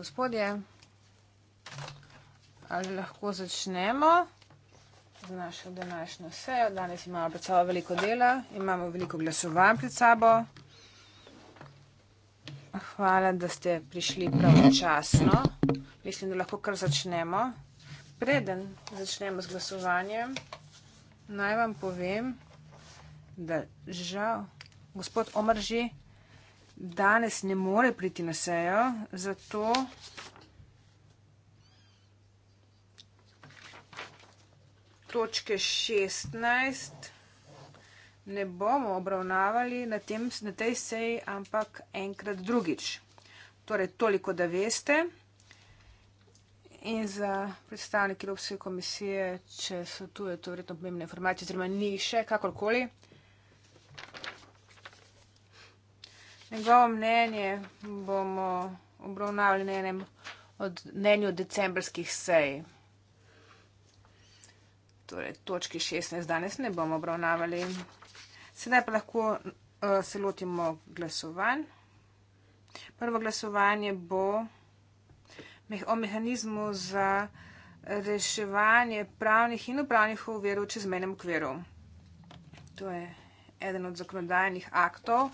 gospodje, ali lahko začnemo z našo današnjo sejo. Danes imamo pred sabo veliko dela, imamo veliko glasovanj pred sabo. Hvala, da ste prišli pravočasno. Mislim, da lahko kar začnemo. Preden začnemo z glasovanjem, naj vam povem, da žal, gospod Omrži, danes ne more priti na sejo, zato točke 16 ne bomo obravnavali na, tem, na tej seji, ampak enkrat drugič. Torej, toliko, da veste. In za predstavnike Evropske komisije, če so tu, je to verjetno pomembna informacija, oziroma ni še kakorkoli. Njegovo mnenje bomo obravnavali na enem od mnenju decembrskih sej. Torej, točki 16 danes ne bomo obravnavali. Sedaj pa lahko uh, se lotimo glasovanj. Prvo glasovanje bo o mehanizmu za reševanje pravnih in upravnih uverov čezmenem okveru. To je eden od zakonodajnih aktov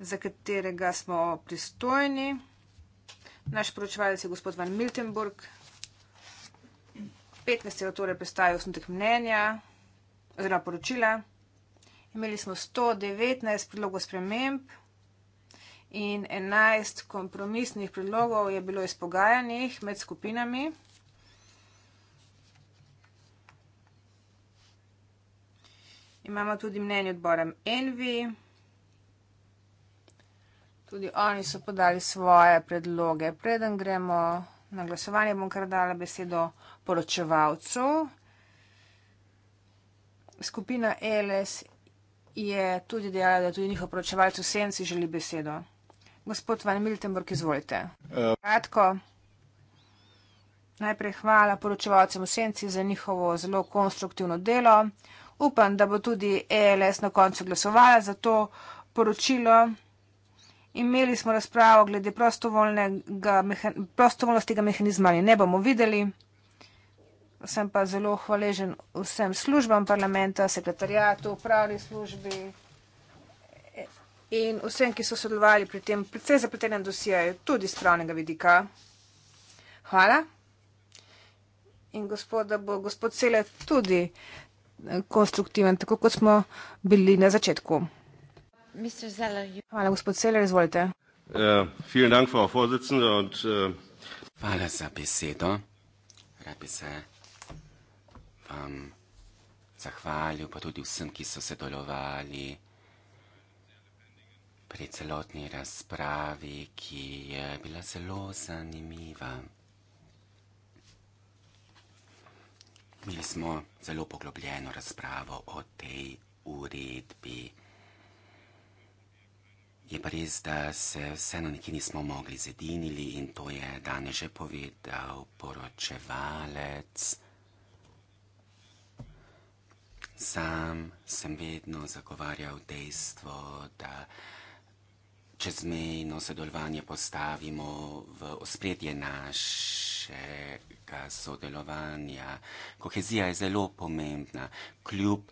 za katerega smo pristojni. Naš poročevalec je gospod Van Miltenburg. 15 je torej predstavil osnutek mnenja oziroma poročila. Imeli smo 119 predlogov sprememb in 11 kompromisnih predlogov je bilo izpogajanih med skupinami. Imamo tudi mnenje odbora Envi. Tudi oni so podali svoje predloge. Preden gremo na glasovanje, bom kar dala besedo poročevalcu. Skupina LS je tudi dejala, da tudi njihov poročevalc v senci želi besedo. Gospod Van Miltenburg, izvolite. Eh. Kratko. Najprej hvala poročevalcem v senci za njihovo zelo konstruktivno delo. Upam, da bo tudi ELS na koncu glasovala za to poročilo. Imeli smo razpravo glede prostovoljnosti tega mehanizma, ne bomo videli. Sem pa zelo hvaležen vsem službam parlamenta, sekretarijatu, pravni službi in vsem, ki so sodelovali pri tem precej zapletenem dosijaju, tudi z pravnega vidika. Hvala. In gospod, da bo gospod Cele tudi konstruktiven, tako kot smo bili na začetku. Hvala, gospod Seler, izvolite. Ja, äh, Hvala za besedo. Rad bi se vam zahvalil, pa tudi vsem, ki so sodelovali pri celotni razpravi, ki je bila zelo zanimiva. Imeli smo zelo poglobljeno razpravo o tej uredbi. Je pa res, da se vseeno nekje nismo mogli zedinili in to je danes že povedal poročevalec. Sam sem vedno zagovarjal dejstvo, da čezmejno sodelovanje postavimo v ospredje našega sodelovanja. Kohezija je zelo pomembna, kljub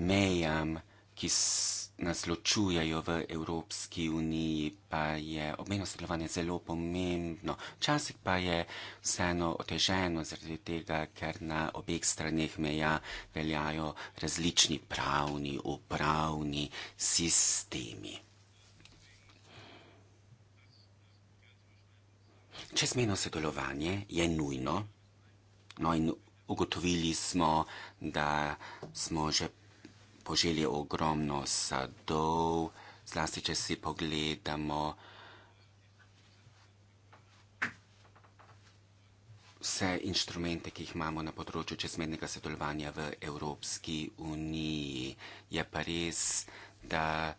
mejam, ki so nas ločujejo v Evropski uniji, pa je obmejno sodelovanje zelo pomembno. Včasih pa je vseeno oteženo zaradi tega, ker na obeh stranih meja veljajo različni pravni, upravni sistemi. Čezmejno sodelovanje je nujno. No, in ugotovili smo, da smo že poželje ogromno sadov, zlasti če si pogledamo vse inštrumente, ki jih imamo na področju čezmednega sodelovanja v Evropski uniji. Je pa res, da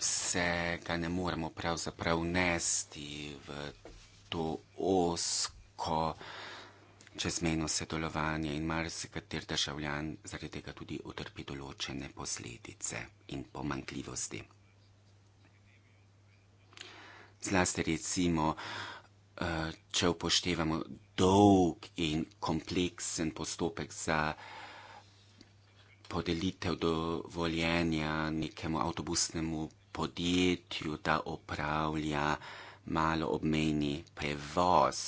vsega ne moremo pravzaprav nesti v to osko področje, čezmejno sedelovanje in marsikater državljan zaradi tega tudi utrpi določene posledice in pomankljivosti. Zlasti recimo, eh, če upoštevamo dolg in kompleksen postopek za podelitev dovoljenja nekemu avtobusnemu podjetju, da opravlja malo obmejni prevoz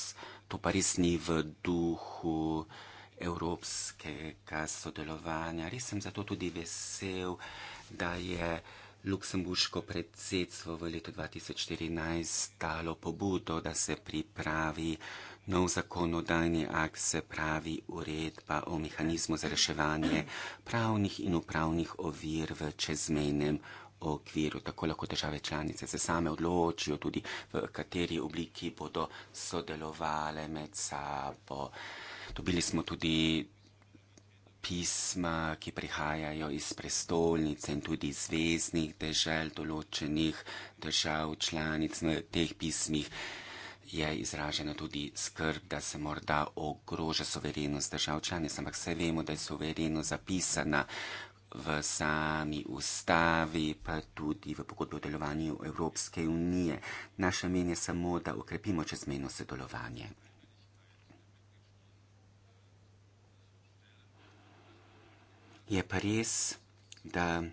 to pa res ni v duhu evropskega sodelovanja. Res sem zato tudi vesel, da je luksemburško predsedstvo v letu 2014 dalo pobudo, da se pripravi nov zakonodajni akt, se pravi uredba o mehanizmu za reševanje pravnih in upravnih ovir v čezmejnem okviru. Tako lahko države članice se same odločijo tudi, v kateri obliki bodo sodelovali med sabo. Dobili smo tudi pisma, ki prihajajo iz prestolnice in tudi iz zvezdnih dežel, določenih držav članic. Na teh pismih je izražena tudi skrb, da se morda ogroža soverenost držav članic, ampak vse vemo, da je soverenost zapisana v sami ustavi, pa tudi v pogodbi o delovanju Evropske unije. Naše men je samo, da ukrepimo čezmeno sodelovanje. Je pa res, da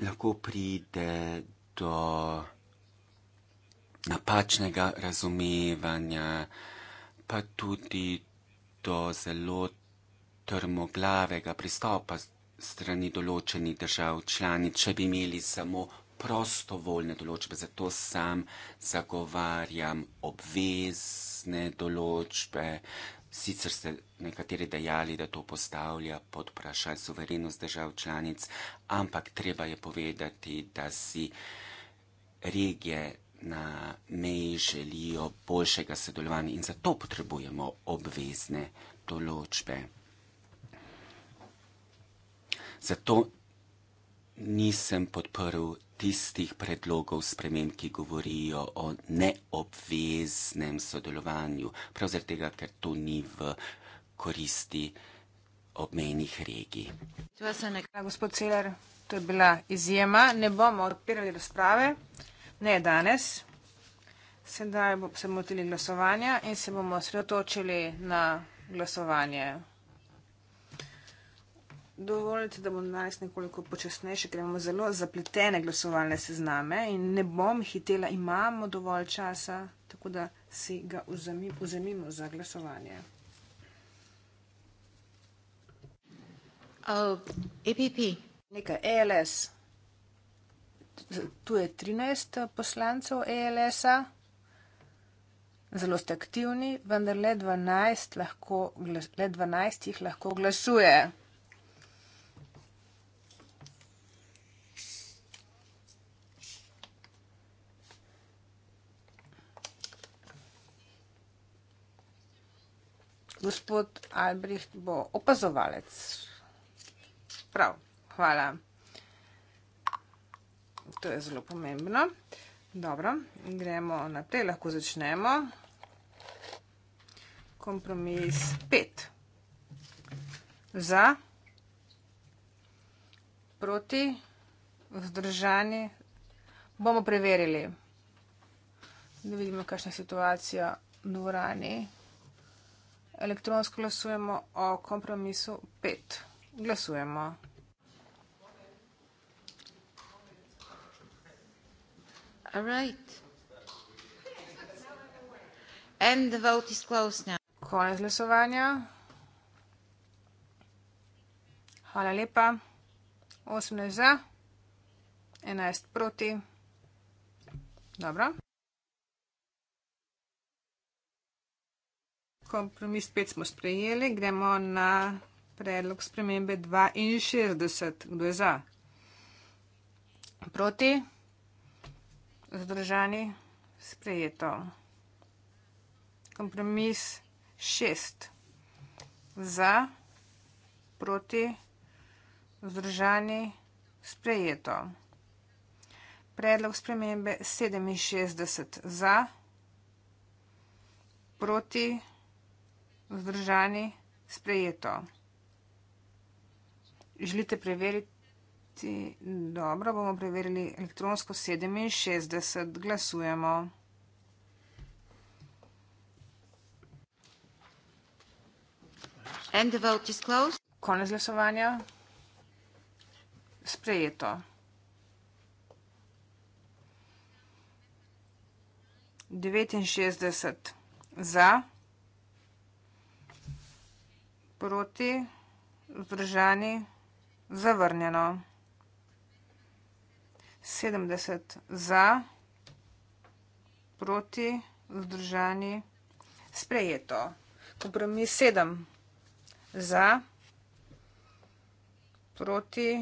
lahko pride do napačnega razumevanja, pa tudi do do zelo trmoglavega pristopa strani določenih držav člani, če bi imeli samo prostovoljne določbe. Zato sam zagovarjam obvezne določbe. Sicer ste nekateri dejali, da to postavlja pod vprašanje suverenost držav članic, ampak treba je povedati, da si regije na meji želijo boljšega sodelovanja in zato potrebujemo obvezne določbe. Zato nisem podprl tistih predlogov sprememb, ki govorijo o neobveznem sodelovanju, prav zaradi tega, ker to ni v koristi obmejnih regij. To je nekaj, gospod Celer, to je bila izjema. Ne bomo odpirali razprave. Ne danes. Sedaj se bomo tudi glasovanja in se bomo sredotočili na glasovanje. Dovolite, da bom danes nekoliko počasnejši, ker imamo zelo zapletene glasovalne sezname in ne bom hitela, imamo dovolj časa, tako da si ga vzemimo za glasovanje. Uh, oh, EPP. Nekaj, ELS tu je 13 eh, poslancev ELS-a, zelo ste aktivni, vendar le 12, lahko, le 12 jih lahko glasuje. Gospod Albrecht bo opazovalec. Prav, hvala. To je zelo pomembno. Dobro, gremo naprej, lahko začnemo. Kompromis 5. Za, proti, vzdržani. Bomo preverili, da vidimo, kakšna je situacija v dvorani. Elektronsko glasujemo o kompromisu 5. Glasujemo. All right. And the vote is closed now. Konec glasovanja. Hvala lepa. 18 za, 11 proti. Dobro. Kompromis 5 smo sprejeli. Gremo na predlog spremembe 62. Kdo je za? Proti. Zdržani sprejeto. Kompromis šest. Za, proti, vzdržani, sprejeto. Predlog spremembe 67 za, proti, vzdržani, sprejeto. Želite preveriti? biti. Dobro, bomo preverili elektronsko 67. Glasujemo. End the vote is closed. Konec glasovanja. Sprejeto. Devetinšestdeset za, proti, vzdržani, zavrnjeno. 70 za, proti, vzdržani, sprejeto. Kompromis 7 za, proti,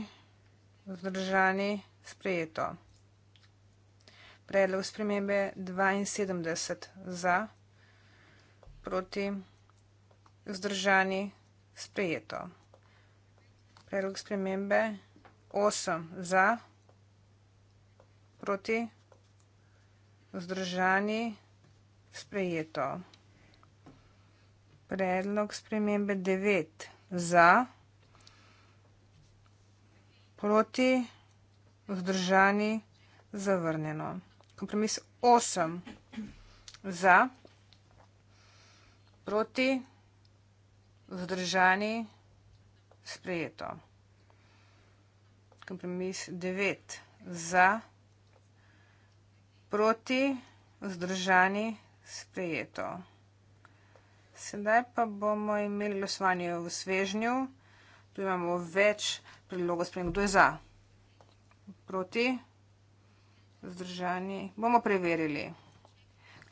vzdržani, sprejeto. Predlog spremembe 72 za, proti, vzdržani, sprejeto. Predlog spremembe 8 za, proti, vzdržani, sprejeto. Proti? Vzdržani? Sprejeto. Predlog spremembe 9. Za? Proti? Vzdržani? Zavrnjeno. Kompromis 8. Za? Proti? Vzdržani? Sprejeto. Kompromis 9. Za? Proti? Proti, vzdržani, sprejeto. Sedaj pa bomo imeli glasovanje v svežnju. Tu imamo več predlogov sprejem. Kdo je za? Proti, vzdržani. Bomo preverili.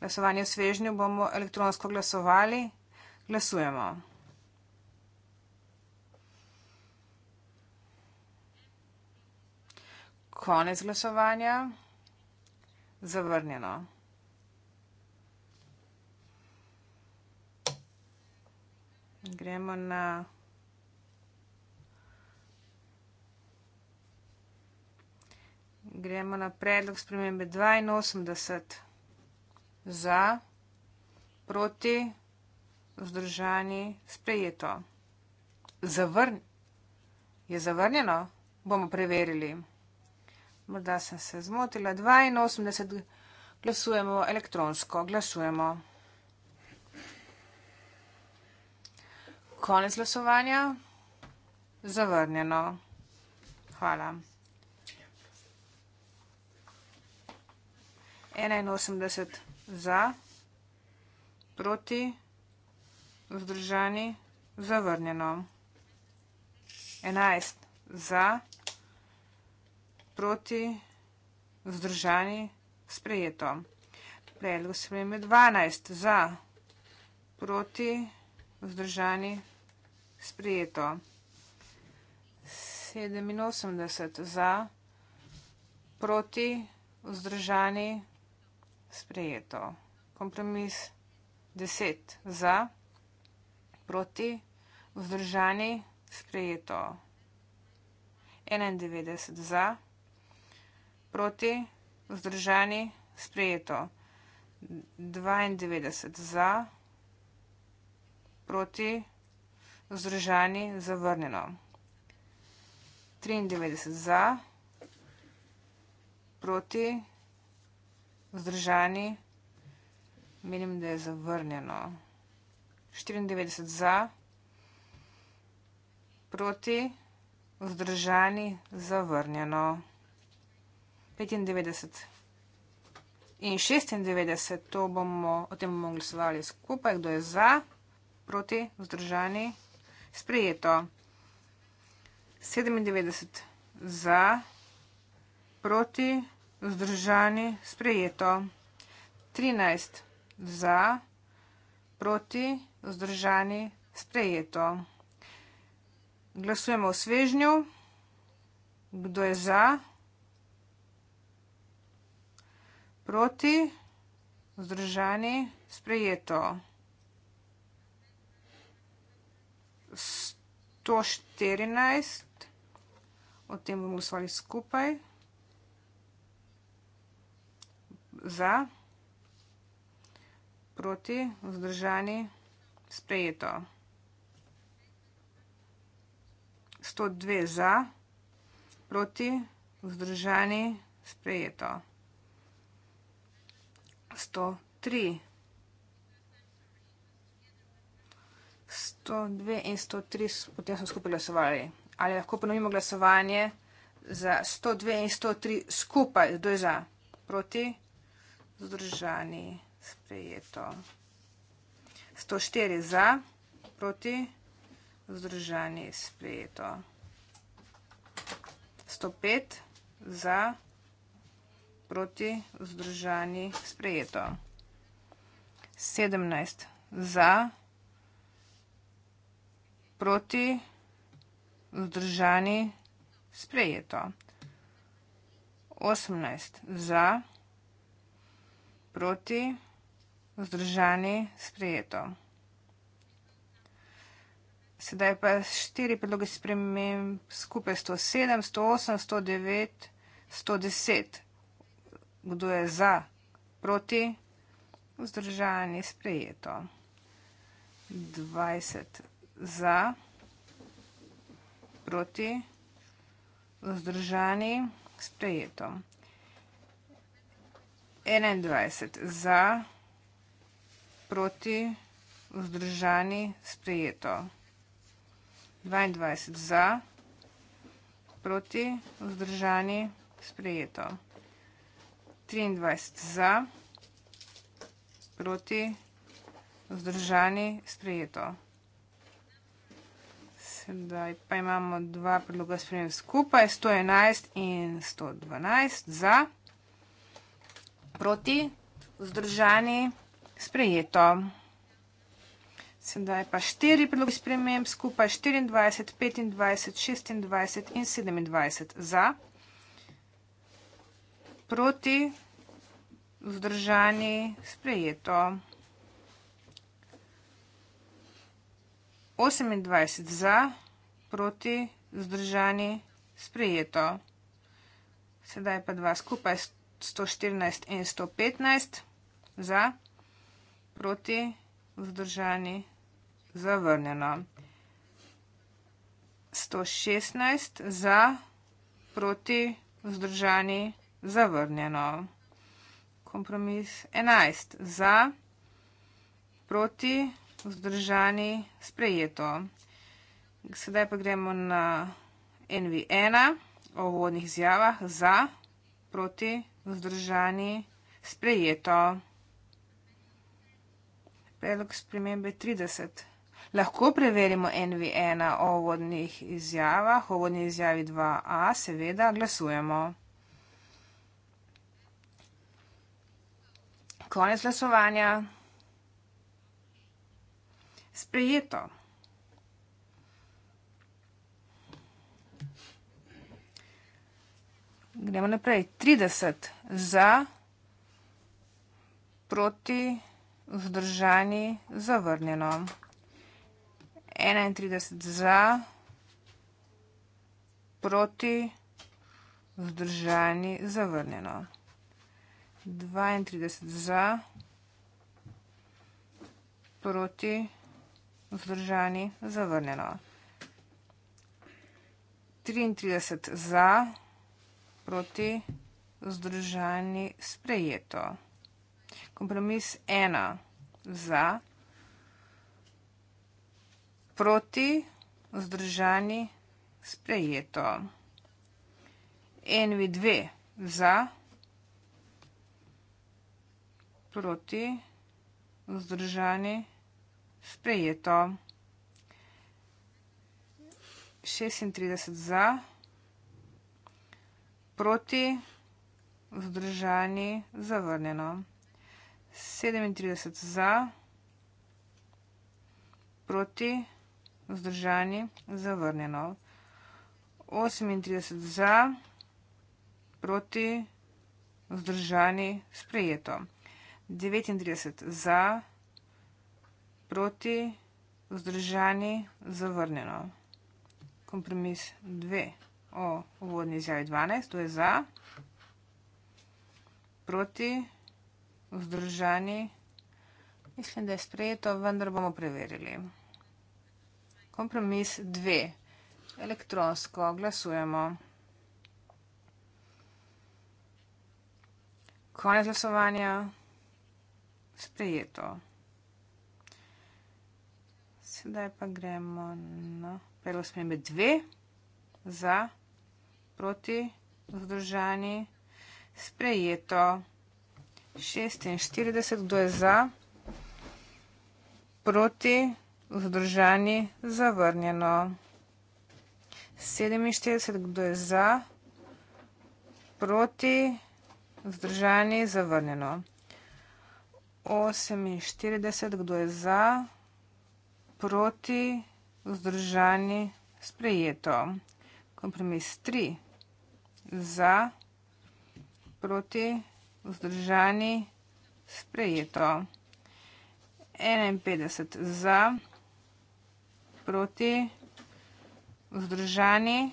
Glasovanje v svežnju bomo elektronsko glasovali. Glasujemo. Konec glasovanja. Zavrnjeno. Gremo na Gremo na predlog spremembe 82 za, proti, vzdržani, sprejeto. Zavrn... Je zavrnjeno? Bomo preverili morda sem se zmotila, 82 glasujemo elektronsko, glasujemo. Konec glasovanja, zavrnjeno. Hvala. 81 za, proti, vzdržani, zavrnjeno. 11 za proti vzdržani sprejeto. Predlog spremembe 12 za proti vzdržani sprejeto. 87 za proti vzdržani sprejeto. Kompromis 10 za proti vzdržani sprejeto. 91 za proti, vzdržani, sprejeto. 92 za, proti, vzdržani, zavrnjeno. 93 za, proti, vzdržani, menim, da je zavrnjeno. 94 za, proti, vzdržani, zavrnjeno. 95 in 96, to bomo, o tem bomo glasovali skupaj, kdo je za, proti, vzdržani, sprejeto. 97 za, proti, vzdržani, sprejeto. 13 za, proti, vzdržani, sprejeto. Glasujemo v svežnju, kdo je za, proti, vzdržani, sprejeto. Proti, vzdržani, sprejeto. 114, o tem bomo usvali skupaj. Za, proti, vzdržani, sprejeto. 102 za, proti, vzdržani, sprejeto. 103. 102 in 103 potem so skupaj glasovali. Ali lahko ponovimo glasovanje za 102 in 103 skupaj, kdo je za, proti, zdržani, sprejeto. 104 za, proti, zdržani, sprejeto. 105 za, proti, zdržani, sprejeto proti vzdržani sprejeto. 17 za, proti vzdržani sprejeto. 18 za, proti vzdržani sprejeto. Sedaj pa štiri predloge sprememb skupaj 107, 108, 109, 110 kdo je za, proti, vzdržani, sprejeto. 20 za, proti, vzdržani, sprejeto. 21 za, proti, vzdržani, sprejeto. 22 za, proti, vzdržani, sprejeto. 23 za, proti, vzdržani, sprejeto. Sedaj pa imamo dva predloga sprejem skupaj, 111 in 112 za, proti, vzdržani, sprejeto. Sedaj pa štiri predloge sprejem skupaj, 24, 25, 26 in 27 za, proti, vzdržani, sprejeto proti, vzdržani, sprejeto. 28 za, proti, vzdržani, sprejeto. Sedaj pa dva skupaj, 114 in 115 za, proti, vzdržani, zavrnjeno. 116 za, proti, vzdržani, sprejeto zavrnjeno. Kompromis 11. Za, proti, vzdržani, sprejeto. Sedaj pa gremo na NV1 o vodnih izjavah. Za, proti, vzdržani, sprejeto. Predlog spremembe 30. Lahko preverimo NV1 o vodnih izjavah, o vodni izjavi 2a, seveda glasujemo. Konec glasovanja. Sprejeto. Gremo naprej. 30 za, proti, vzdržani, zavrnjeno. 31 za, proti, vzdržani, zavrnjeno. 32 za, proti, vzdržani, zavrnjeno. 33 za, proti, vzdržani, sprejeto. Kompromis 1 za, proti, vzdržani, sprejeto. NV2 za, proti, vzdržani, sprejeto proti, vzdržani, sprejeto. 36 za, proti, vzdržani, zavrnjeno. 37 za, proti, vzdržani, zavrnjeno. 38 za, proti, vzdržani, sprejeto. 39 za, proti, vzdržani, zavrnjeno. Kompromis 2 o uvodni izjavi 12, to je za, proti, vzdržani. Mislim, da je sprejeto, vendar bomo preverili. Kompromis 2. Elektronsko glasujemo. Konec glasovanja sprejeto. Sedaj pa gremo na prelo smembe dve, za, proti, vzdržani, sprejeto. 46, kdo je za, proti, vzdržani, zavrnjeno. 47, kdo je za, proti, vzdržani, zavrnjeno. 48, kdo je za, proti, vzdržani, sprejeto. Kompromis 3, za, proti, vzdržani, sprejeto. 51 za, proti, vzdržani,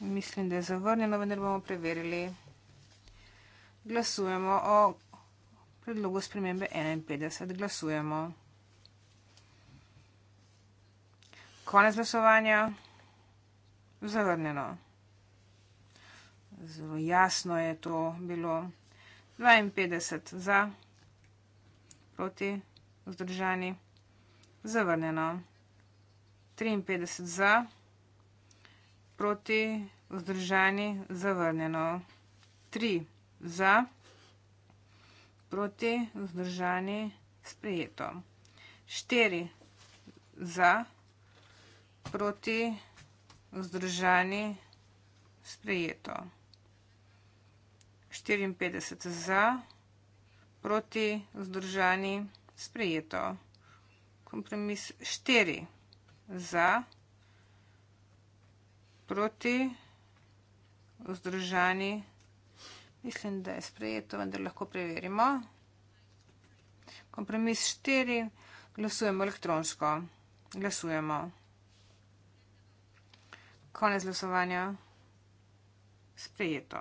mislim, da je zavrnjeno, vendar bomo preverili. Glasujemo o predlogu spremembe 51 glasujemo. Konec glasovanja. Zavrnjeno. Zelo jasno je to bilo. 52 za, proti, vzdržani. Zavrnjeno. 53 za, proti, vzdržani. Zavrnjeno. 3 za proti, vzdržani, sprejeto. Štiri za, proti, vzdržani, sprejeto. 54 za, proti, vzdržani, sprejeto. Kompromis 4 za, proti, vzdržani, sprejeto. Mislim, da je sprejeto, vendar lahko preverimo. Kompromis 4. Glasujemo elektronsko. Glasujemo. Konec glasovanja. Sprejeto.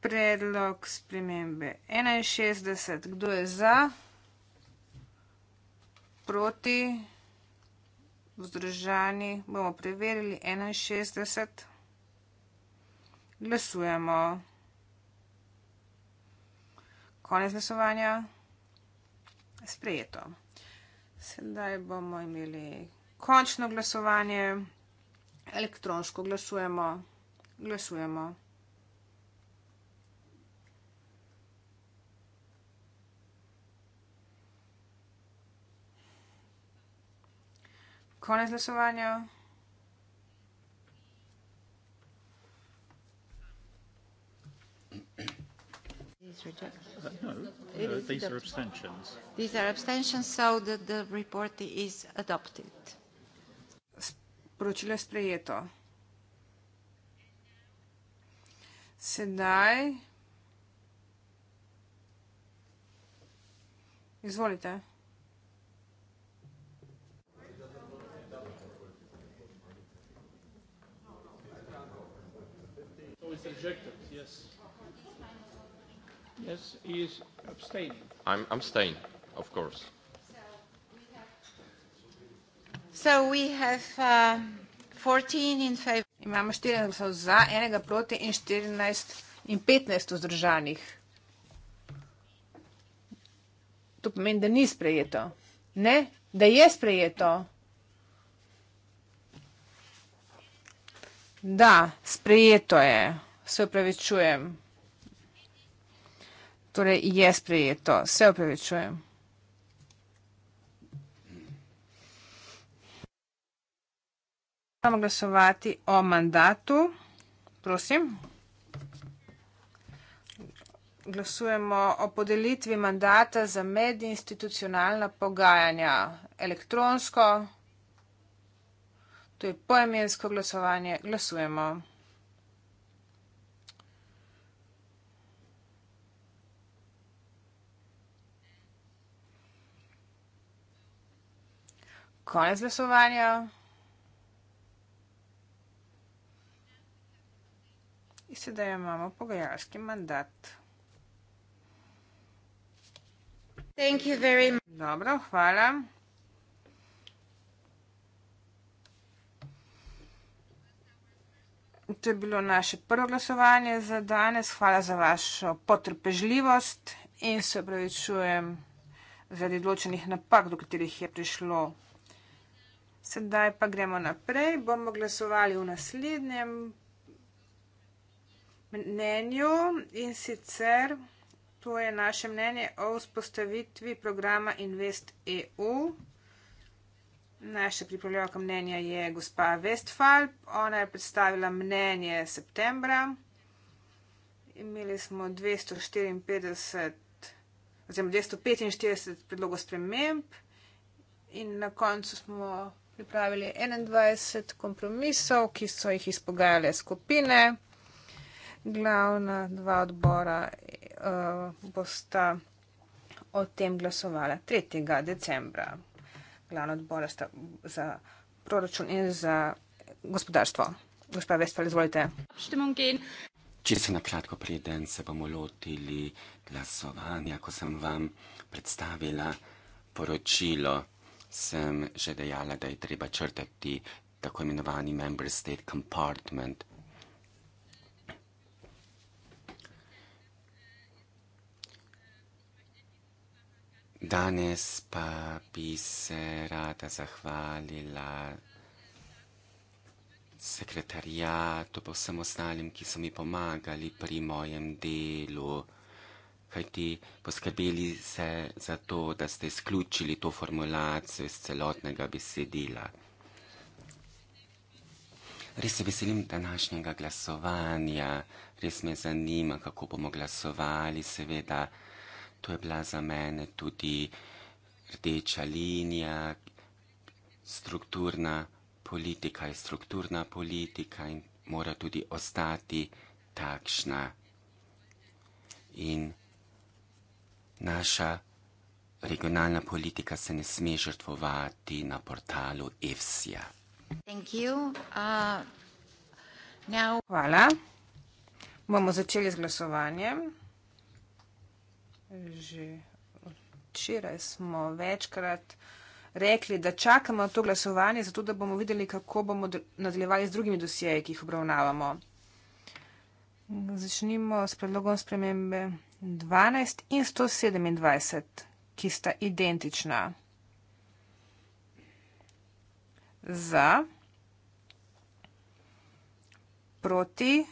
Predlog spremembe 61. Kdo je za? Proti? Vzdržani? Bomo preverili 61. 61. Glasujemo. Konec glasovanja. Sprejeto. Sedaj bomo imeli končno glasovanje. Elektronsko glasujemo. Glasujemo. Konec glasovanja. Uh, no, uh these are abstentions. These are abstentions, so the, the report is adopted. Sporočilo je sprejeto. Sedaj. Izvolite. Rejected, yes. Yes, he is abstaining. I'm abstaining, of course. So we have uh, 14 in favor. Imamo 14 glasov za, enega proti in 14 in 15 vzdržanih. To pomeni, da ni sprejeto. Ne, da je sprejeto. Da, sprejeto je. Se upravičujem. Torej je sprejeto, se upravičujem. Samo glasovati o mandatu, prosim. Glasujemo o podelitvi mandata za medinstitucionalna pogajanja elektronsko. To je poemensko glasovanje. Glasujemo. konec glasovanja. In sedaj imamo pogajalski mandat. Thank you very much. Dobro, hvala. To je bilo naše prvo glasovanje za danes. Hvala za vašo potrpežljivost in se pravičujem zaradi odločenih napak, do katerih je prišlo Sedaj pa gremo naprej. Bomo glasovali v naslednjem mnenju in sicer to je naše mnenje o vzpostavitvi programa Invest EU. Naša pripravljavka mnenja je gospa Westfall. Ona je predstavila mnenje septembra. Imeli smo 254, oziroma 245 predlogov sprememb in na koncu smo pripravili 21 kompromisov, ki so jih izpogajale skupine. Glavna dva odbora uh, bosta o tem glasovala 3. decembra. Glavna odbora sta za proračun in za gospodarstvo. Gospa Vespel, izvolite. Če se na kratko prijeden, se bomo lotili glasovanja, ko sem vam predstavila poročilo sem že dejala, da je treba črtati tako imenovani Member State Compartment. Danes pa bi se rada zahvalila sekretarijatu, pa vsem ostalim, ki so mi pomagali pri mojem delu kajti poskrbeli se za to, da ste izključili to formulacijo iz celotnega besedila. Res se veselim današnjega glasovanja, res me zanima, kako bomo glasovali, seveda. To je bila za mene tudi rdeča linija, strukturna politika je strukturna politika in mora tudi ostati takšna. In naša regionalna politika se ne sme žrtvovati na portalu EFSIA. Uh, Hvala. Bomo začeli z glasovanjem. Že včeraj smo večkrat rekli, da čakamo to glasovanje, zato da bomo videli, kako bomo nadaljevali z drugimi dosjeji, ki jih obravnavamo. Začnimo s predlogom spremembe 12 in 127, ki sta identična. Za, proti,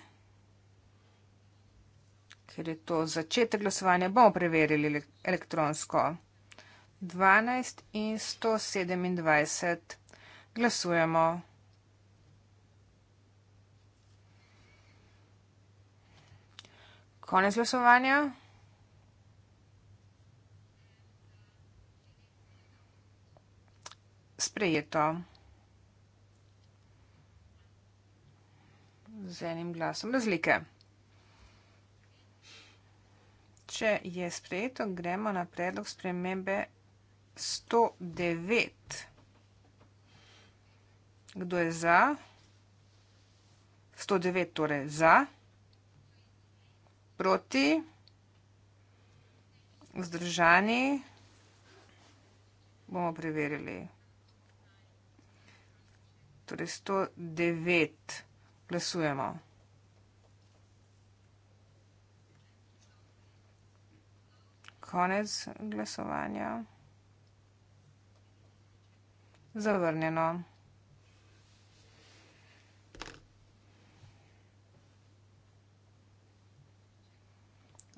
ker je to začetek glasovanja, bomo preverili elektronsko. 12 in 127 glasujemo. Konec glasovanja. sprejeto. Z enim glasom razlike. Če je sprejeto, gremo na predlog spremembe 109. Kdo je za? 109 torej za. Proti. Vzdržani. Bomo preverili torej 109 glasujemo. Konec glasovanja. Zavrnjeno.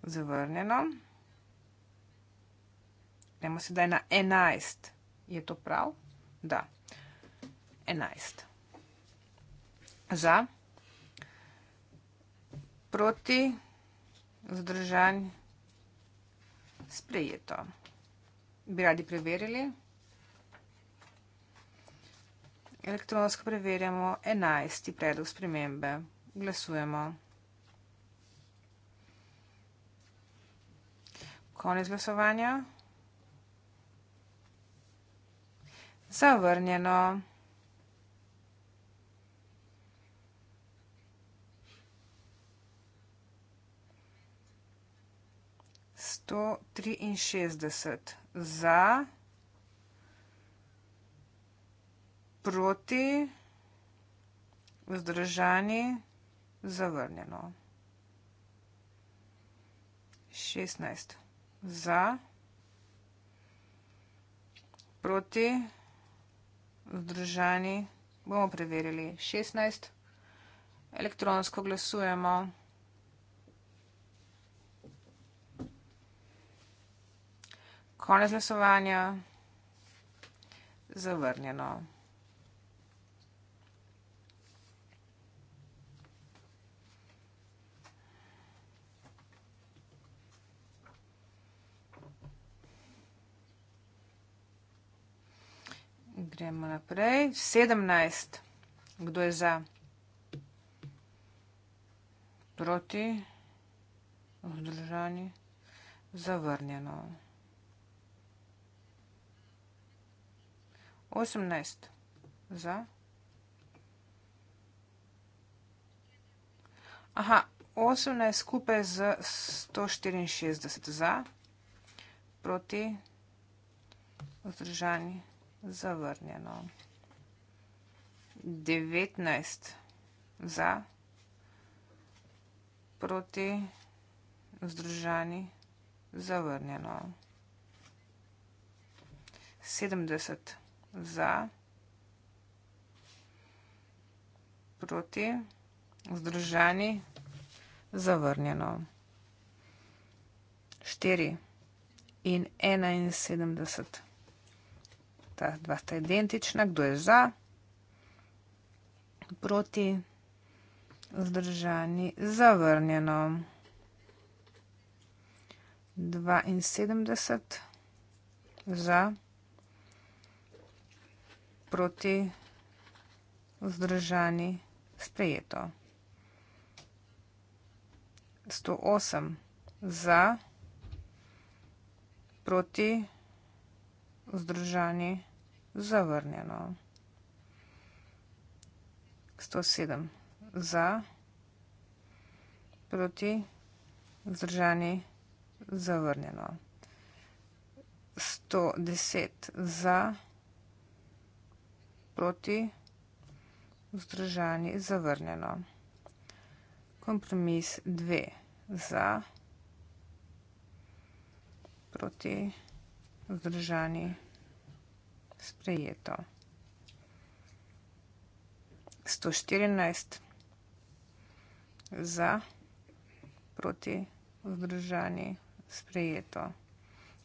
Zavrnjeno. Gremo sedaj na 11. Je to prav? Da enajst. Za, proti, zdržan, sprejeto. Bi radi preverili? Elektronsko preverjamo enajsti predlog spremembe. Glasujemo. Konec glasovanja. Zavrnjeno. Zavrnjeno. 163 za, proti, vzdržani, zavrnjeno. 16 za, proti, vzdržani, bomo preverili 16. Elektronsko glasujemo. Konec glasovanja. Zavrnjeno. Gremo naprej. 17. Kdo je za? Proti? Vzdržani? Zavrnjeno. 18 za. Aha, 18 skupaj z 164 za, proti vzdržani zavrnjeno. 19 za, proti vzdržani zavrnjeno. 70 za za, proti, vzdržani, zavrnjeno. Štiri in enainsedemdeset. Ta dva sta identična, kdo je za, proti, vzdržani, zavrnjeno. Dvainsedemdeset za, proti, vzdržani, zavrnjeno proti vzdržani sprejeto. 108 za, proti vzdržani zavrnjeno. 107 za, proti vzdržani zavrnjeno. 110 za, proti vzdržani zavrnjeno proti, vzdržani, zavrnjeno. Kompromis dve, za, proti, vzdržani, sprejeto. 114, za, proti, vzdržani, sprejeto.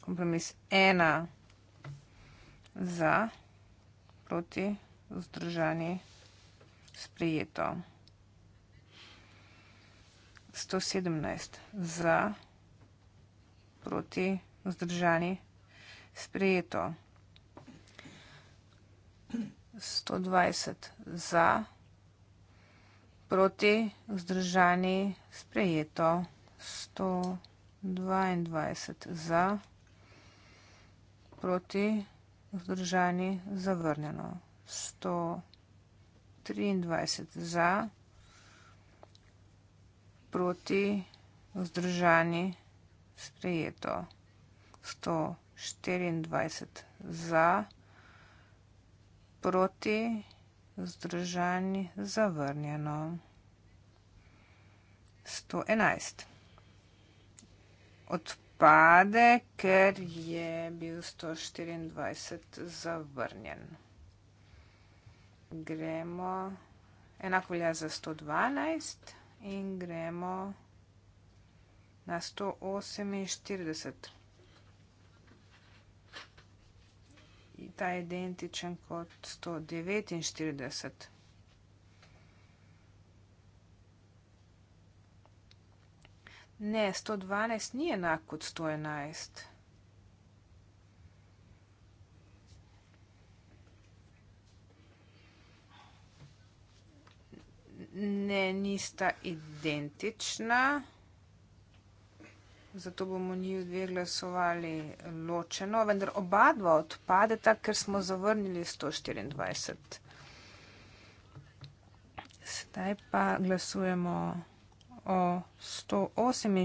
Kompromis ena, za, proti, vzdržani, sprejeto proti, vzdržani, sprejeto. 117 za, proti, vzdržani, sprejeto. 120 za, proti, vzdržani, sprejeto. 122 za, proti, vzdržani, sprejeto vzdržani zavrnjeno. 123 za, proti vzdržani sprejeto. 124 za, proti vzdržani zavrnjeno. 111. Odprto pade, ker je bil 124 zavrnjen. Gremo, enako velja za 112 in gremo na 148. Ta je identičen kot 149. Ne, 112 ni enak kot 111. Ne, nista identična. Zato bomo njih dve glasovali ločeno, vendar oba dva odpadeta, ker smo zavrnili 124. Zdaj pa glasujemo. 148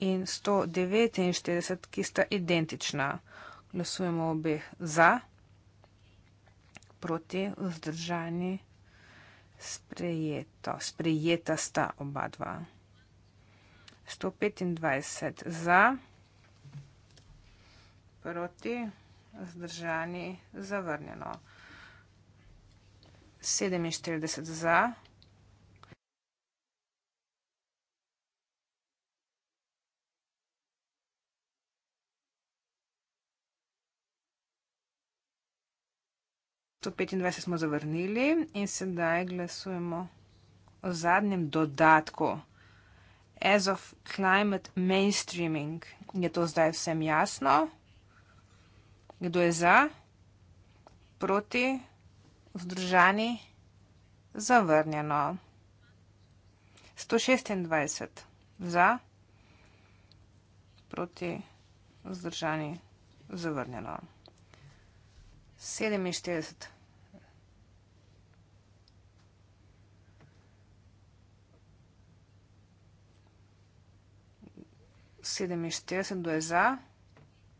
in 149, ki sta identična. Glasujemo o obeh za. Proti, vzdržani. Sprejeto, sprejeta sta obadva. 125 za, proti, vzdržani, zavrnjeno. 47 za, 125 smo zavrnili in sedaj glasujemo o zadnjem dodatku. As of climate mainstreaming, je to zdaj vsem jasno? Kdo je za, proti, vzdržani, zavrnjeno? 126 za, proti, vzdržani, zavrnjeno. 47. sedeminštirideset kdo je za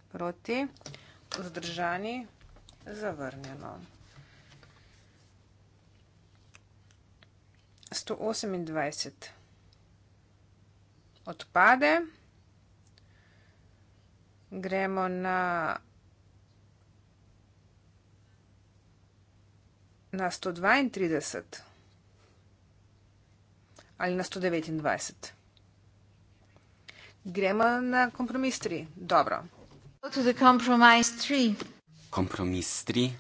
proti vzdržani zavrnjeno sto osemindvajset odpade gremo na na 132 ali na 129? Gremo na kompromis 3. Dobro. Kompromis 3.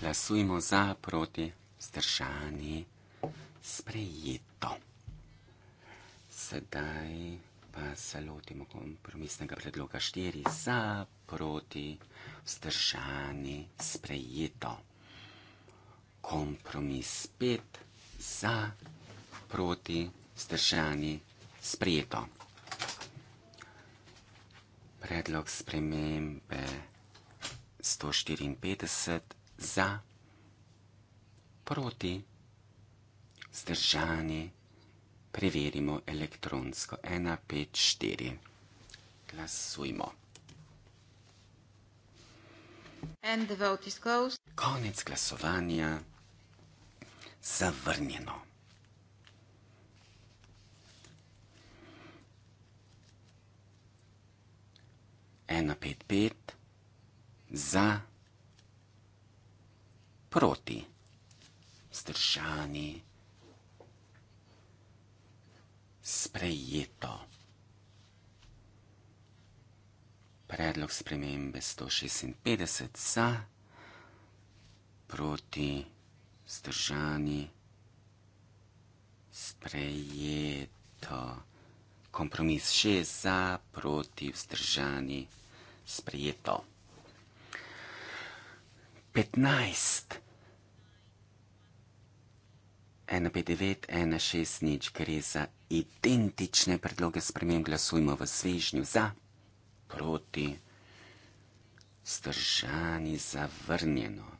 Glasujmo za, proti, zdržani, sprejeto. Sedaj pa se lotimo kompromisnega predloga 4 za, proti, zdržani, sprejeto kompromis spet za, proti, stršani, sprijeto. Predlog spremembe 154 za, proti, stržani, preverimo elektronsko 154. Glasujmo. And the vote is closed. Konec glasovanja zavrnjeno. Ena pet pet za proti stršani sprejeto. Predlog spremembe 156 za proti zdržani, sprejeto. Kompromis še za, proti, vzdržani, sprejeto. 15. 159, 160, gre za identične predloge sprememb, glasujmo v svežnju za, proti, vzdržani, zavrnjeno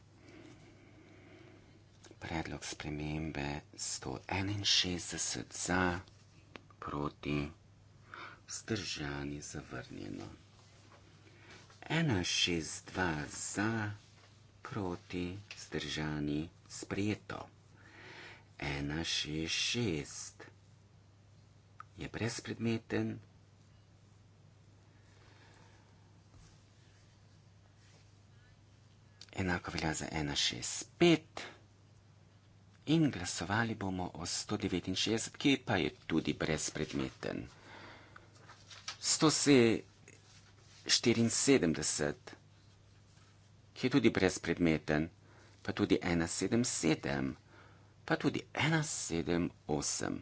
predlog spremembe 161 za, proti, vzdržani zavrnjeno. 162 za, proti, vzdržani sprejeto. 166 je brezpredmeten. Enako velja za 165 in glasovali bomo o 169, ki pa je tudi brezpredmeten. 174, ki je tudi brezpredmeten, pa tudi 177, pa tudi 178.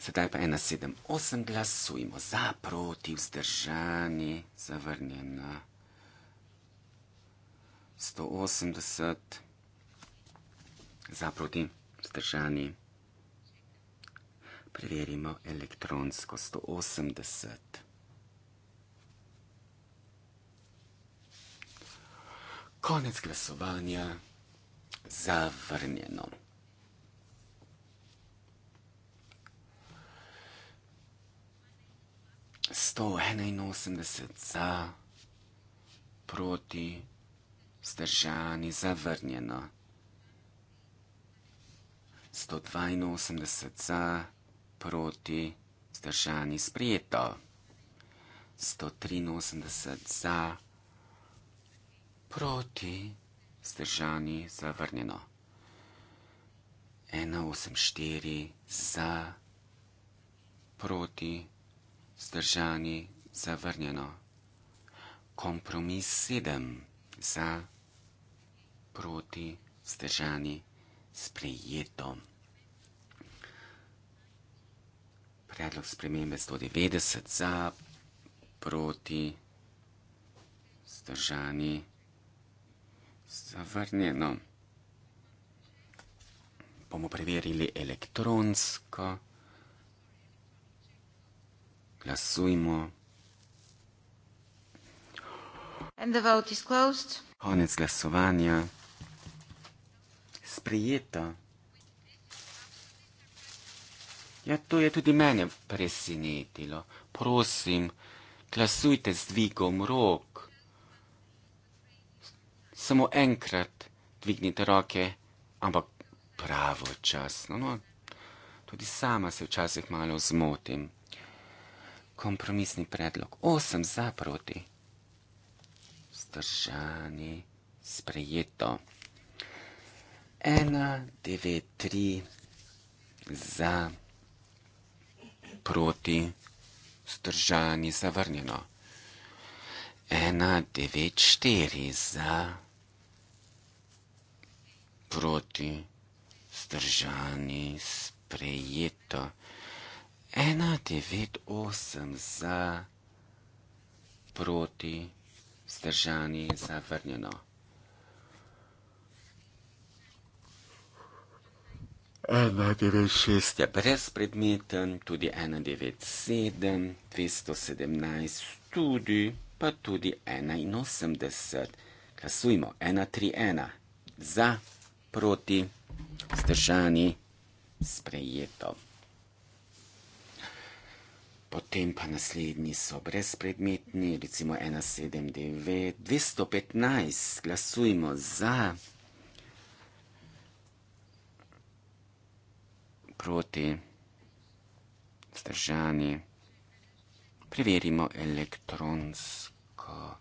Sedaj pa 178 glasujemo za, proti, vzdržani, zavrnjeno. 180 zaproti zdržani. Preverimo elektronsko 180. Konec glasovanja zavrnjeno. Sto enainosemdeset za proti zdržani, zavrnjeno. 182 za, proti, zdržani, sprijeto. 183 za, proti, zdržani, zavrnjeno. 184 za, proti, zdržani, zavrnjeno. Kompromis 7 za, proti, zdržani, zavrnjeno proti zdržani sprejetom. Predlog spremembe 190 za proti zdržani zavrnjeno. Bomo preverili elektronsko. Glasujmo. And the vote is closed. Konec glasovanja sprijeta. Ja, to je tudi mene presenetilo. Prosim, glasujte z dvigom rok. Samo enkrat dvignite roke, ampak pravočasno. No, tudi sama se včasih malo zmotim. Kompromisni predlog. Osem za proti. Zdržani. Sprejeto ena, devet, tri za, proti, vzdržani, zavrnjeno. ena, devet, štiri za, proti, vzdržani, sprejeto. ena, devet, osem za, proti, vzdržani, zavrnjeno. 196 je brezpredmeten, tudi 197, 217 tudi, pa tudi 81. Glasujmo, 131 za, proti, zdržani, sprejeto. Potem pa naslednji so brezpredmetni, recimo 179, 215, glasujmo za, proti, zdržani. Preverimo elektronsko.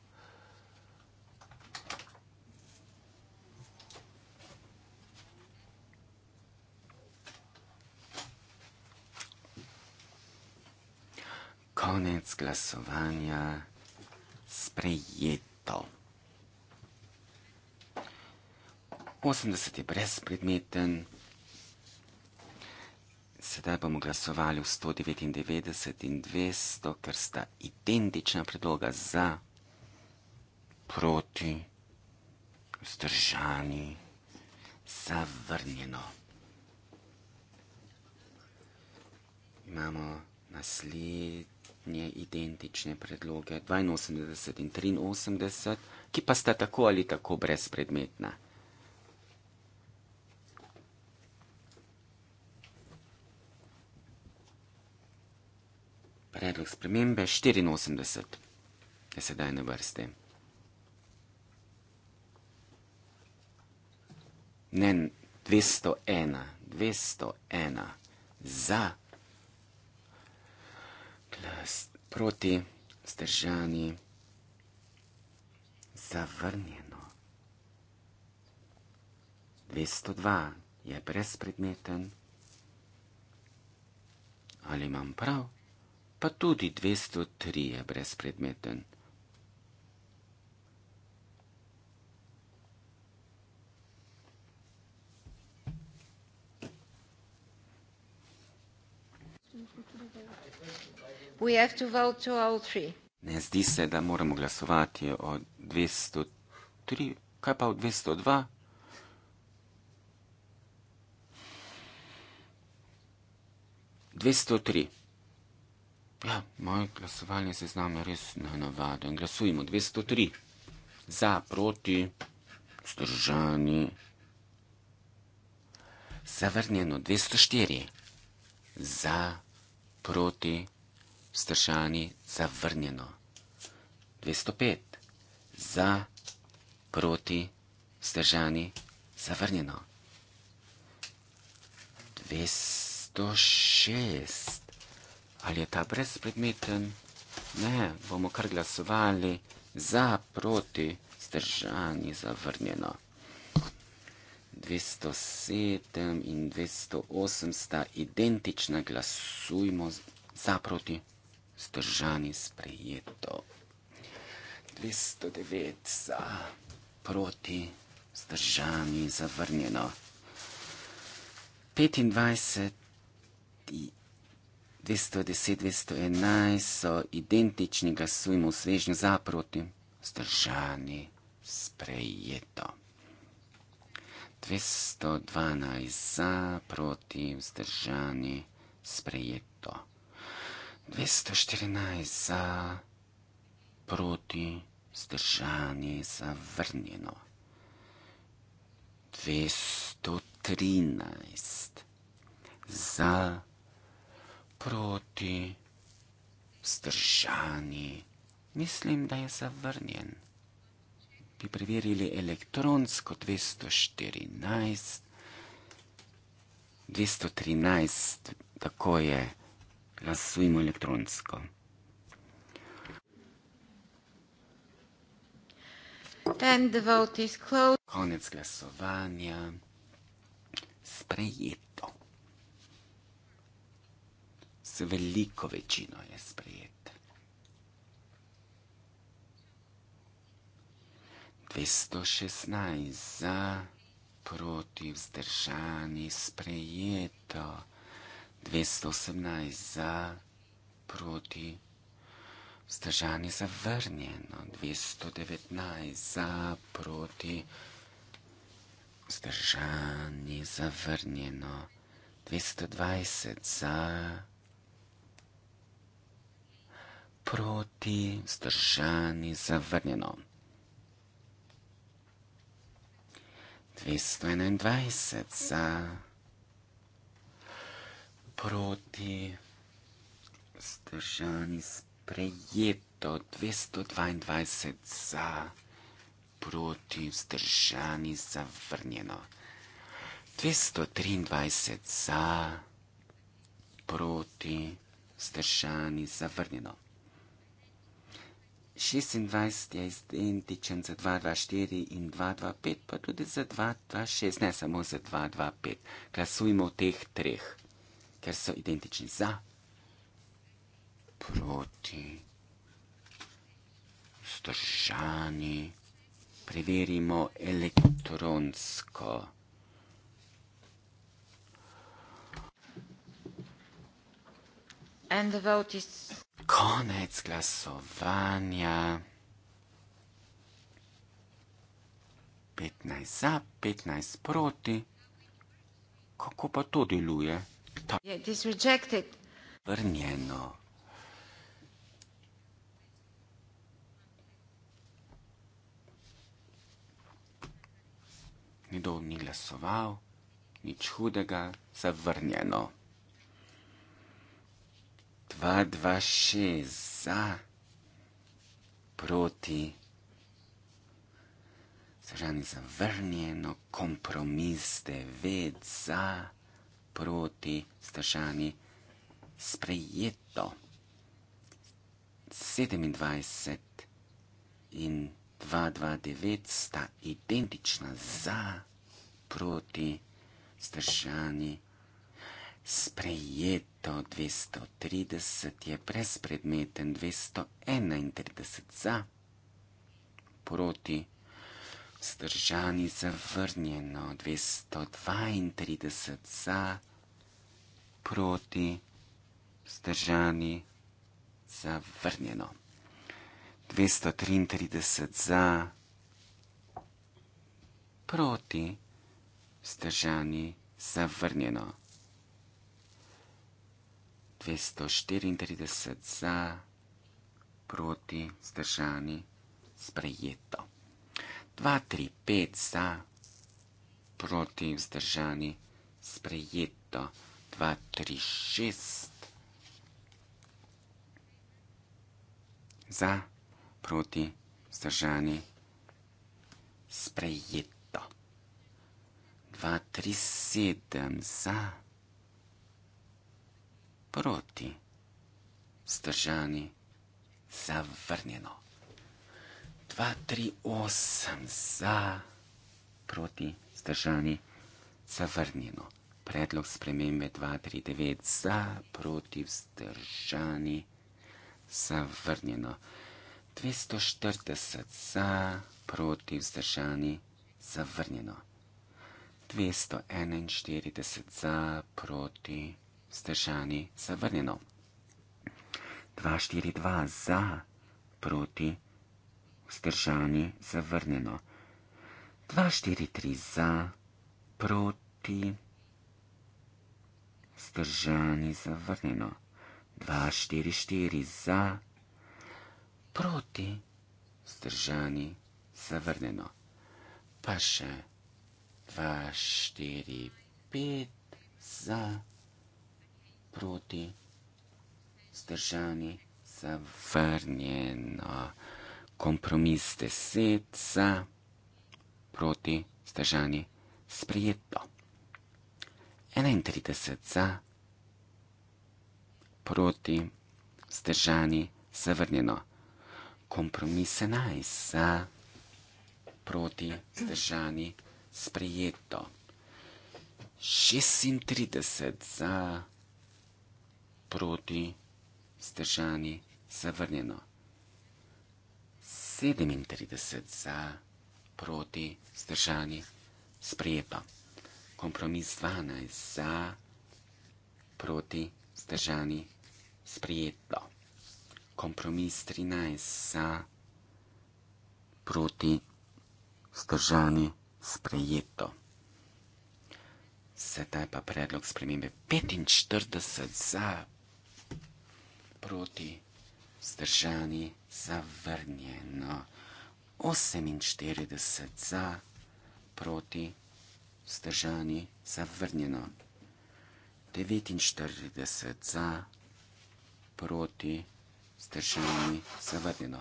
Konec glasovanja sprejeto. 80 je brezpredmeten. Sedaj bomo glasovali v 199 in 200, ker sta identična predloga za, proti, vzdržani, zavrnjeno. Imamo naslednje identične predloge 82 in 83, ki pa sta tako ali tako brezpredmetna. predlog spremembe 84 je sedaj na vrsti. Ne, 201, 201 za, glas proti, zdržani, zavrnjeno. 202 je brezpredmeten. Ali imam prav? pa tudi 203 je brezpredmeten. Ne zdi se, da moramo glasovati o 203, kaj pa o 202? Dvesto tri. Ja, moj glasovalni seznam je res nenavaden. Glasujemo 203 za, proti, vzdržani. Zavrnjeno 204 za, proti, vzdržani, zavrnjeno. 205 za, proti, vzdržani, zavrnjeno. 206 ali je ta brezpredmeten. Ne, bomo kar glasovali za, proti, zdržani, zavrnjeno. 207 in 208 sta identična, glasujmo za, proti, zdržani, sprejeto. 209 za, proti, zdržani, zavrnjeno. 25 211 so identični, ga sujmo v svežnju za proti, zdržani, sprejeto. 212 za proti, zdržani, sprejeto. 214 za proti, zdržani, zavrnjeno. 213 za proti, proti, vzdržani. Mislim, da je zavrnjen. Bi preverili elektronsko 214. 213, tako je. Glasujmo elektronsko. And the vote is closed. Konec glasovanja. Sprejeto veliko večino je sprejet. 216 za, proti vzdržani sprejeto. 218 za, proti vzdržani zavrnjeno. 219 za, proti vzdržani zavrnjeno. 220 za, proti vzdržani zavrnjeno proti, zdržani, zavrnjeno. 221 za, proti, zdržani, sprejeto. 222 za, proti, zdržani, zavrnjeno. 223 za, proti, zdržani, zavrnjeno. 26 je identičen za 224 in 225, pa tudi za 226, ne samo za 225. Glasujmo v teh treh, ker so identični za, proti, stršani. Preverimo elektronsko. And the vote is konec glasovanja. 15 za, 15 proti. Kako pa to deluje? Ta... Vrnjeno. Nidov ni glasoval, nič hudega, zavrnjeno dva, dva, šest za, proti, zdržani zavrnjeno, kompromis devet za, proti, zdržani sprejeto. 27 in 229 sta identična za, proti, zdržani sprejeto. Sprejeto 230 je brezpredmeten 231 za, proti vzdržani zavrnjeno 232 za, proti vzdržani zavrnjeno 233 za, proti vzdržani zavrnjeno. 234 za, proti, zdržani, sprejeto. 235 za, proti, zdržani, sprejeto. 236 za, proti, zdržani, sprejeto. 237 za, proti, zdržani, zavrnjeno. 2, 3, 8 za, proti, zdržani, zavrnjeno. Predlog spremembe 2, 3, 9 za, proti, zdržani, zavrnjeno. 240 za, proti, zdržani, zavrnjeno. 241 za, proti, zdržani vzdržani, zavrnjeno. 242 za, proti, vzdržani, zavrnjeno. 243 za, proti, vzdržani, zavrnjeno. 244 za, proti, vzdržani, zavrnjeno. Pa še 245 za proti, zdržani, zavrnjeno. Kompromis deset za, proti, zdržani, sprijeto. 31 za, proti, zdržani, zavrnjeno. Kompromis 11 za, proti, zdržani, sprijeto. 36 za, proti, zdržani, sprijeto proti, stržani, zavrnjeno. 37 za, proti, stržani, sprejeto. Kompromis 12 za, proti, stržani, sprejeto. Kompromis 13 za, proti, stržani, sprejeto. Sedaj pa predlog spremembe 45 za, proti, zdržani, zavrnjeno. 48 za, proti, zdržani, zavrnjeno. 49 za, proti, zdržani, zavrnjeno.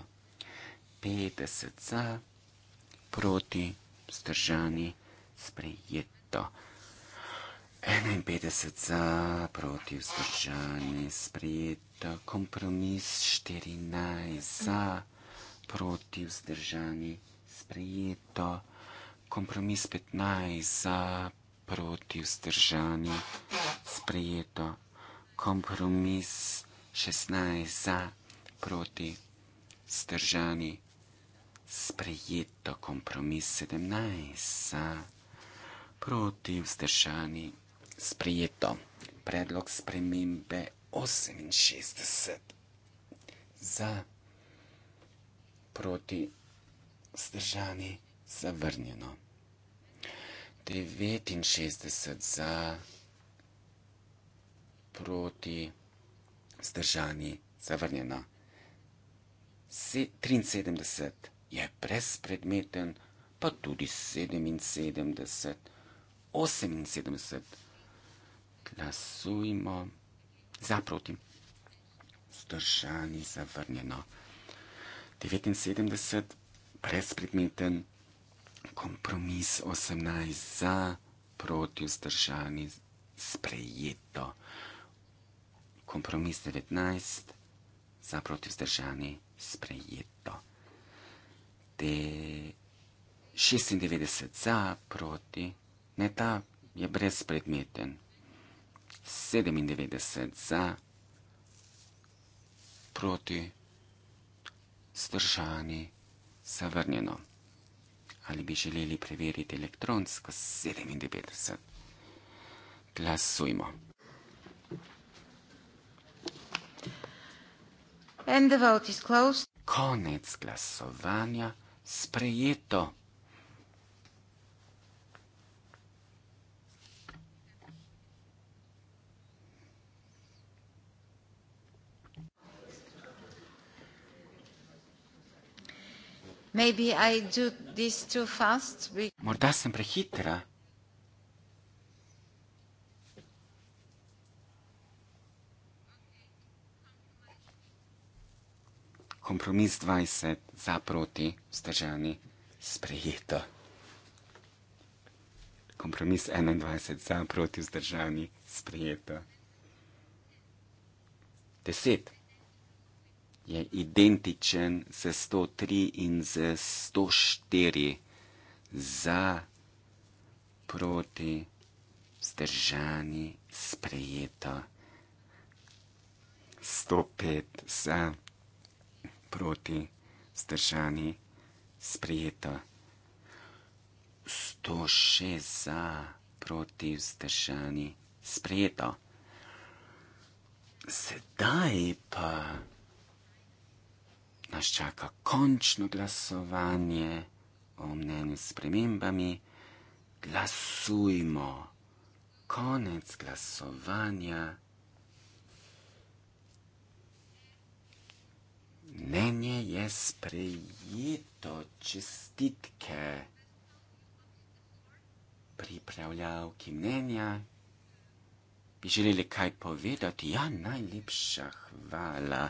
50 za, proti, zdržani, sprejeto. 51 za, proti, zdržani, sprejeto da kompromis 14 za, proti vzdržani sprejeto, kompromis 15 za, proti vzdržani sprejeto, kompromis 16 za, proti vzdržani sprejeto, kompromis 17 za, proti vzdržani sprejeto. Predlog spremembe 68 za, proti, zdržani, zavrnjeno. 69 za, proti, zdržani, zavrnjeno. 73 je brezpredmeten, pa tudi 77, 78. Glasujmo za proti. Zdržani, zavrnjeno. 79, brezpredmeten, kompromis 18, za proti, vzdržani, sprejeto. Kompromis 19, za proti, vzdržani, sprejeto. De 96 za, proti, ne ta, je brezpredmeten, 97 za, proti, zdržani, zavrnjeno. Ali bi želeli preveriti elektronsko 97? Glasujmo. And the vote is closed. Konec glasovanja. Sprejeto. Morda sem prehitra. Kompromis 20 za proti vzdržani sprejeto. Kompromis 21 za proti vzdržani sprejeto. 10 je identičen s 103 in z 104 za proti vzdržani sprejeto. 105 za proti vzdržani sprejeto. 106 za proti vzdržani sprejeto. Sedaj pa nas čaka končno glasovanje o mnenju s premembami. Glasujmo. Konec glasovanja. Mnenje je sprejeto, čestitke pripravljavki mnenja. Bi želeli kaj povedati? Ja, najlepša hvala.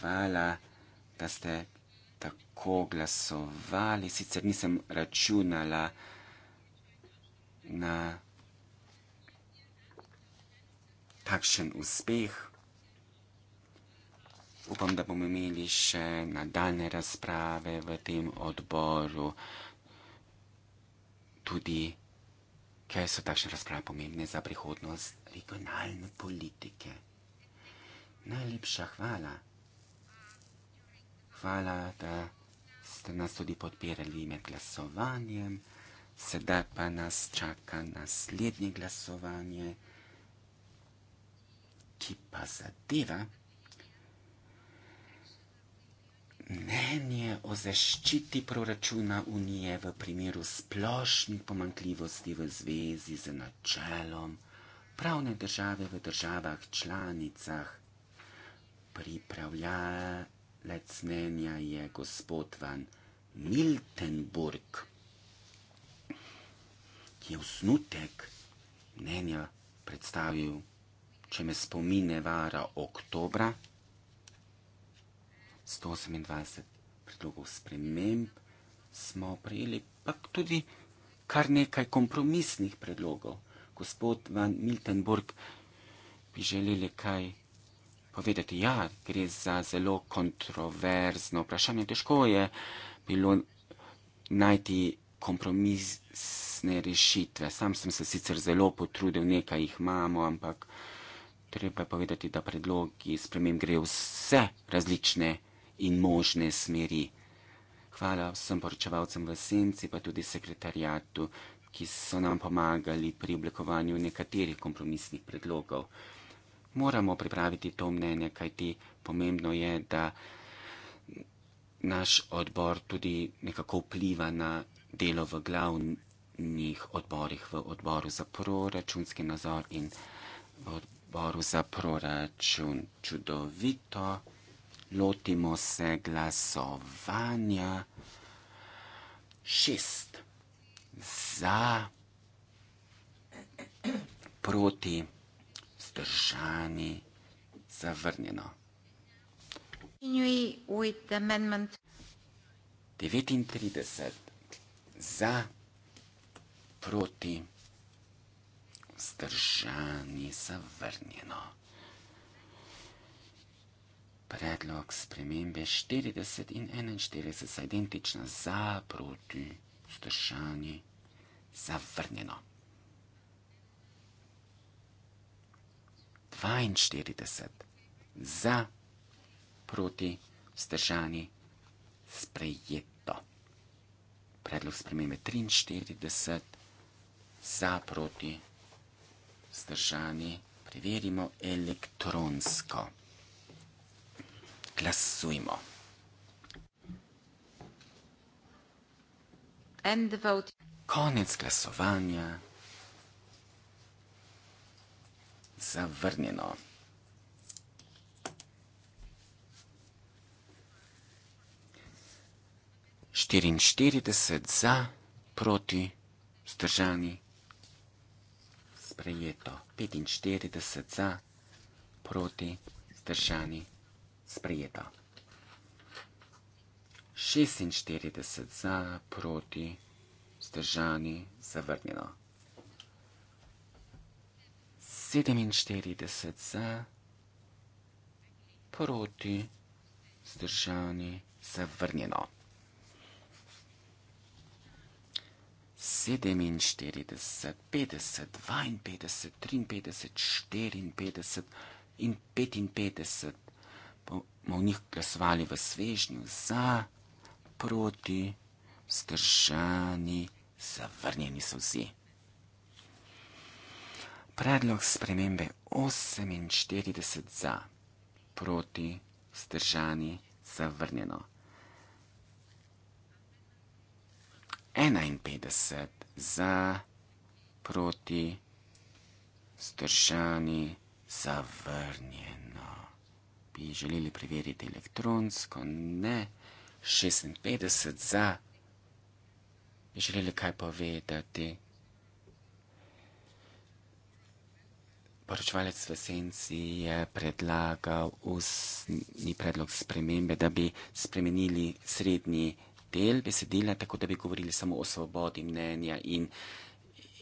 Hvala da ste tako glasovali, sicer nisem računala na takšen uspeh. Upam, da bomo imeli še nadaljne razprave v tem odboru, tudi ker so takšne razprave pomembne za prihodnost regionalne politike. Najlepša hvala hvala, da ste nas tudi podpirali med glasovanjem. Sedaj pa nas čaka naslednje glasovanje, ki pa zadeva mnenje o zaščiti proračuna Unije v primeru splošnih pomankljivosti v zvezi z načelom pravne države v državah članicah. Pripravljajo lecnenja je gospod van Miltenburg, ki je usnutek mnenja predstavil, če me spomine vara oktobra, 128 predlogov sprememb smo prijeli, pa tudi kar nekaj kompromisnih predlogov. Gospod van Miltenburg bi želeli kaj povedati, ja, gre za zelo kontroverzno vprašanje. Težko je bilo najti kompromisne rešitve. Sam sem se sicer zelo potrudil, nekaj jih imamo, ampak treba povedati, da predlogi spremem gre vse različne in možne smeri. Hvala vsem poročevalcem v Senci, pa tudi sekretarijatu, ki so nam pomagali pri oblikovanju nekaterih kompromisnih predlogov moramo pripraviti to mnenje, kajti pomembno je, da naš odbor tudi nekako vpliva na delo v glavnih odborih, v odboru za proračunski nazor in v odboru za proračun. Čudovito, lotimo se glasovanja. Šest za proti vzdržani, zavrnjeno. 39 za, proti, vzdržani, zavrnjeno. Predlog spremembe 40 in 41 so identična za, proti, vzdržani, zavrnjeno. 42 za proti vzdržani sprejeto. Predlog spremembe 43 za proti vzdržani preverimo elektronsko. Glasujmo. Konec glasovanja zavrnjeno. Štiriinštirideset za, proti, vzdržani, sprejeto. Petinštirideset za, proti, vzdržani, sprejeto. Šestinštirideset za, proti, vzdržani, zavrnjeno. 47 za, proti, zdržani, zavrnjeno. 47, 50, 52, 53, 54 in 55 bomo v njih glasovali v svežnju za, proti, zdržani, zavrnjeni so vsi predlog spremembe 48 za, proti, vzdržani, zavrnjeno. 51 za, proti, vzdržani, zavrnjeno. Bi želeli preveriti elektronsko? Ne. 56 za, bi želeli kaj povedati? Poročevalec v senci je predlagal ustni predlog spremembe, da bi spremenili srednji del besedila, tako da bi govorili samo o svobodi mnenja in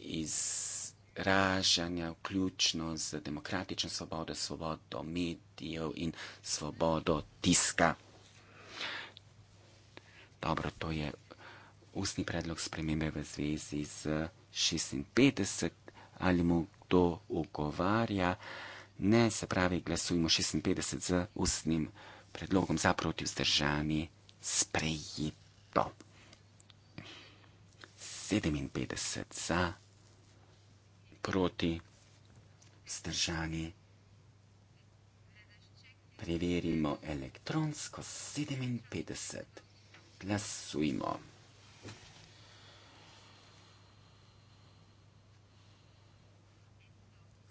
izražanja, vključno z demokratično svobodo, svobodo medijev in svobodo tiska. Dobro, to je ustni predlog spremembe v zvezi z 56 ali mu kdo ugovarja. Ne, se pravi, glasujmo 56 z ustnim predlogom za proti vzdržani sprejito. 57 za proti vzdržani. Preverimo elektronsko 57. Glasujmo.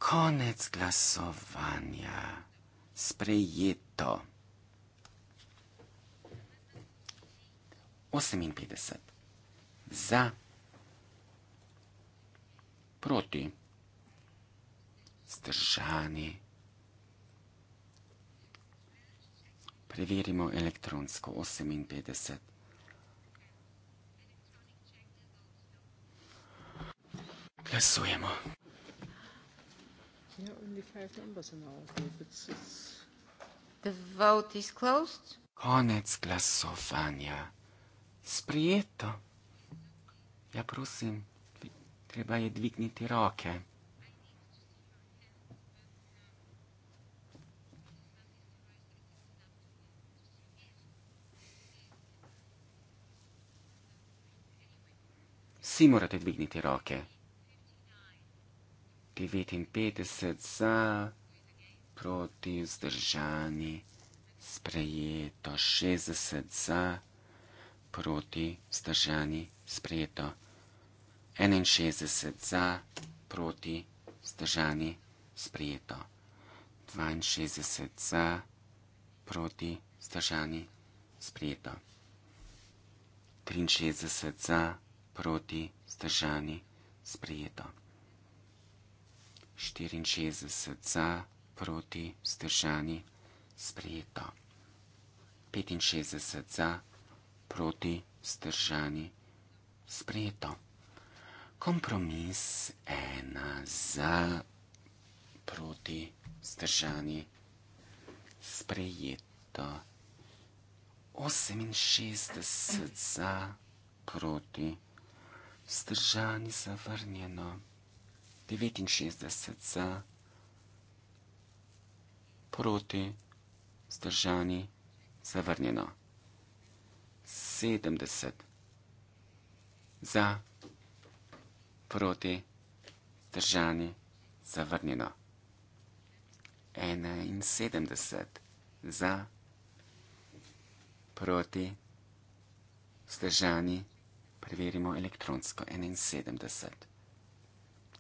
konec glasovanja. Sprejeto. 58. Za. Proti. Zdržani. Preverimo elektronsko 58. Glasujemo. The vote is closed. Konec glasovanja. Sprijeto. Ja, prosim, treba je dvigniti roke. Vsi morate dvigniti roke. 59 za, proti vzdržani, sprejeto 60 za, proti vzdržani, sprejeto 61 za, proti vzdržani, sprejeto 62 za, proti vzdržani, sprejeto 63 za, proti vzdržani, sprejeto. 64 za, proti, vzdržani, sprejeto. 65 za, proti, vzdržani, sprejeto. Kompromis 1 za, proti, vzdržani, sprejeto. 68 za, proti, vzdržani, zavrnjeno, sprejeto. 69 za, proti, zdržani, zavrnjeno. 70 za, proti, zdržani, zavrnjeno. 71 za, proti, zdržani, preverimo elektronsko, 71 za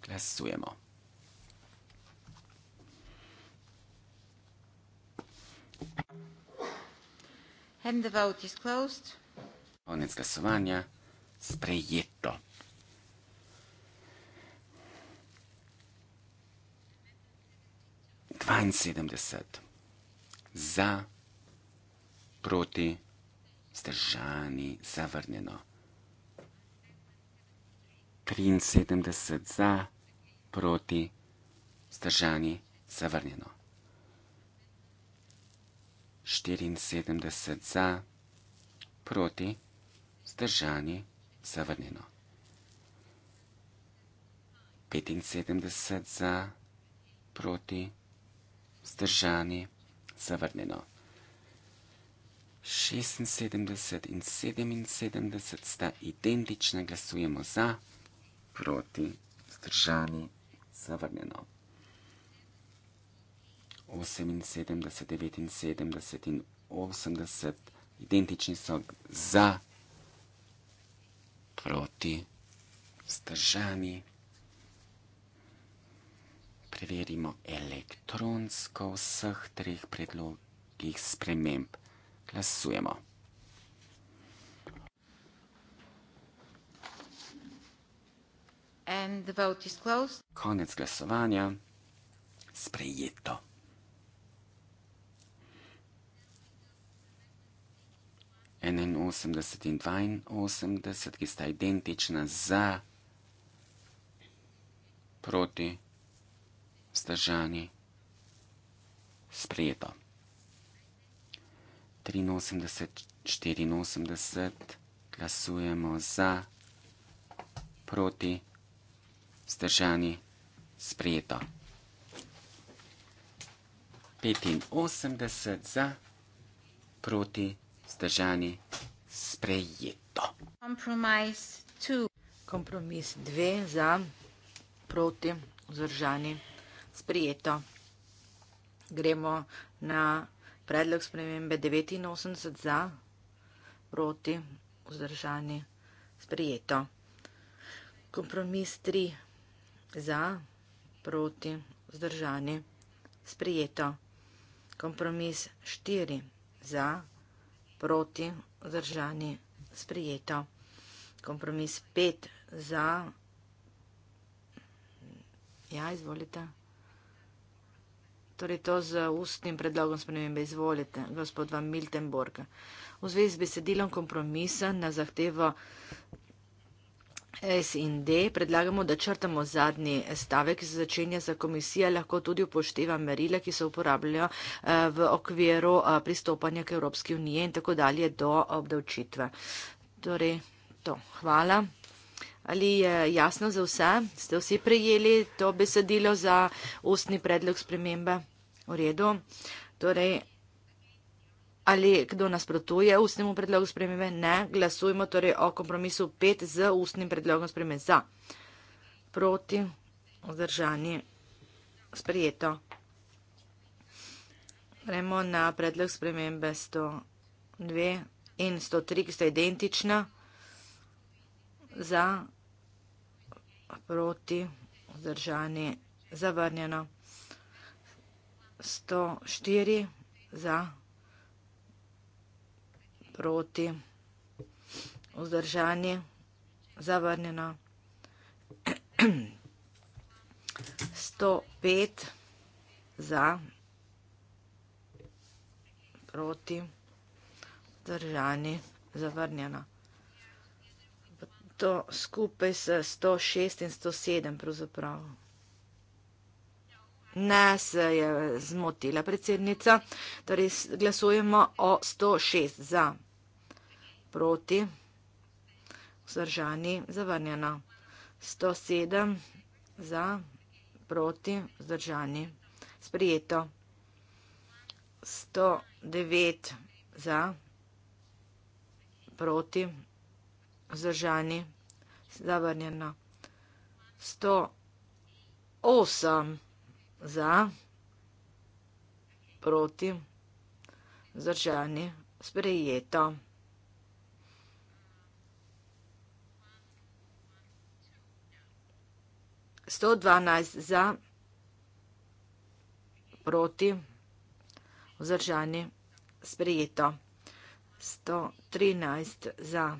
glasujemo. And the vote is closed. Konec glasovanja. Sprejeto. Dvainsedemdeset za, proti, zdržani, zavrnjeno. Triinsedemdeset za proti, zdržani, zavrnjeno. 74 za, proti, zdržani, zavrnjeno. 75 za, proti, zdržani, zavrnjeno. 76 in 77 sta identična, glasujemo za, proti, zdržani, zavrnjeno zavrnjeno. 78, 79 in 80 identični so za, proti, vzdržani. Preverimo elektronsko vseh treh predlogih sprememb. Glasujemo. And the vote is closed. Konec glasovanja. Sprejeto. Enajstdeset in dvainosemdeset, ki sta identična za, proti, vzdržani, sprejeto. Triinosemdeset, štiriinosemdeset glasujemo za, proti, vzdržani vzdržani, sprejeto. 85 za, proti, vzdržani, sprejeto. Kompromis 2 za, proti, vzdržani, sprejeto. Gremo na predlog spremembe 89 za, proti, vzdržani, sprejeto. Kompromis 3 za za, proti, vzdržani, sprijeto. Kompromis štiri za, proti, vzdržani, sprijeto. Kompromis pet za, ja, izvolite. Torej to z ustnim predlogom spremembe izvolite, gospod Van Miltenborg. V zvezi z besedilom kompromisa na zahtevo S in D predlagamo, da črtamo zadnji stavek, ki se začenja za komisija, lahko tudi upošteva merile, ki se uporabljajo eh, v okviru eh, pristopanja k Evropski uniji in tako dalje do obdavčitve. Torej, to. Hvala. Ali je jasno za vse? Ste vsi prejeli to besedilo za ustni predlog spremembe? V redu. Torej, ali kdo nasprotuje ustnemu predlogu spremembe, ne, glasujmo torej o kompromisu 5 z ustnim predlogom spremembe za, proti, vzdržani, sprijeto. Gremo na predlog spremembe 102 in 103, ki sta identična, za, proti, vzdržani, zavrnjeno. 104 za proti, vzdržani, zavrnjeno. 105 za, proti, vzdržani, zavrnjeno. To skupaj s 106 in 107 pravzaprav. Ne, se je zmotila predsednica. Torej glasujemo o 106 za proti, vzdržani, zavrnjeno. 107 za, proti, vzdržani, sprijeto. 109 za, proti, vzdržani, zavrnjeno. 108 za, proti, vzdržani, sprijeto. 112 za, proti, vzdržani, sprejeto. 113 za,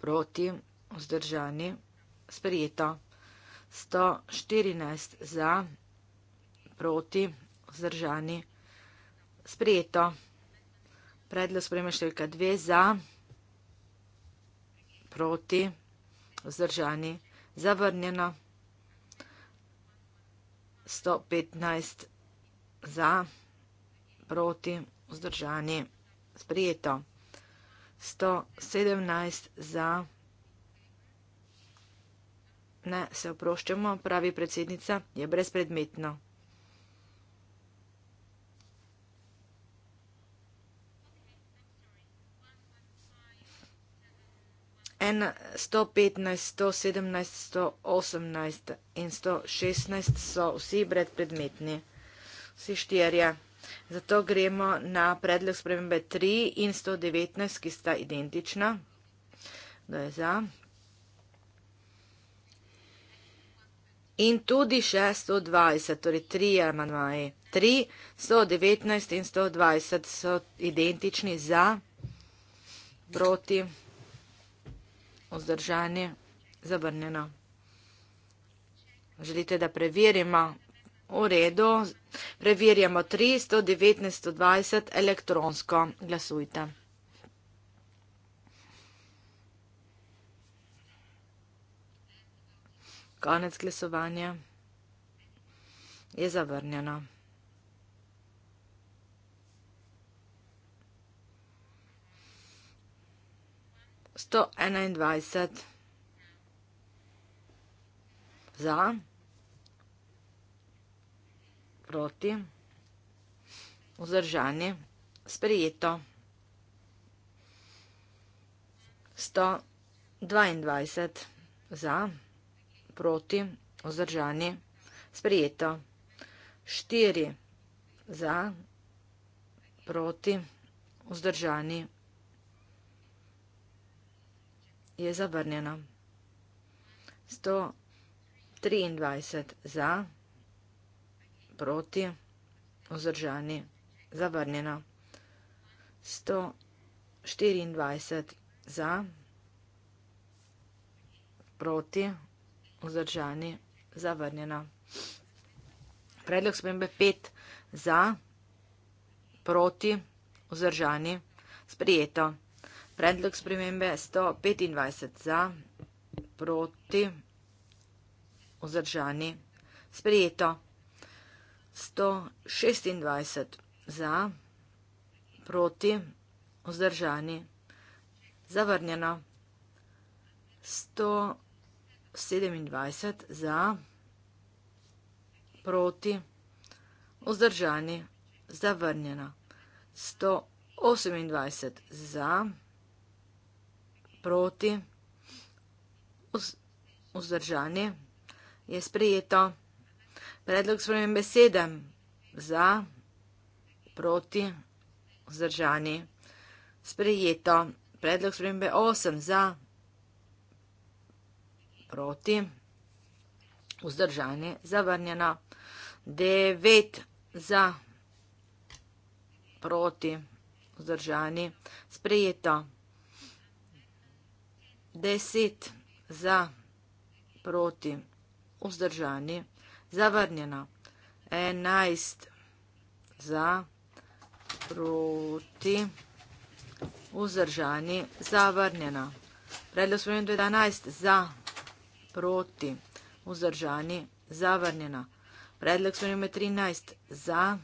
proti, vzdržani, sprejeto. 114 za, proti, vzdržani, sprejeto. Predlo sprejme številka 2 za, proti, vzdržani, sprejeto zavrnjeno. 115 za, proti, vzdržani, sprijeto. 117 za, ne, se oproščamo, pravi predsednica, je brezpredmetno. 1, 115, 117, 118 in 116 so vsi predpredmetni, vsi štirje. Zato gremo na predlog spremembe 3 in 119, ki sta identična. Kdo je za? In tudi še 120, torej 3 amandmaji. 3, 119 in 120 so identični za, proti vzdržanje zavrnjeno. Želite, da preverimo? V redu. Preverjamo 319 elektronsko. Glasujte. Konec glasovanja je zavrnjeno. 121 za, proti, vzdržani, sprejeto. Sto dvaindvajset za, proti, vzdržani, sprejeto. Štiri za, proti, vzdržani, sprejeto je zavrnjeno. 123 za, proti, vzdržani, zavrnjeno. 124 za, proti, vzdržani, zavrnjeno. Predlog spremembe 5 za, proti, vzdržani, sprijeto. Predlog spremembe 125 za, proti, vzdržani, sprejeto. 126 za, proti, vzdržani, zavrnjeno. 127 za, proti, vzdržani, zavrnjeno. 128 za, proti, vzdržani, zavrnjeno proti vzdržani je sprejeto. Predlog svojim besedem za proti vzdržani sprejeto. Predlog spremembe 8 za proti vzdržanje zavrnjeno. 9 za proti vzdržanje sprejeto. 10 za, proti, vzdržani, zavrnjeno. 11 za, proti, vzdržani, zavrnjeno. Predlog spremenim tudi 11 za, proti, vzdržani, zavrnjeno. Predlog spremenim 13 za,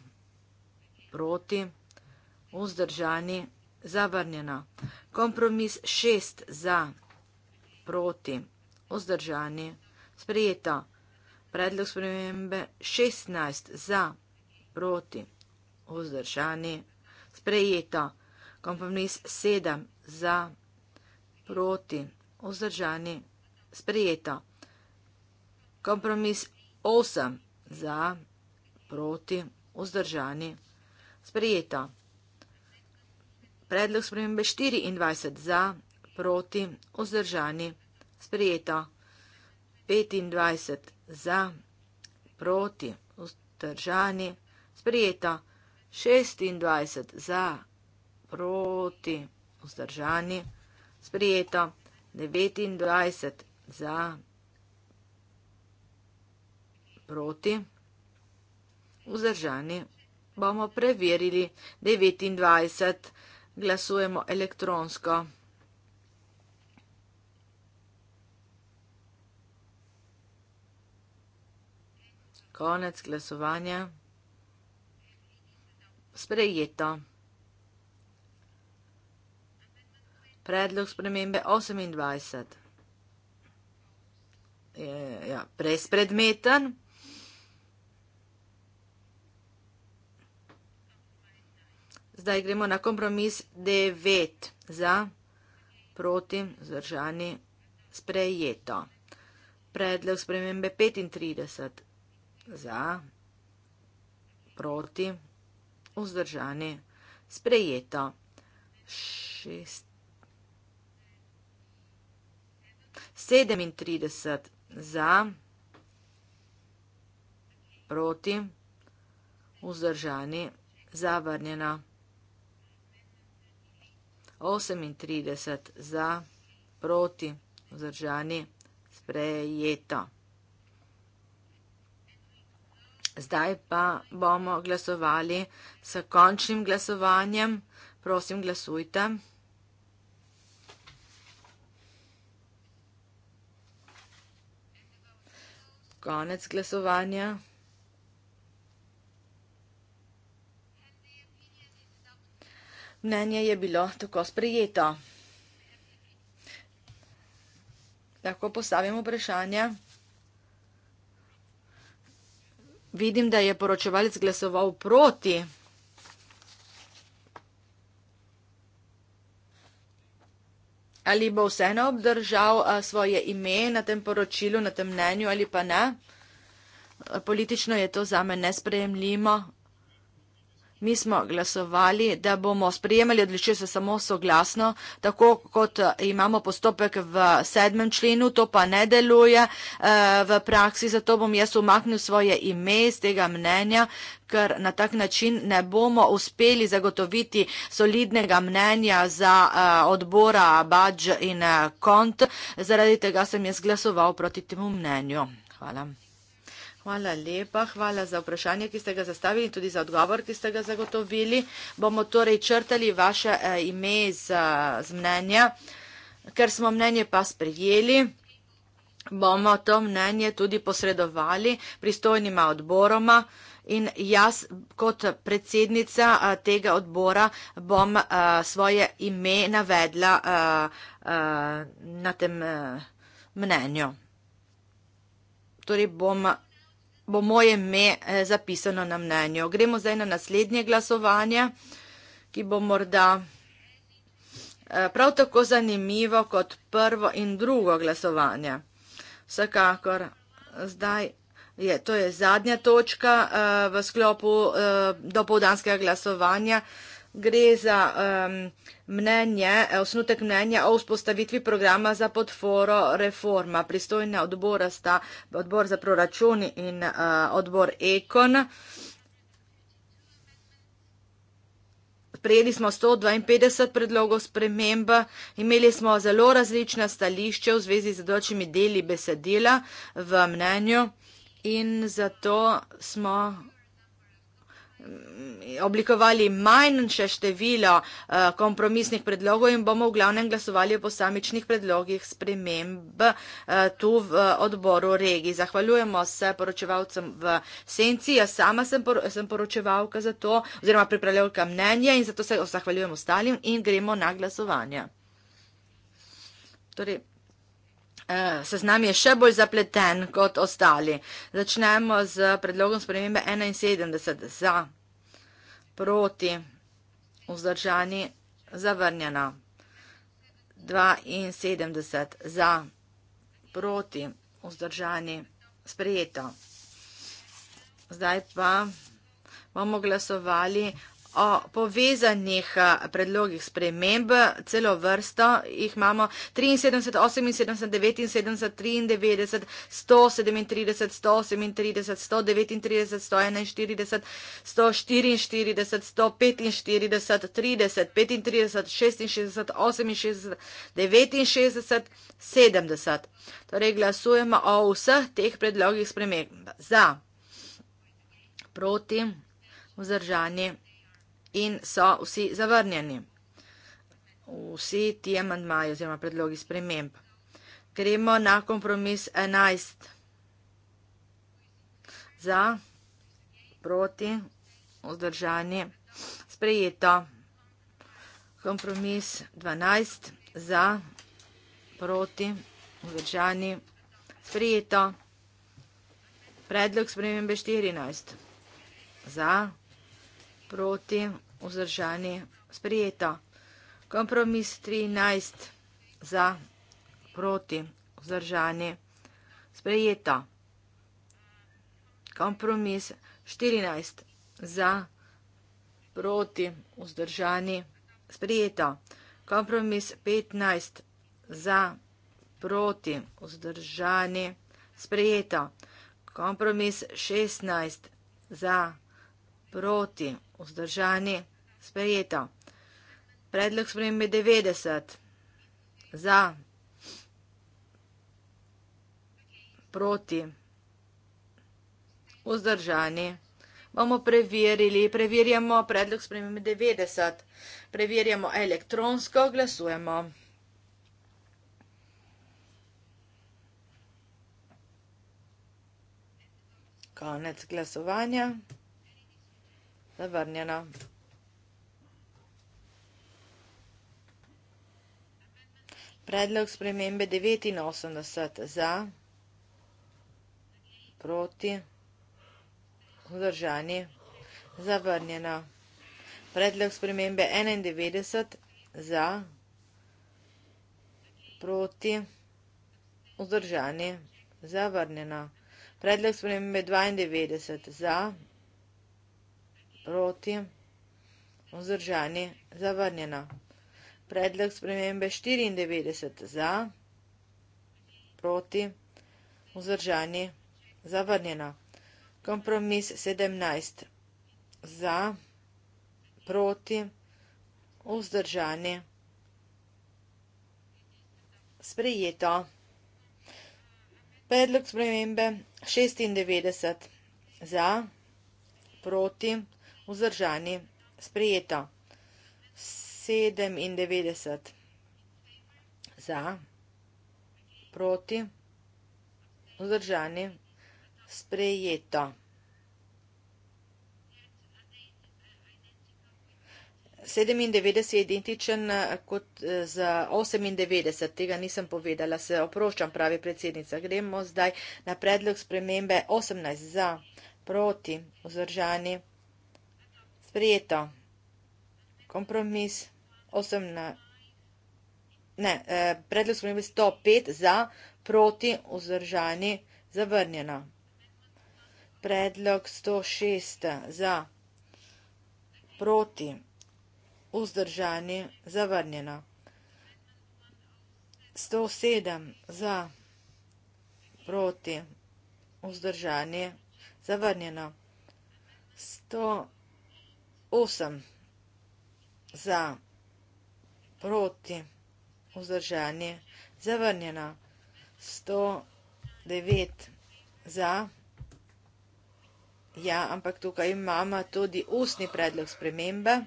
proti, vzdržani, zavrnjeno. Kompromis 6 za, proti, vzdržani, zavrnjeno proti, vzdržani, sprejeto. Predlog spremembe 16 za, proti, vzdržani, sprejeto. Kompromis 7 za, proti, vzdržani, sprejeto. Kompromis 8 za, proti, vzdržani, sprejeto. Predlog spremembe 24 za, proti, vzdržani, sprejeto proti, vzdržani, sprijeto. 25 za, proti, vzdržani, sprijeto. 26 za, proti, vzdržani, sprijeto. 29 za, proti, vzdržani, bomo preverili 29. Glasujemo elektronsko. Konec glasovanja. Sprejeto. Predlog spremembe 28. Je, ja, brezpredmeten. Zdaj gremo na kompromis 9 za proti zdržani sprejeto. Predlog spremembe 35 za, proti, vzdržani, sprejeto. Šest. 37 za, proti, vzdržani, zavrnjeno. 38 za, proti, vzdržani, sprejeto. Zdaj pa bomo glasovali s končnim glasovanjem. Prosim, glasujte. Konec glasovanja. Mnenje je bilo tako sprejeto. Lahko postavim vprašanje. Vidim, da je poročevalec glasoval proti. Ali bo vseeno obdržal svoje ime na tem poročilu, na tem mnenju ali pa ne? Politično je to zame nesprejemljivo, Mi smo glasovali, da bomo sprejemali odločitev se samo soglasno, tako kot eh, imamo postopek v sedmem členu, to pa ne deluje eh, v praksi, zato bom jaz umaknil svoje ime iz tega mnenja, ker na tak način ne bomo uspeli zagotoviti solidnega mnenja za eh, odbora Badž in Kont, zaradi tega sem jaz glasoval proti temu mnenju. Hvala. Hvala lepa, hvala za vprašanje, ki ste ga zastavili in tudi za odgovor, ki ste ga zagotovili. Bomo torej črtali vaše eh, ime z, z mnenja, ker smo mnenje pa sprejeli. Bomo to mnenje tudi posredovali pristojnima odboroma in jaz kot predsednica eh, tega odbora bom eh, svoje ime navedla na tem mnenju. Torej bom bo moje ime eh, zapisano na mnenju. Gremo zdaj na naslednje glasovanje, ki bo morda eh, prav tako zanimivo kot prvo in drugo glasovanje. Vsekakor zdaj je, to je zadnja točka eh, v sklopu dopoldanskega glasovanja gre za um, mnenje, eh, osnutek mnenja o vzpostavitvi programa za podforo reforma. Pristojna odbora sta odbor za proračun in uh, odbor Ekon. Prejeli smo 152 predlogov sprememb, imeli smo zelo različna stališče v zvezi z določimi deli besedila v mnenju in zato smo oblikovali manjše število eh, kompromisnih predlogov in bomo v glavnem glasovali o posamičnih predlogih sprememb eh, tu v eh, odboru regij. Zahvaljujemo se poročevalcem v senci. Jaz sama sem poročevalka za to oziroma pripravljavka mnenja in zato se zahvaljujem ostalim in gremo na glasovanje. Torej, Seznam je še bolj zapleten kot ostali. Začnemo z predlogom spremembe 71 za proti, vzdržani, zavrnjeno. 72 za, proti, vzdržani, sprejeto. Zdaj pa bomo glasovali o povezanih predlogih sprememb, celo vrsto jih imamo 73, 78, 79, 93, 137, 138, 139, 141, 144, 145, 30, 35, 66, 68, 69, 70. Torej glasujemo o vseh teh predlogih sprememb. Za, proti, vzdržanje in so vsi zavrnjeni. Vsi ti amantmaji oziroma predlogi sprememb. Gremo na kompromis 11. Za, proti, vzdržanje, sprejeto. Kompromis 12. Za, proti, vzdržanje, sprejeto. Predlog spremembe 14. Za, proti, vzdržanje vzdržani, sprijeto. Kompromis 13 za proti vzdržani, sprijeto. Kompromis 14 za proti vzdržani, sprijeto. Kompromis 15 za proti vzdržani, sprijeto. Kompromis 16 za proti vzdržani, sprijeto proti, vzdržani, sprejeto. Predlog sprejem je 90, za, proti, vzdržani. Bomo preverili, preverjamo predlog sprejem je 90, preverjamo elektronsko, glasujemo. Konec glasovanja zavrnjeno. Predlog spremembe 89 za, proti, vzdržani, zavrnjeno. Predlog spremembe 91 za, proti, vzdržani, zavrnjeno. Predlog spremembe 92 za, proti, vzdržani, zavrnjeno proti vzdržani zavrnjena. Predlog spremembe 94 za proti vzdržani zavrnjena. Kompromis 17 za proti vzdržani sprejeto. Predlog spremembe 96 za proti vzdržani zavrnjena vzdržani, sprejeto 97 za, proti, vzdržani, sprejeto. Sedemindevedeset je identičen kot z osemindevedeset, tega nisem povedala, se oproščam, pravi predsednica. Gremo zdaj na predlog spremembe osemnajst za, proti, vzdržani, sprejeto sprejeto. Kompromis 8 na. Ne, eh, predlog spremembe 105 za, proti, vzdržani, zavrnjeno. Predlog 106 za, proti, vzdržani, zavrnjeno. 107 za, proti, vzdržani, zavrnjeno. 100. 8 za proti vzdržanje zavrnjeno 109 za ja, ampak tukaj imamo tudi ustni predlog spremembe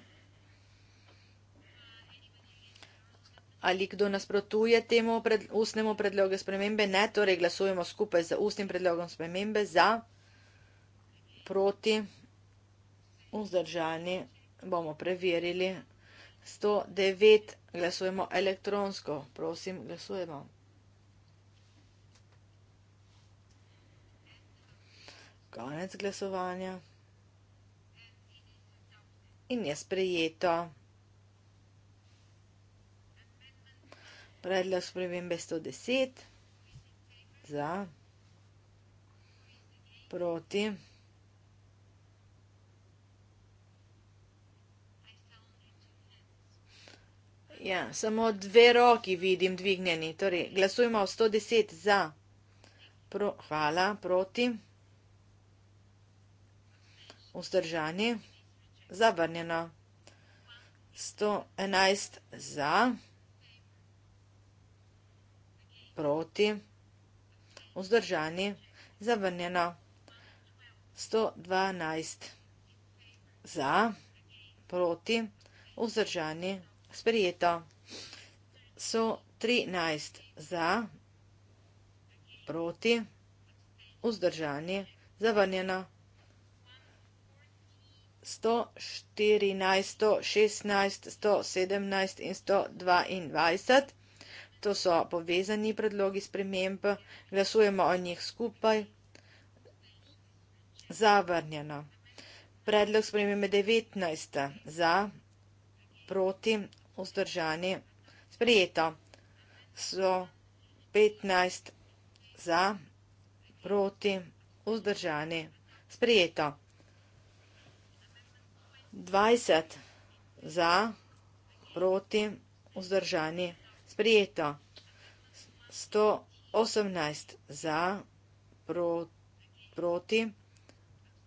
ali kdo nasprotuje temu pred, ustnemu predlogu spremembe ne, torej glasujemo skupaj z ustnim predlogom spremembe za proti vzdržanje vzdržani, bomo preverili. 109, glasujemo elektronsko, prosim, glasujemo. Konec glasovanja. In je sprejeto. Predlog spremembe 110 za proti. Ja, samo dve roki vidim dvigneni. Torej, glasujmo 110 za. Pro, hvala, proti. Vzdržani. Zabrnjeno. 111 za. Proti. Vzdržani. Zavrnjeno. 112 za. Proti. Vzdržani. Sprejeto. So 13 za, proti, vzdržani, zavrnjeno. 114, 116, 117 in 122. To so povezani predlogi sprememb. Glasujemo o njih skupaj. Zavrnjeno. Predlog spremembe 19 za, proti, vzdržani. Sprijeto so 15 za, proti, vzdržani. Sprijeto 20 za, proti, vzdržani. Sprijeto 118 za, pro, proti,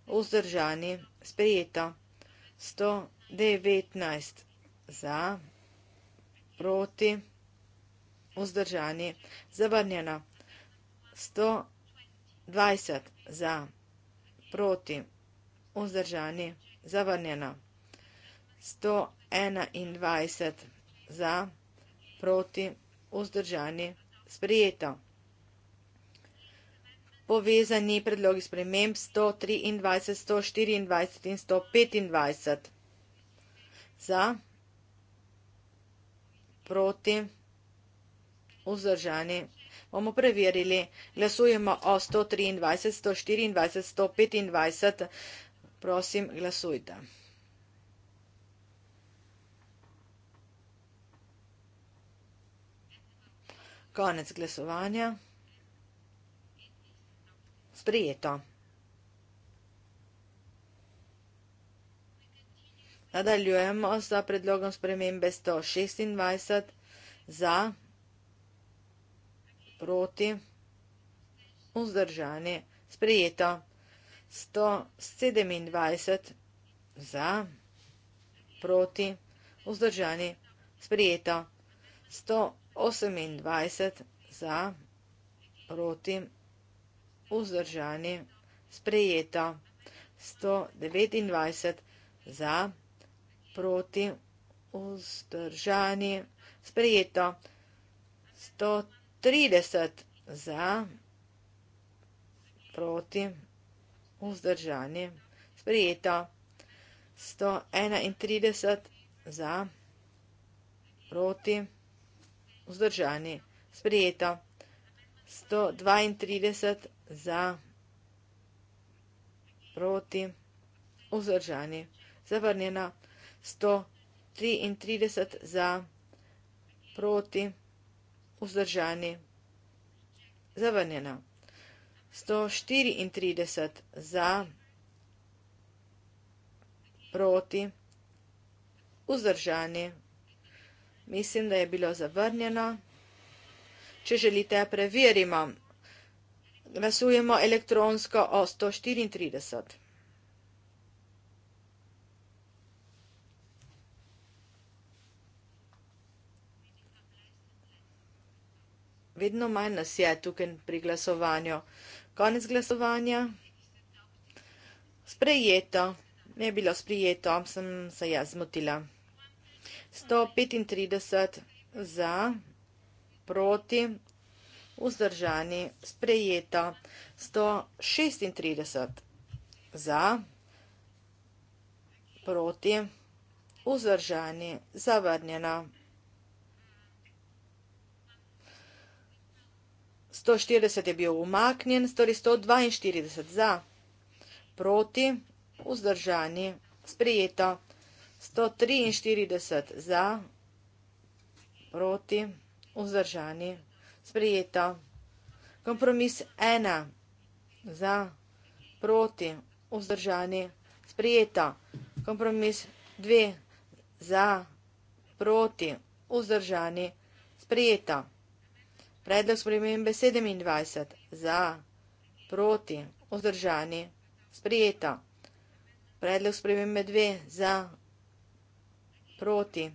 vzdržani. Sprijeto 119 za, proti, vzdržani proti, vzdržani, zavrnjeno, 120 za, proti, vzdržani, zavrnjeno, 121 za, proti, vzdržani, sprijeto. Povezani predlogi sprememb 123, 124 in 125 za proti, vzdržani. Bomo preverili. Glasujemo o 123, 124, 125. Prosim, glasujte. Konec glasovanja. Sprijeto. Nadaljujemo s predlogom spremembe 126 za, proti, vzdržanje, sprejeto. 127 za, proti, vzdržanje, sprejeto. 128 za, proti, vzdržanje, sprejeto. 129 za, proti, vzdržanje, sprejeto proti, vzdržani, sprejeto. 130 za, proti, vzdržani, sprejeto. 131 za, proti, vzdržani, sprejeto. 132 za, proti, vzdržani, zavrnjeno. 133 za, proti, vzdržani, zavrnjeno. 134 za, proti, vzdržani, mislim, da je bilo zavrnjeno. Če želite, preverimo. Glasujemo elektronsko o 134. vedno manj nas je tukaj pri glasovanju. Konec glasovanja. Sprejeto. Ne je bilo sprejeto, sem se jaz zmotila. 135 za, proti, vzdržani, sprejeto. 136 za, proti, vzdržani, zavrnjeno. 140 je bil umaknjen, torej 142 za, proti, vzdržani, sprijeto. 143 za, proti, vzdržani, sprijeto. Kompromis 1 za, proti, vzdržani, sprijeto. Kompromis 2 za, proti, vzdržani, sprijeto. Predlog spremembe 27. Za, proti, vzdržani, sprijeto. Predlog spremembe 2. Za, proti,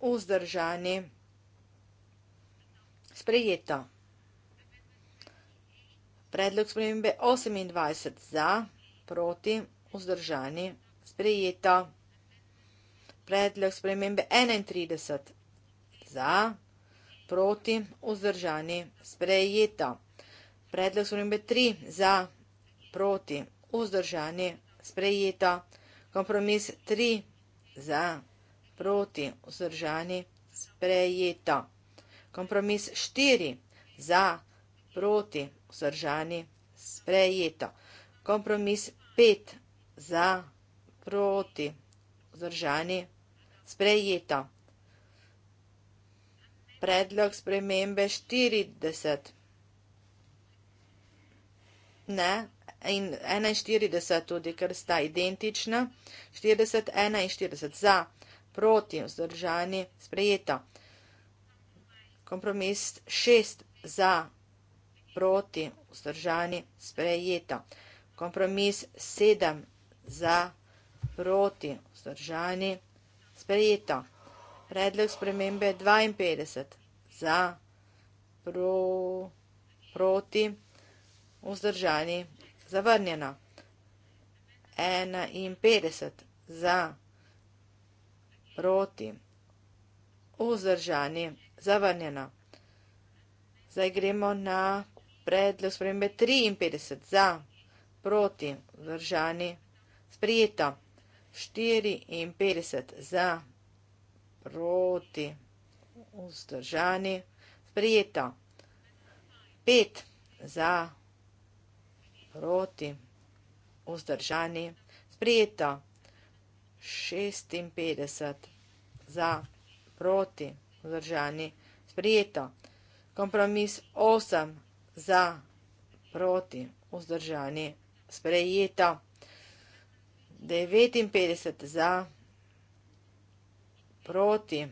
vzdržani, sprijeto. Predlog spremembe 28. Za, proti, vzdržani, sprijeto. Predlog spremembe 31. Za, proti, vzdržani, sprijeto proti, vzdržani, sprejeta. Predlog spremembe 3 za, proti, vzdržani, sprejeta. Kompromis 3 za, proti, vzdržani, sprejeta. Kompromis 4 za, proti, vzdržani, sprejeta. Kompromis 5 za, proti, vzdržani, sprejeta predlog spremembe 40. Ne? In 41 tudi, ker sta identična. 40, 41 za, proti, vzdržani, sprejeto. Kompromis 6 za, proti, vzdržani, sprejeto. Kompromis 7 za, proti, vzdržani, sprejeto predlog spremembe 52 za, pro, proti, vzdržani, zavrnjeno. 51 za, proti, vzdržani, zavrnjeno. Zdaj gremo na predlog spremembe 53 za, proti, vzdržani, sprijeto. 54 za, proti, vzdržani, prijeto, pet za, proti, vzdržani, prijeto, šestinpetdeset za, proti, vzdržani, prijeto, kompromis osem za, proti, vzdržani, prijeto, devetinpetdeset za, proti, vzdržani, prijeto, proti,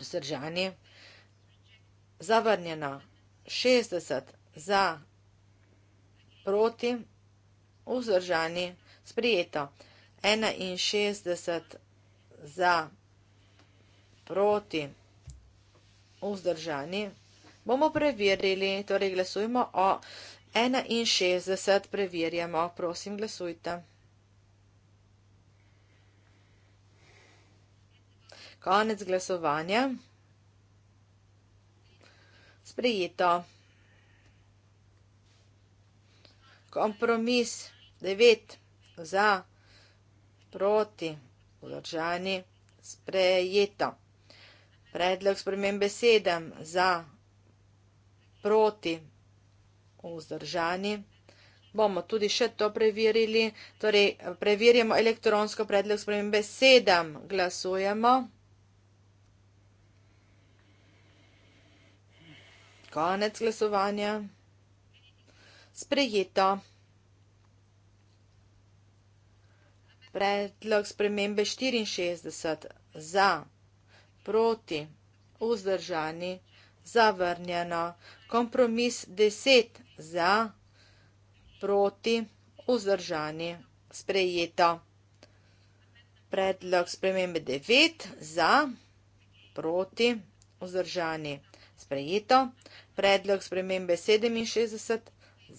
vzdržani, zavrnjeno, šestdeset za, proti, vzdržani, sprijeto, enainšestdeset za, proti, vzdržani. Bomo preverili, torej glasujmo o enainšestdeset, preverjamo, prosim, glasujte. Konec glasovanja. Sprejeto. Kompromis 9 za, proti, vzdržani, sprejeto. Predlog spremembe 7 za, proti, vzdržani. Bomo tudi še to preverili. Torej, preverjamo elektronsko predlog spremembe 7. Glasujemo. Konec glasovanja. Sprejeto. Predlog spremembe 64 za, proti, vzdržani, zavrnjeno. Kompromis 10 za, proti, vzdržani, sprejeto. Predlog spremembe 9 za, proti, vzdržani, sprejeto predlog spremembe 67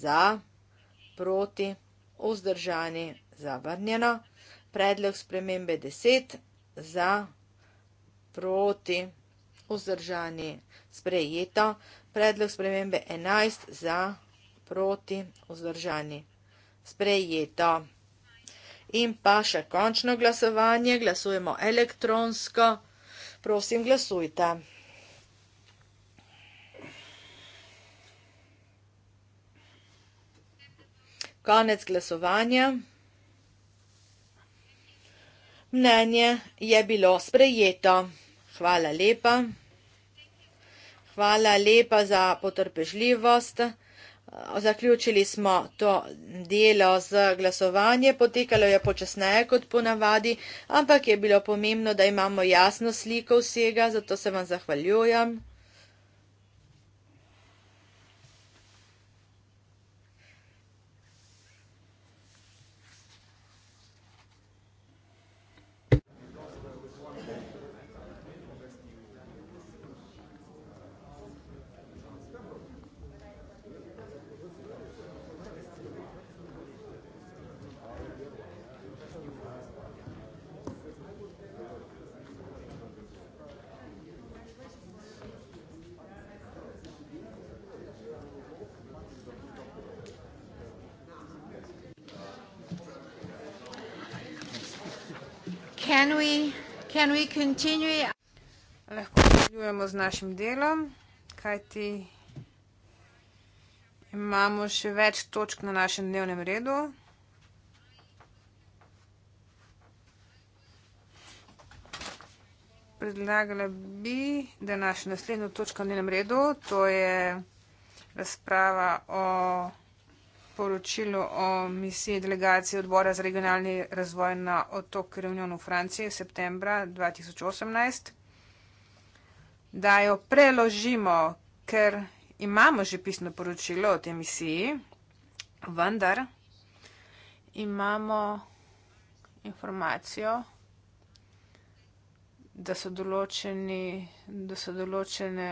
za, proti, vzdržani, zavrnjeno, predlog spremembe 10 za, proti, vzdržani, sprejeto, predlog spremembe 11 za, proti, vzdržani, sprejeto. In pa še končno glasovanje, glasujemo elektronsko. Prosim, glasujte. Konec glasovanja. Mnenje je bilo sprejeto. Hvala lepa. Hvala lepa za potrpežljivost. Zaključili smo to delo z glasovanje. Potekalo je počasneje kot ponavadi, ampak je bilo pomembno, da imamo jasno sliko vsega, zato se vam zahvaljujem. can we, can we continue? Lahko nadaljujemo z našim delom, kajti imamo še več točk na našem dnevnem redu. Predlagala bi, da naša naslednja točka na dnevnem redu, to je razprava o poročilo o misiji delegacije odbora za regionalni razvoj na otok Reunion v Franciji v septembra 2018, da jo preložimo, ker imamo že pisno poročilo o tej misiji, vendar imamo informacijo, da so določeni, da so določene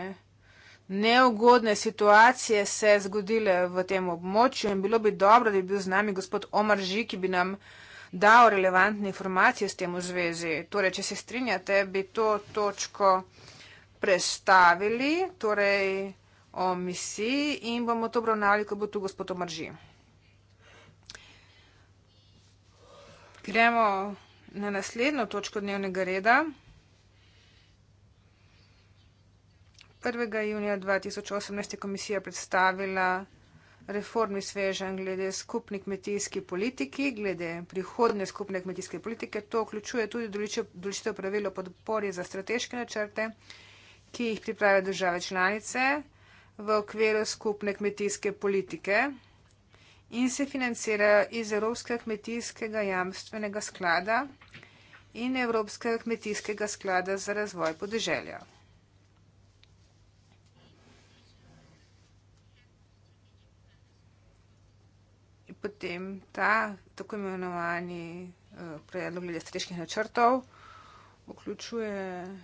neugodne situacije se zgodile v tem območju in bilo bi dobro, da bi bil z nami gospod Omar Ži, ki bi nam dal relevantne informacije s tem v zvezi. Torej, če se strinjate, bi to točko prestavili, torej o misiji in bomo to obravnavali, ko bo tu gospod Omar Ži. Gremo na naslednjo točko dnevnega reda. 1. junija 2018 je komisija predstavila reformi svežen glede skupni kmetijski politiki, glede prihodne skupne kmetijske politike. To vključuje tudi določitev pravil o podpori za strateške načrte, ki jih pripravijo države članice v okviru skupne kmetijske politike in se financirajo iz Evropskega kmetijskega jamstvenega sklada in Evropskega kmetijskega sklada za razvoj podeželja. potem ta tako imenovani eh, predlog glede strateških načrtov vključuje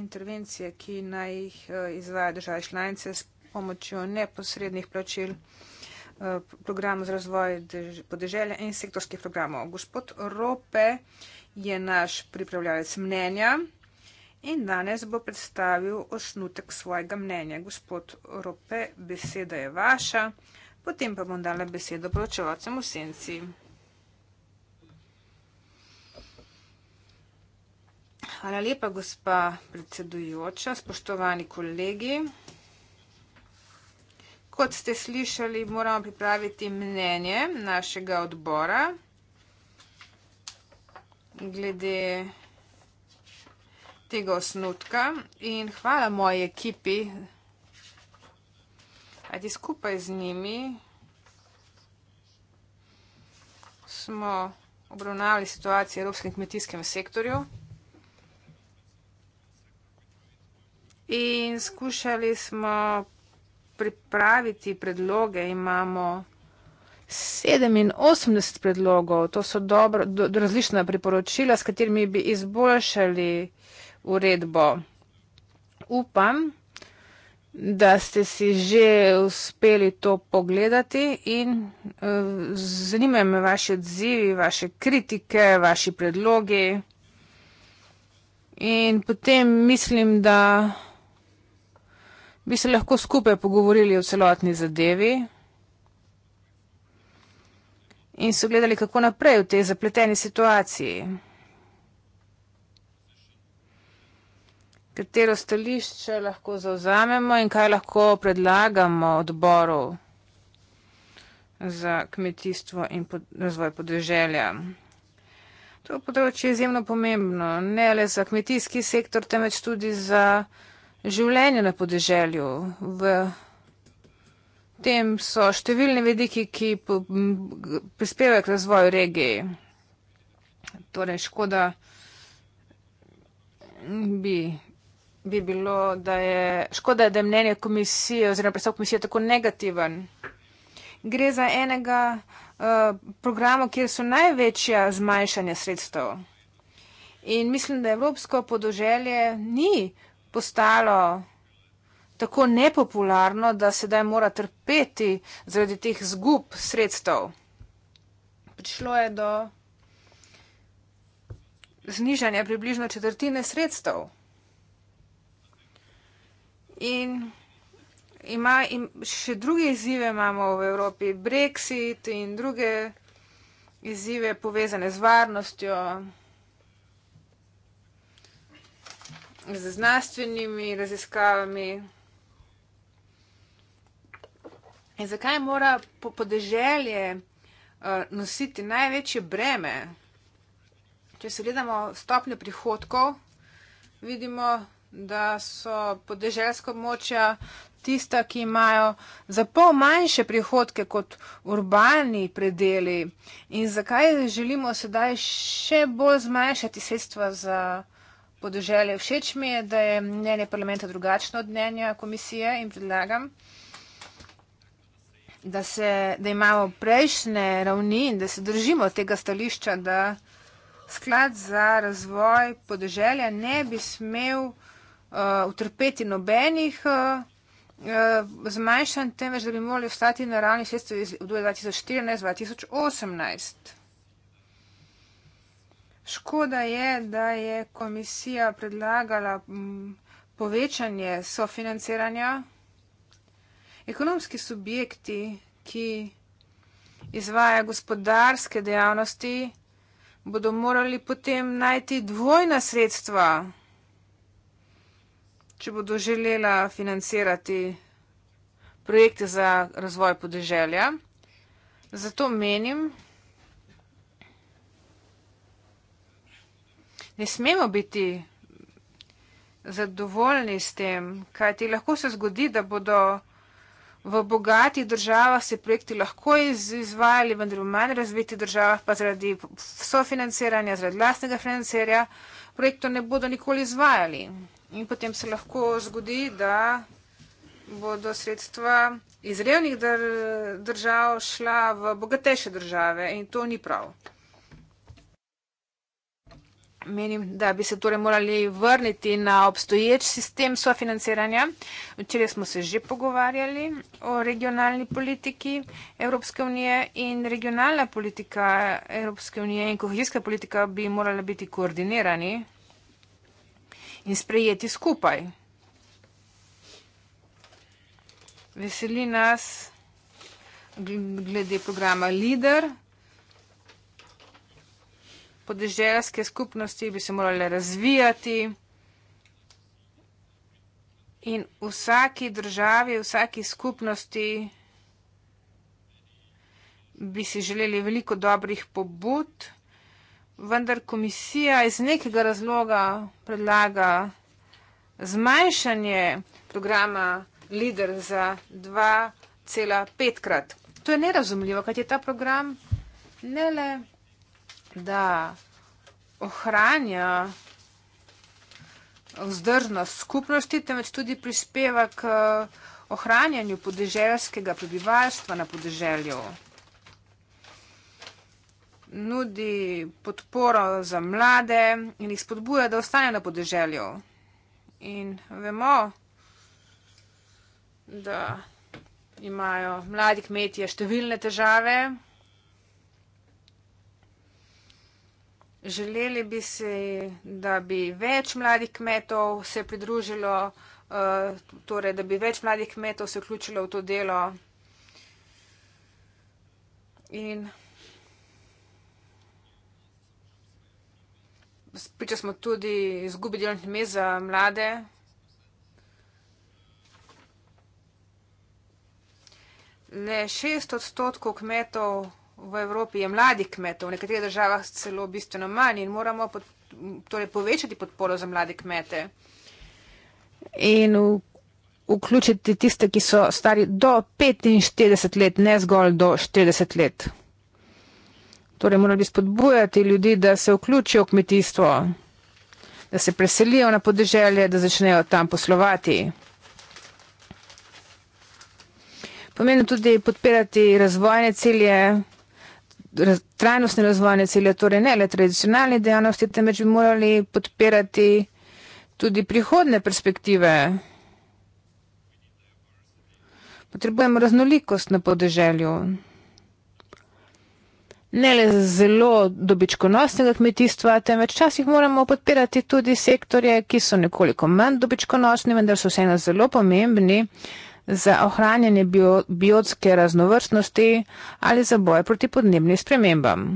intervencije, ki naj jih eh, izvaja države članice s pomočjo neposrednih plačil eh, programu za razvoj podeželja in sektorskih programov. Gospod Rope je naš pripravljalec mnenja in danes bo predstavil osnutek svojega mnenja. Gospod Rope, beseda je vaša. Potem pa bom dala besedo poročevalcem v senci. Hvala lepa, gospa predsedujoča, spoštovani kolegi. Kot ste slišali, moramo pripraviti mnenje našega odbora glede tega osnutka. In hvala moji ekipi ajde skupaj z njimi smo obravnavali situacijo v evropskem kmetijskem sektorju in skušali smo pripraviti predloge. Imamo 87 predlogov, to so dobro, do, različna priporočila, s katerimi bi izboljšali uredbo. Upam, da ste si že uspeli to pogledati in uh, zanimajo me vaši odzivi, vaše kritike, vaši predlogi. In potem mislim, da bi se lahko skupaj pogovorili o celotni zadevi in so gledali, kako naprej v tej zapleteni situaciji. katero stališče lahko zauzamemo in kaj lahko predlagamo odboru za kmetijstvo in pod, razvoj podeželja. To področje je izjemno pomembno, ne le za kmetijski sektor, temveč tudi za življenje na podeželju. V tem so številni vediki, ki prispevajo k razvoju regije. Torej, škoda bi bi bilo, da je škoda, da je mnenje komisije oziroma predstav komisije tako negativen. Gre za enega uh, eh, programa, kjer so največja zmanjšanja sredstev. In mislim, da evropsko podoželje ni postalo tako nepopularno, da sedaj mora trpeti zaradi teh zgub sredstev. Prišlo je do znižanja približno četrtine sredstev in ima, in še druge izzive imamo v Evropi, Brexit in druge izzive povezane z varnostjo, z znanstvenimi raziskavami. In zakaj mora podeželje eh, nositi največje breme? Če se gledamo stopnje prihodkov, vidimo, da so podeželjska območja tista, ki imajo za pol manjše prihodke kot urbani predeli in zakaj želimo sedaj še bolj zmanjšati sredstva za podeželje. Všeč mi je, da je mnenje parlamenta drugačno od mnenja komisije in predlagam, da, se, da imamo prejšnje ravni in da se držimo tega stališča, da sklad za razvoj podeželja ne bi smel Eh, utrpeti nobenih eh, eh, zmanjšanj, temveč da bi morali ostati na ravni sredstva iz 2014-2018. Škoda je, da je komisija predlagala mm, povečanje sofinanciranja. Ekonomski subjekti, ki izvaja gospodarske dejavnosti, bodo morali potem najti dvojna sredstva če bodo želela financirati projekte za razvoj podeželja. Zato menim, ne smemo biti zadovoljni s tem, kaj ti lahko se zgodi, da bodo v bogatih državah se projekti lahko izvajali, vendar v manj razvitih državah pa zaradi sofinanciranja, zaradi lastnega financerja projektov ne bodo nikoli izvajali. In potem se lahko zgodi, da bodo sredstva iz revnih držav šla v bogatejše države in to ni prav. Menim, da bi se torej morali vrniti na obstoječ sistem sofinanciranja. Včeraj smo se že pogovarjali o regionalni politiki Evropske unije in regionalna politika Evropske unije in kohezijska politika bi morala biti koordinirani in sprejeti skupaj. Veseli nas glede programa LIDER. Podeželske skupnosti bi se morale razvijati in vsaki državi, vsaki skupnosti bi si želeli veliko dobrih pobud vendar komisija iz nekega razloga predlaga zmanjšanje programa LIDER za 2,5 krat. To je nerazumljivo, kaj je ta program ne le, da ohranja vzdržnost skupnosti, temveč tudi prispeva k ohranjanju podeželjskega prebivalstva na podeželju nudi podporo za mlade in jih spodbuja, da ostanejo na podeželju. In vemo, da imajo mladi kmetje številne težave. Želeli bi si, da bi več mladih kmetov se pridružilo, eh, torej da bi več mladih kmetov se vključilo v to delo. In priča smo tudi izgubi delovnih mest za mlade. Le šest odstotkov kmetov v Evropi je mladih kmetov, v nekaterih državah celo bistveno manj in moramo pod, torej povečati podporo za mlade kmete in v, vključiti tiste, ki so stari do 45 let, ne zgolj do 40 let. Torej, morali spodbujati ljudi, da se vključijo v kmetijstvo, da se preselijo na podeželje, da začnejo tam poslovati. Pomeni tudi podpirati razvojne cilje, trajnostne razvojne cilje, torej ne le tradicionalne dejavnosti, temveč bi morali podpirati tudi prihodne perspektive. Potrebujemo raznolikost na podeželju ne le zelo dobičkonosnega kmetijstva, temveč včasih moramo podpirati tudi sektorje, ki so nekoliko manj dobičkonosni, vendar so vseeno zelo pomembni za ohranjanje bio, biotske raznovrstnosti ali za boj proti podnebnim spremembam.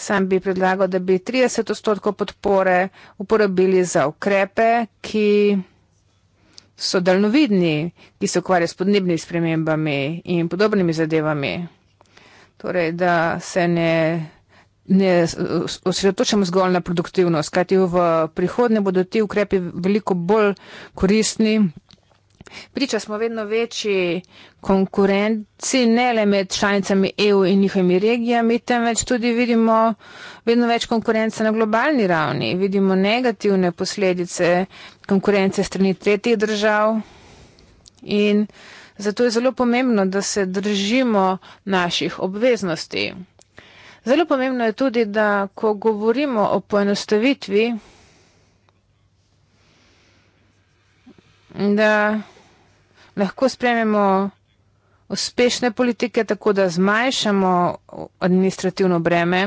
Sam bi predlagal, da bi 30 odstotkov podpore uporabili za ukrepe, ki so daljnovidni, ki se ukvarjajo s podnebnimi spremembami in podobnimi zadevami. Torej, da se ne, ne osredotočamo zgolj na produktivnost, kajti v prihodnje bodo ti ukrepi veliko bolj koristni. Priča smo vedno večji konkurenci, ne le med članicami EU in njihovimi regijami, temveč tudi vidimo vedno več konkurence na globalni ravni. Vidimo negativne posledice konkurence strani tretjih držav in Zato je zelo pomembno, da se držimo naših obveznosti. Zelo pomembno je tudi, da ko govorimo o poenostavitvi, da lahko sprememo uspešne politike, tako da zmanjšamo administrativno breme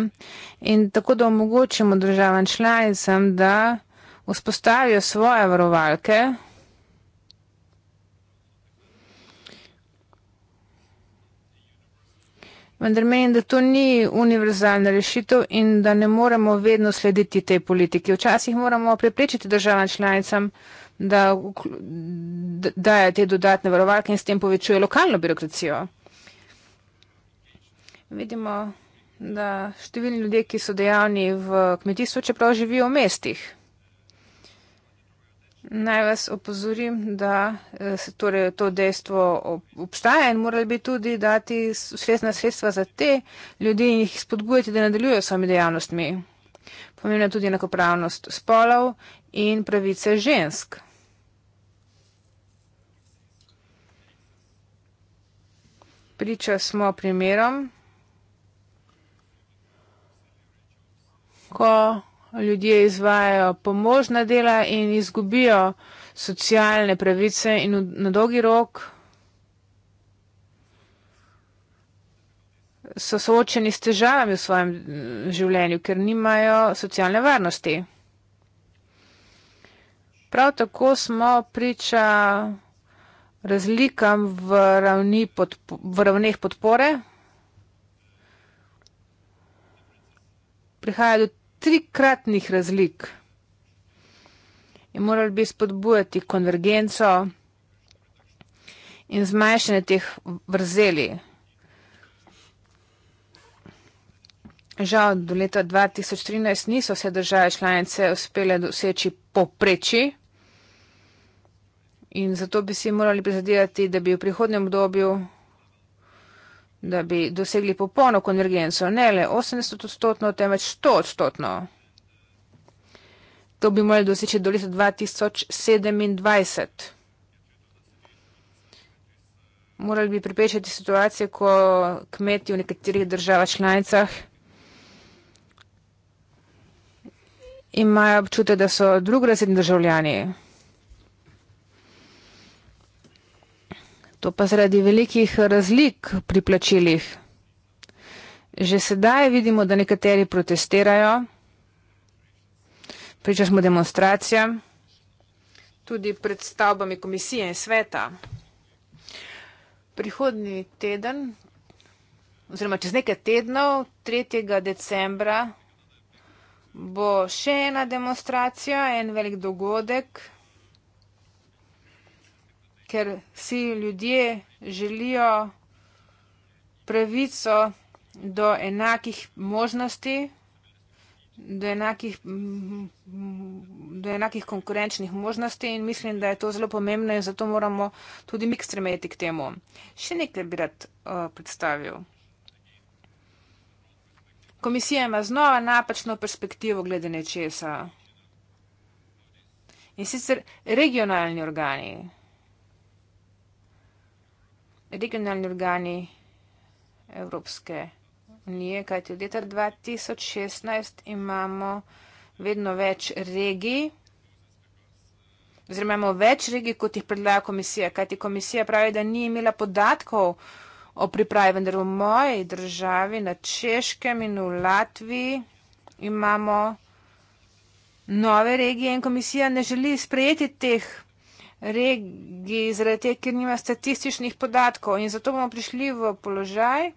in tako da omogočimo državam članicam, da vzpostavijo svoje varovalke. vendar menim, da to ni univerzalna rešitev in da ne moremo vedno slediti tej politiki. Včasih moramo preprečiti državam članicam, da daje te dodatne varovalke in s tem povečuje lokalno birokracijo. Vidimo, da številni ljudje, ki so dejavni v kmetijstvu, čeprav živijo v mestih. Naj vas opozorim, da eh, se torej to dejstvo obstaja in morali bi tudi dati svesna sredstva za te ljudi in jih spodbujati, da nadaljujo s svojimi dejavnostmi. Pomembna je tudi enakopravnost spolov in pravice žensk. Priča smo primerom, ko ljudje izvajajo pomožna dela in izgubijo socialne pravice in na dolgi rok so soočeni s težavami v svojem življenju, ker nimajo socialne varnosti. Prav tako smo priča razlikam v, ravni podpo v ravneh podpore. Prihaja do trikratnih razlik. In morali bi spodbujati konvergenco in zmanjšanje teh vrzeli. Žal, do leta 2013 niso vse države članice uspele doseči popreči in zato bi si morali prizadevati, da bi v prihodnem obdobju da bi dosegli popolno konvergenco, ne le 80 odstotno, temveč 100 odstotno. To bi morali doseči do leta 2027. Morali bi pripečati situacije, ko kmeti v nekaterih državah članicah imajo občutek, da so drugorazredni državljani. To pa zaradi velikih razlik pri plačilih. Že sedaj vidimo, da nekateri protestirajo, priča smo demonstracijam, tudi pred stavbami komisije in sveta. Prihodni teden, oziroma čez nekaj tednov, 3. decembra, bo še ena demonstracija, en velik dogodek ker si ljudje želijo pravico do enakih možnosti, do enakih, do enakih konkurenčnih možnosti in mislim, da je to zelo pomembno in zato moramo tudi mi stremeti k temu. Še nekaj bi rad uh, predstavil. Komisija ima znova napačno perspektivo glede nečesa. In sicer regionalni organi regionalni organi Evropske unije, kajti od leta 2016 imamo vedno več regij, oziroma imamo več regij, kot jih predlaga komisija, kajti komisija pravi, da ni imela podatkov o pripravi, vendar v moji državi, na Češkem in v Latviji imamo nove regije in komisija ne želi sprejeti teh regiji, zaradi tega, ker nima statističnih podatkov in zato bomo prišli v položaj,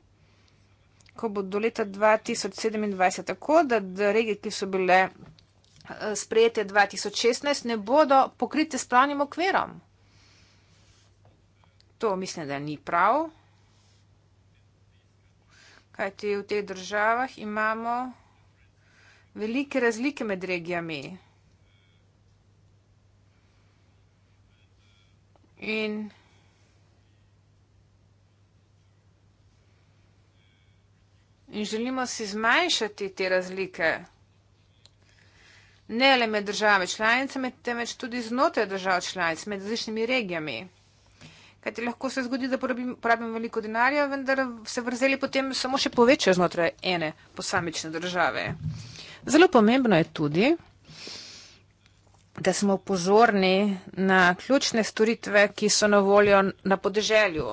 ko bo do leta 2027 tako, da, da regije, ki so bile eh, sprejete 2016, ne bodo pokrite s pravnim okverom. To mislim, da ni prav. Kajti v teh državah imamo velike razlike med regijami. in In želimo si zmanjšati te razlike, ne le med državami članicami, temveč tudi znotraj držav članic, med različnimi regijami. Kaj ti lahko se zgodi, da porabim veliko denarja, vendar se vrzeli potem samo še povečajo znotraj ene posamične države. Zelo pomembno je tudi, da smo pozorni na ključne storitve, ki so na voljo na podeželju.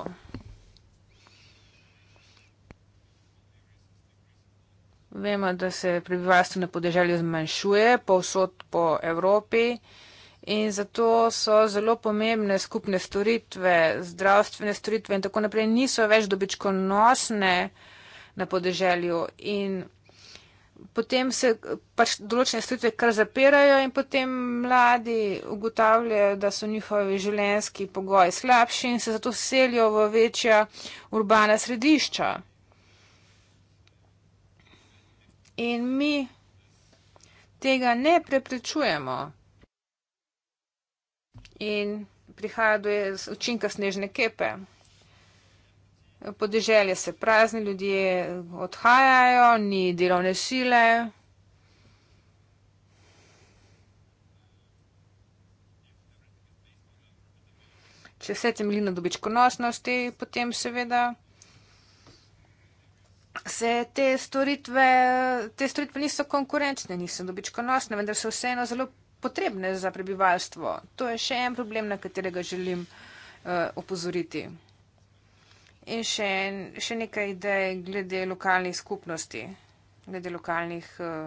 Vemo, da se prebivalstvo na podeželju zmanjšuje povsod po Evropi in zato so zelo pomembne skupne storitve, zdravstvene storitve in tako naprej, niso več dobičkonosne na podeželju. In potem se pač določene storitve kar zapirajo in potem mladi ugotavljajo, da so njihovi življenjski pogoji slabši in se zato selijo v večja urbana središča. In mi tega ne preprečujemo. In prihaja do učinka snežne kepe podeželje se prazni, ljudje odhajajo, ni delovne sile. Če vse temelji na dobičkonosnosti, potem seveda se te storitve, te storitve niso konkurenčne, niso dobičkonosne, vendar so vseeno zelo potrebne za prebivalstvo. To je še en problem, na katerega želim uh, opozoriti. In še, še nekaj idej glede lokalnih skupnosti, glede lokalnih uh,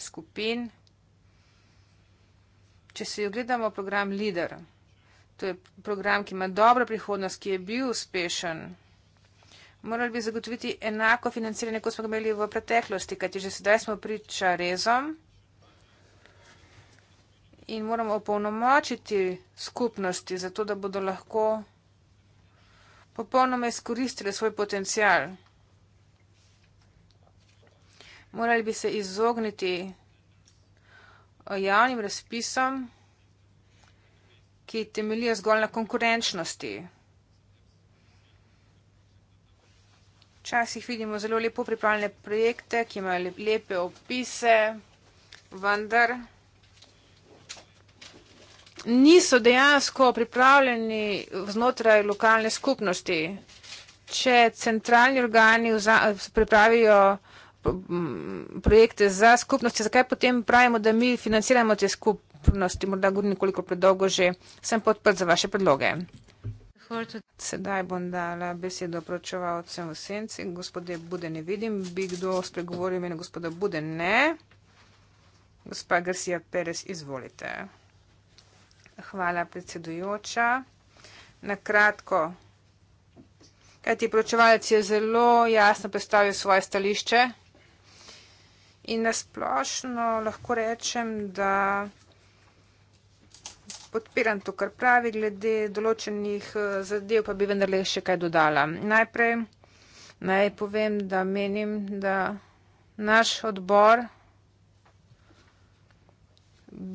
skupin. Če se jo gledamo program Leader, to je program, ki ima dobro prihodnost, ki je bil uspešen, morali bi zagotoviti enako financiranje, kot smo ga imeli v preteklosti, kajti že sedaj smo priča rezom in moramo opolnomočiti skupnosti, zato da bodo lahko popolnoma izkoristile svoj potencial. Morali bi se izogniti eh, javnim razpisom, ki temeljijo zgolj na konkurenčnosti. Včasih vidimo zelo lepo pripravljene projekte, ki imajo lepe opise, vendar niso dejansko pripravljeni znotraj lokalne skupnosti. Če centralni organi pripravijo projekte za skupnosti, zakaj potem pravimo, da mi financiramo te skupnosti, morda govorim nekoliko predolgo že, sem podprt za vaše predloge. Sedaj bom dala besedo pročevalcem v senci. Gospode Bude ne vidim, bi kdo spregovoril imeno gospoda Bude ne. Gospa Garcia Perez, izvolite. Hvala, predsedujoča. Na kratko, kajti poročevalec je zelo jasno predstavil svoje stališče in nasplošno lahko rečem, da podpiram to, kar pravi, glede določenih eh, zadev pa bi vendarle še kaj dodala. Najprej naj povem, da menim, da naš odbor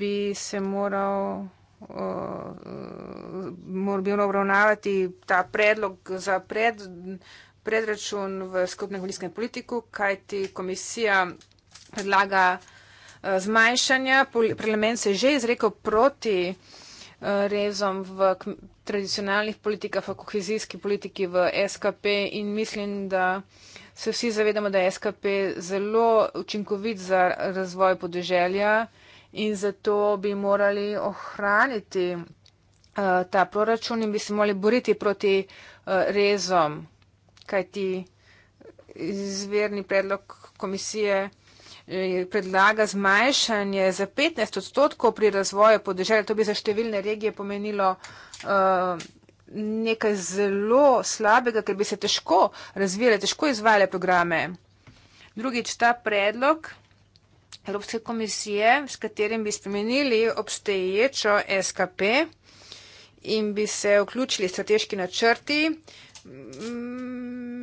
bi se moral moral bi obravnavati ta predlog za pred, predračun v skupnem kmetijskem politiku, kajti komisija predlaga eh, zmanjšanja. Parlament se je že izrekel proti eh, rezom v tradicionalnih politikah, v kohezijski politiki, v SKP in mislim, da se vsi zavedamo, da je SKP zelo učinkovit za razvoj podeželja in zato bi morali ohraniti uh, ta proračun in bi se morali boriti proti uh, rezom, kajti izverni predlog komisije eh, predlaga zmanjšanje za 15 odstotkov pri razvoju podeželja. To bi za številne regije pomenilo uh, nekaj zelo slabega, ker bi se težko razvijale, težko izvajale programe. Drugič, ta predlog Evropske komisije, s katerim bi spremenili obstoječo SKP in bi se vključili strateški načrti,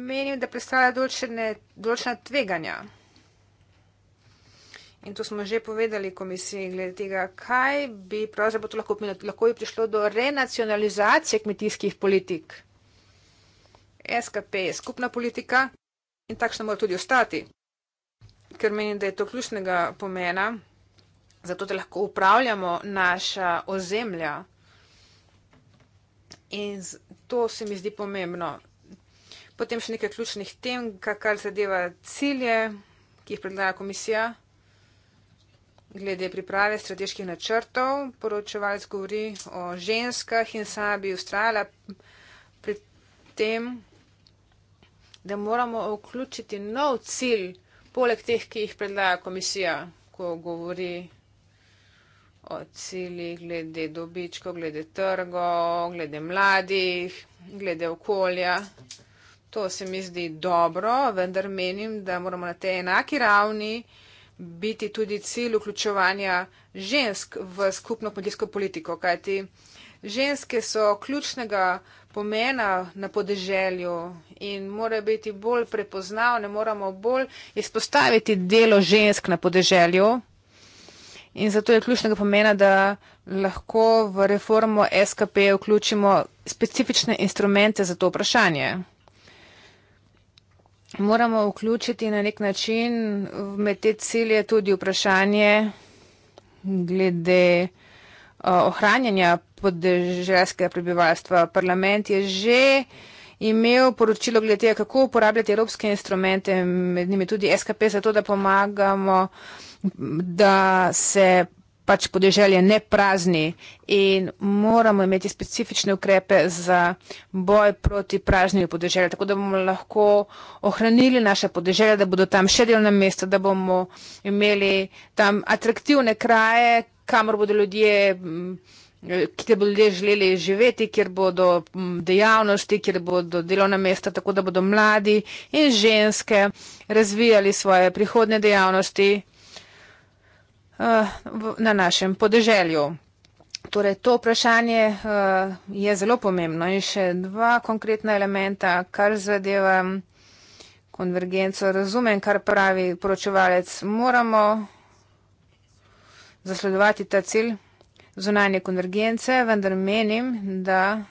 menim, da predstavlja določena tveganja. In to smo že povedali komisiji glede tega, kaj bi pravzaprav to lahko pomenilo. Lahko bi prišlo do renacionalizacije kmetijskih politik. SKP je skupna politika in takšna mora tudi ostati ker menim, da je to ključnega pomena, zato da lahko upravljamo naša ozemlja. In to se mi zdi pomembno. Potem še nekaj ključnih tem, kar zadeva cilje, ki jih predlaga komisija. Glede priprave strateških načrtov, poročevalc govori o ženskah in sama bi ustrajala pri tem, da moramo vključiti nov cilj poleg teh, ki jih predlaga komisija, ko govori o ciljih glede dobičko, glede trgov, glede mladih, glede okolja. To se mi zdi dobro, vendar menim, da moramo na tej enaki ravni biti tudi cilj vključovanja žensk v skupno kmetijsko politiko, kajti ženske so ključnega uh, pomena na podeželju in mora biti bolj prepoznavne, moramo bolj izpostaviti delo žensk na podeželju. In zato je ključnega pomena, da lahko v reformo SKP vključimo specifične instrumente za to vprašanje. Moramo vključiti na nek način med te cilje tudi vprašanje glede Eh, ohranjanja podeželske prebivalstva. Parlament je že imel poročilo glede tega, kako uporabljati evropske instrumente, med njimi tudi SKP, zato da pomagamo, da se pač podeželje ne prazni in moramo imeti specifične ukrepe za boj proti praznjenju podeželja, tako da bomo lahko ohranili naše podeželje, da bodo tam še delovna mesta, da bomo imeli tam atraktivne kraje, kamor bodo ljudje, mm, ki te bodo ljudje želeli živeti, kjer bodo mm, dejavnosti, kjer bodo delovna mesta, tako da bodo mladi in ženske razvijali svoje prihodne dejavnosti eh, na našem podeželju. Torej, to vprašanje uh, je zelo pomembno in še dva konkretna elementa, kar zadeva konvergenco. Razumem, kar pravi poročevalec. Moramo zasledovati ta cilj zunanje konvergence, vendar menim, da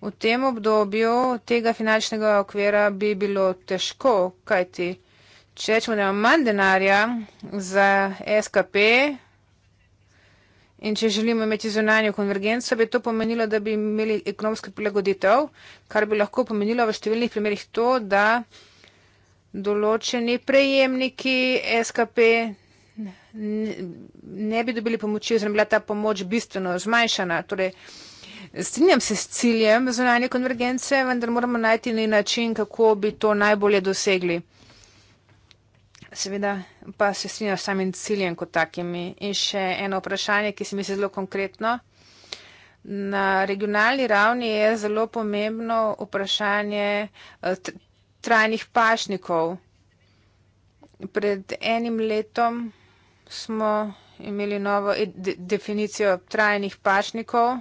v tem obdobju tega finančnega okvira bi bilo težko, kajti če rečemo, da imamo manj denarja za SKP in če želimo imeti zunanjo konvergenco, bi to pomenilo, da bi imeli ekonomsko prilagoditev, kar bi lahko pomenilo v številnih primerih to, da določeni prejemniki SKP ne bi dobili pomoči oziroma bila ta pomoč bistveno zmanjšana. Torej, strinjam se s ciljem zunanje konvergence, vendar moramo najti način, kako bi to najbolje dosegli. Seveda pa se strinjam s samim ciljem kot takimi. In še eno vprašanje, ki se mi zdi zelo konkretno. Na regionalni ravni je zelo pomembno vprašanje eh, trajnih pašnikov. Pred enim letom smo imeli novo de definicijo trajnih pašnikov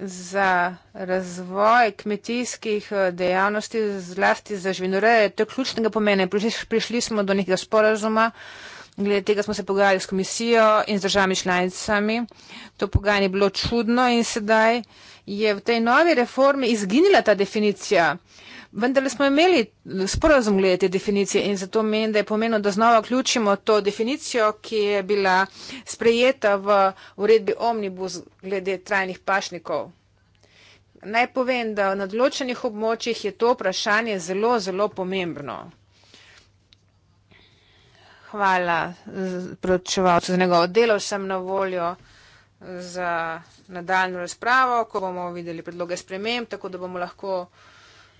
za razvoj kmetijskih eh, dejavnosti, zlasti za živinoreje. To je ključnega pomena. Prišli smo do nekega sporazuma, glede tega smo se pogajali s komisijo in z državami članicami. To pogajanje je bilo čudno in sedaj je v tej novi reformi izginila ta definicija. Uh, vendar smo imeli sporozum glede te definicije in zato menim, da je pomenilo, da znova vključimo to definicijo, ki je bila sprejeta v uredbi omnibus glede trajnih pašnikov. Naj povem, da na določenih območjih je to vprašanje zelo, zelo pomembno. Hvala pročevalcu za njegovo delo, sem na voljo za nadaljno razpravo, ko bomo videli predloge sprememb, tako da bomo lahko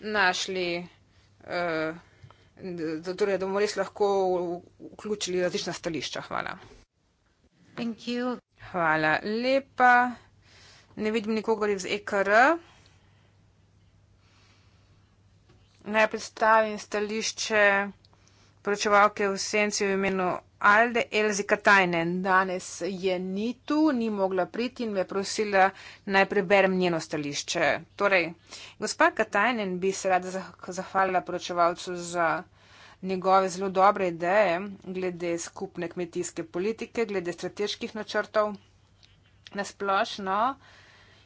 našli, eh, da, torej, da bomo res lahko vključili različna stališča. Hvala. Hvala lepa. Ne vidim nikogar iz EKR. Naj predstavim stališče poročevalke v senci v imenu Alde Elzi Katajnen danes je ni tu, ni mogla priti in me prosila naj preberem njeno stališče. Torej, gospa Katajnen bi se rada zahvalila poročevalcu za njegove zelo dobre ideje glede skupne kmetijske politike, glede strateških načrtov. Nasplošno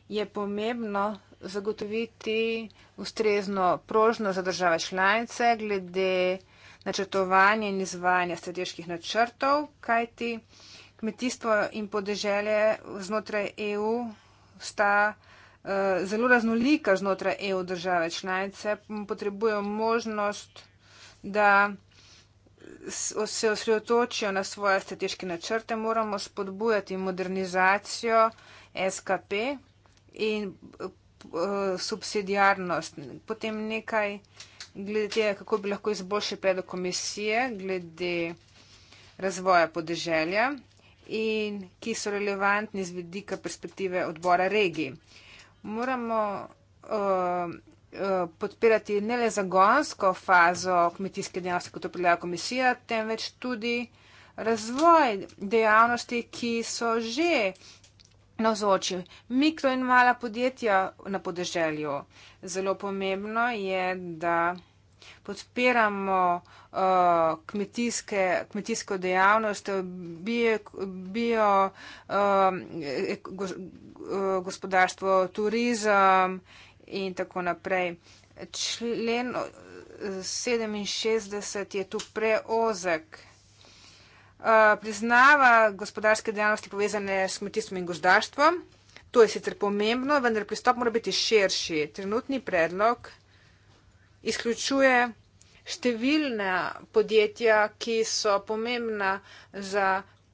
je pomembno zagotoviti ustrezno prožnost za države članice glede načrtovanje in izvajanje strateških načrtov, kajti kmetijstvo in podeželje znotraj EU sta eh, zelo raznolika znotraj EU države članice, potrebujejo možnost, da se osredotočijo na svoje strateške načrte, moramo spodbujati modernizacijo SKP in eh, subsidijarnost. Potem nekaj uh, glede tega, kako bi lahko izboljšali predlog komisije glede razvoja podeželja in ki so relevantni z vidika perspektive odbora regij. Moramo uh, uh, podpirati ne le zagonsko fazo kmetijske dejavnosti, kot jo predlaga komisija, temveč tudi razvoj dejavnosti, ki so že navzoči mikro in mala podjetja na podeželju. Zelo pomembno je, da podpiramo uh, kmetijske, kmetijsko dejavnost, bio, bio um, e, uh, gospodarstvo, turizem in tako naprej. Člen 67 uh, je tu preozek. Eh, priznava gospodarske dejavnosti povezane s kmetijstvom in gozdarstvom. To je sicer pomembno, vendar pristop mora biti širši. Trenutni predlog izključuje številna podjetja, ki so pomembna za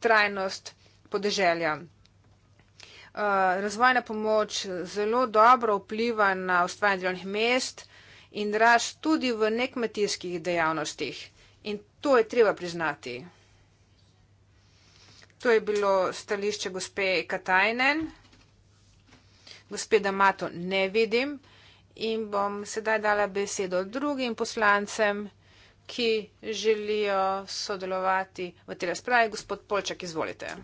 trajnost podeželja. Eh, razvojna pomoč zelo dobro vpliva na ustvarjanje delovnih mest in rast tudi v nekmetijskih dejavnostih. In to je treba priznati. To je bilo stališče gospe Katajnen. Gospeda Mato ne vidim in bom sedaj dala besedo drugim poslancem, ki želijo sodelovati v tej razpravi. Gospod Polček, izvolite.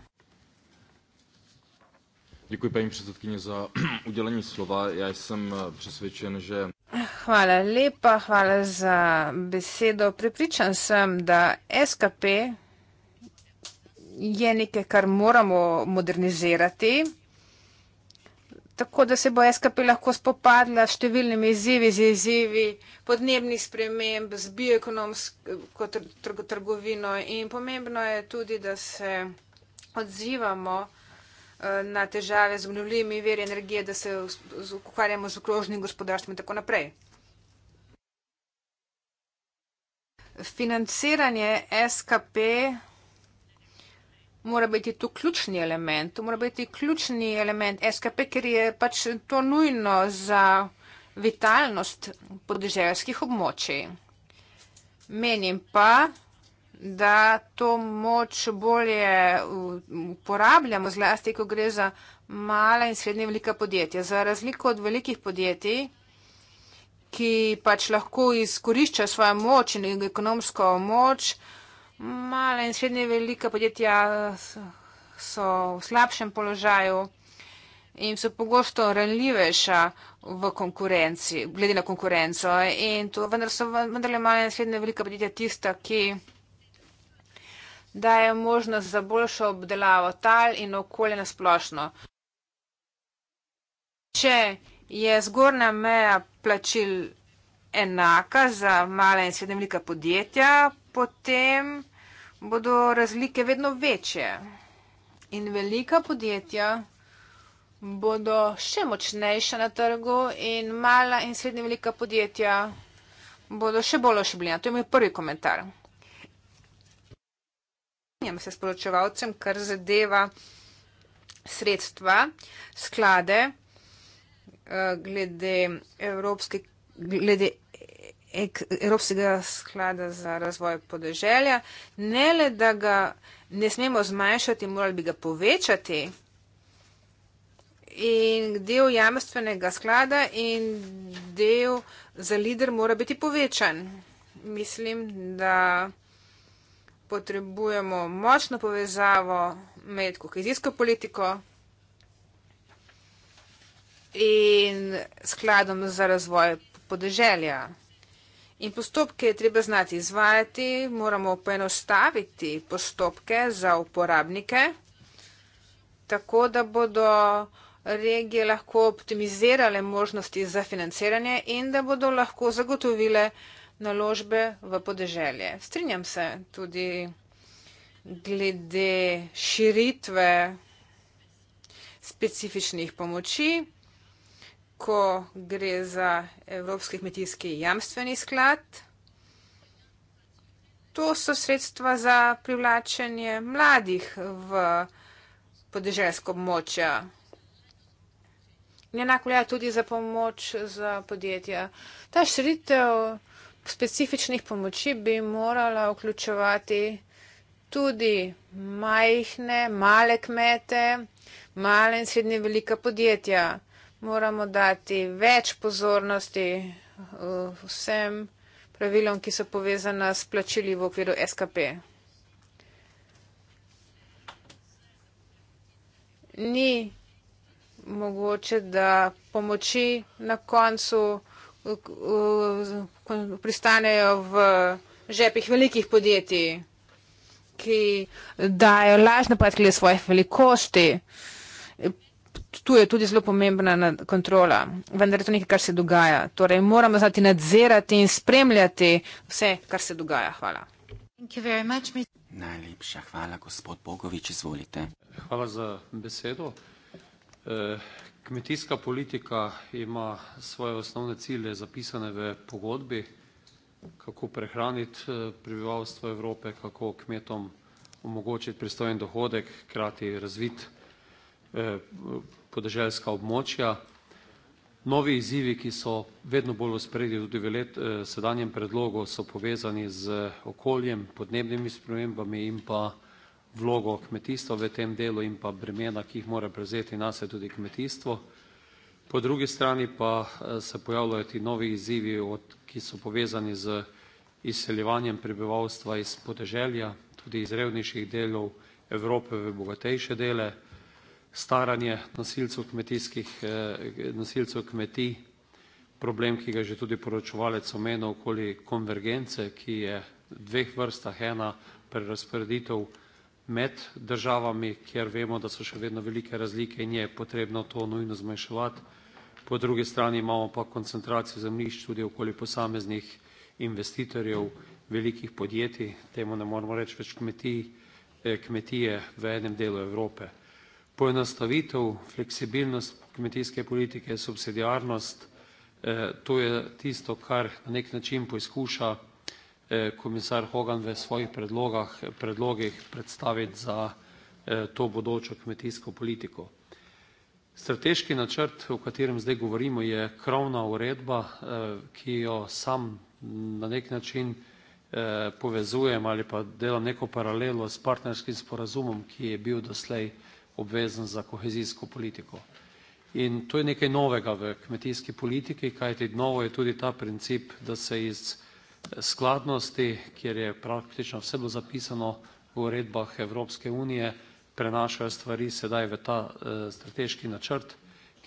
Děkuji paní předsedkyně za udělení slova. Já jsem eh, přesvědčen, že. Hvala lepa, hvala za besedo. Prepričan sem, da SKP je nekaj, kar moramo modernizirati. Tako da se bo SKP lahko spopadla s številnimi izzivi, z izzivi podnebnih sprememb, z bioekonomsko trgovino in pomembno je tudi, da se odzivamo eh, na težave z obnovljivimi veri energije, da se ukvarjamo z okrožnim gospodarstvom in tako naprej. Financiranje SKP mora biti tu ključni element, tu mora biti ključni element SKP, ker je pač to nujno za vitalnost podeželskih območij. Menim pa, da to moč bolje uporabljamo, zlasti, ko gre za mala in srednje velika podjetja. Za razliko od velikih podjetij, ki pač lahko izkorišča svojo moč in ekonomsko moč, Male in srednje velika podjetja so v slabšem položaju in so pogosto ranljivejša v konkurenci, glede na konkurenco. In to vendar so vendarle male in srednje velika podjetja tista, ki dajo možnost za boljšo obdelavo tal in okolje nasplošno. Če je zgornja meja plačil enaka za male in srednje velika podjetja, potem bodo razlike vedno večje. In velika podjetja bodo še močnejša na trgu in mala in srednje velika podjetja bodo še bolj ošibljena. To je moj prvi komentar. Zanjam se s poročevalcem, kar zadeva sredstva, sklade eh, glede evropske, glede Evropskega sklada za razvoj podeželja, ne le, da ga ne smemo zmanjšati, morali bi ga povečati. In del jamstvenega sklada in del za lider mora biti povečan. Mislim, da potrebujemo močno povezavo med kohezijsko politiko in skladom za razvoj podeželja. In postopke je treba znati izvajati, moramo poenostaviti postopke za uporabnike, tako da bodo regije lahko optimizirale možnosti za financiranje in da bodo lahko zagotovile naložbe v podeželje. Strinjam se tudi glede širitve specifičnih pomoči ko gre za Evropski kmetijski jamstveni sklad. To so sredstva za privlačenje mladih v podeželjsko območje. Enako je tudi za pomoč za podjetja. Ta širitev specifičnih pomoči bi morala vključevati tudi majhne, male kmete, male in srednje velika podjetja moramo dati več pozornosti eh, vsem pravilom, ki so povezana s plačili v okviru SKP. Ni mogoče, da pomoči na koncu eh, eh, pristanejo v žepih velikih podjetij, ki dajo lažne podatke svojih velikosti tu je tudi zelo pomembna kontrola, vendar je to nekaj, kar se dogaja. Torej, moramo znati nadzirati in spremljati vse, kar se dogaja. Hvala. Much, Najlepša hvala, gospod Bogovič, izvolite. Hvala za besedo. Eh, kmetijska politika ima svoje osnovne cilje zapisane v pogodbi, kako prehraniti eh, prebivalstvo Evrope, kako kmetom omogočiti pristojen dohodek, hkrati razvit eh, podeželska območja. Novi izzivi, ki so vedno bolj uspredi tudi v let, eh, sedanjem predlogu, so povezani z okoljem, podnebnimi spremembami in pa vlogo kmetijstva v tem delu in pa bremena, ki jih mora prevzeti nase tudi kmetijstvo. Po drugi strani pa eh, se pojavljajo ti novi izzivi, od, ki so povezani z izseljevanjem prebivalstva iz podeželja, tudi iz revnejših delov Evrope v bogatejše dele staranje nosilcev kmetijskih, eh, nosilcev kmetij, problem, ki ga je že tudi poročevalec omenil okoli konvergence, ki je v dveh vrstah, ena prerazporeditev med državami, kjer vemo, da so še vedno velike razlike in je potrebno to nujno zmanjševati, po drugi strani imamo pa koncentracijo zemljišč tudi okoli posameznih investitorjev, velikih podjetij, temu ne moremo reči več kmetij, eh, kmetije v enem delu Evrope poenostavitev, fleksibilnost kmetijske politike, subsidiarnost, eh, to je tisto, kar na nek način poizkuša eh, komisar Hogan v svojih predlogah, predlogih predstaviti za eh, to bodočo kmetijsko politiko. Strateški načrt, o katerem zdaj govorimo, je krovna uredba, ki jo sam na nek način povezujem ali pa delam neko paralelo s partnerskim sporazumom, ki je bil doslej vzpostavljen obvezen za kohezijsko politiko. In to je nekaj novega v kmetijski politiki, kajti novo je tudi ta princip, da se iz eh, skladnosti, kjer je praktično vse bilo zapisano v uredbah Evropske unije, prenašajo stvari sedaj v ta eh, strateški načrt,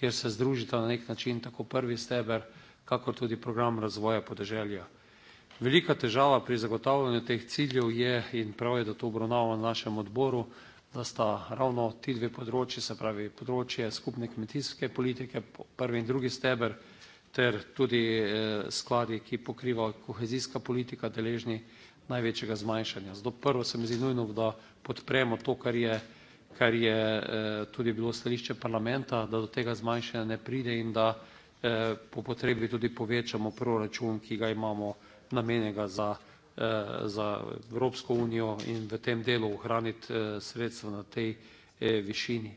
kjer se združita na nek način tako prvi steber, kakor tudi program razvoja podeželja. Velika težava pri zagotavljanju teh ciljev je, in prav je, da to obravnavamo na našem odboru, da sta ravno ti dve področji, se pravi področje skupne kmetijske politike, prvi in drugi steber, ter tudi eh, skladi, ki pokriva kohezijska politika, deležni največjega zmanjšanja. Zdaj prvo se mi zdi nujno, da podpremo to, kar je, kar je eh, tudi bilo stališče parlamenta, da do tega zmanjšanja ne pride in da eh, po potrebi tudi povečamo proračun, ki ga imamo namenjenega za Eh, za Evropsko unijo in v tem delu ohraniti eh, sredstva na tej eh, višini.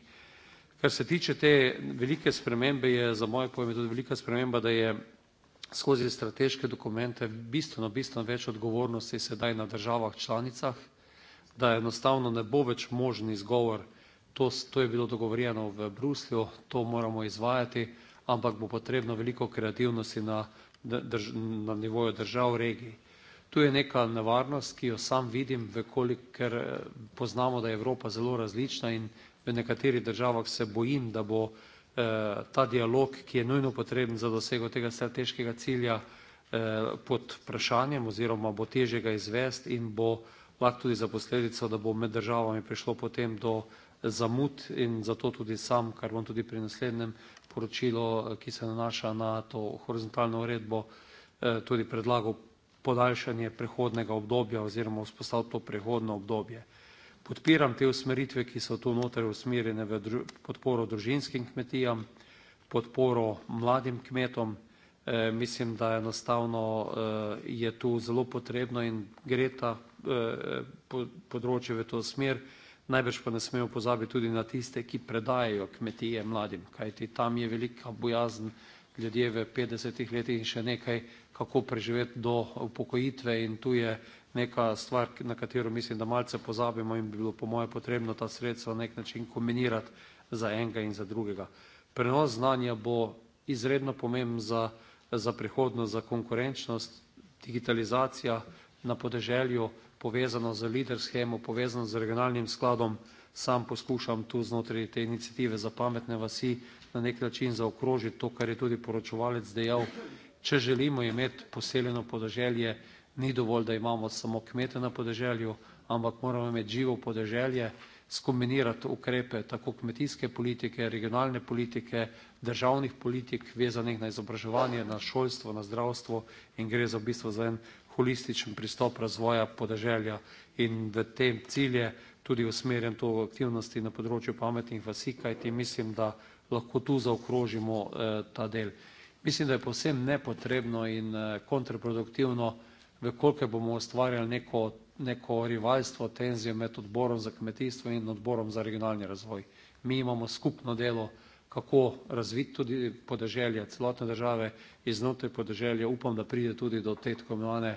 Kar se tiče te velike spremembe, je za moje pojme tudi velika sprememba, da je skozi strateške dokumente bistveno, bistveno več odgovornosti sedaj na državah članicah, da enostavno ne bo več možen izgovor, to, to je bilo dogovorjeno v Bruslju, to moramo izvajati, ampak bo potrebno veliko kreativnosti na na nivoju držav, regij. Tu je neka nevarnost, ki jo sam vidim, ker eh, poznamo, da je Evropa zelo različna in v nekaterih državah se bojim, da bo eh, ta dialog, ki je nujno potreben za dosego tega strateškega cilja, eh, pod vprašanjem oziroma bo težje ga izvesti in bo lahko tudi za posledico, da bo med državami prišlo potem do zamud in zato tudi sam, kar bom tudi pri naslednjem poročilu, ki se nanaša na to horizontalno uredbo, tudi predlagal podaljšanje prehodnega obdobja oziroma vzpostaviti to prehodno obdobje. Podpiram te usmeritve, ki so tu notri usmerjene v dru podporo družinskim kmetijam, podporo mladim kmetom. E, mislim, da enostavno e, je tu zelo potrebno in gre ta e, po področje v to smer. Najbrž pa ne smemo pozabiti tudi na tiste, ki predajajo kmetije mladim, kajti tam je velika bojazen ljudje v 50 letih in še nekaj, kako preživeti do upokojitve in tu je neka stvar, na katero mislim, da malce pozabimo in bi bilo po moje potrebno ta sredstva na nek način kombinirati za enega in za drugega. Prenos znanja bo izredno pomemben za, za prihodnost, za konkurenčnost, digitalizacija na podeželju, povezano z liderskemu, povezano z regionalnim skladom, sam poskušam tu znotraj te inicijative za pametne vasi na nek način zaokrožiti to, kar je tudi poročevalec dejal. Če želimo imeti poseljeno podeželje, ni dovolj, da imamo samo kmete na podeželju, ampak moramo imeti živo podeželje, skombinirati ukrepe tako kmetijske politike, regionalne politike, državnih politik, vezanih na izobraževanje, na šolstvo, na zdravstvo in gre za v bistvu za en holističen pristop razvoja podeželja in da te cilje tudi usmerjen to aktivnosti na področju pametnih vasi, kajti mislim, da lahko tu zaokrožimo eh, ta del. Mislim, da je povsem nepotrebno in eh, kontraproduktivno, vekolike bomo ustvarjali neko, neko rivalstvo, tenzijo med odborom za kmetijstvo in odborom za regionalni razvoj. Mi imamo skupno delo, kako razviti tudi podeželje, celotne države iznotraj podeželja. Upam, da pride tudi do te tako imenovane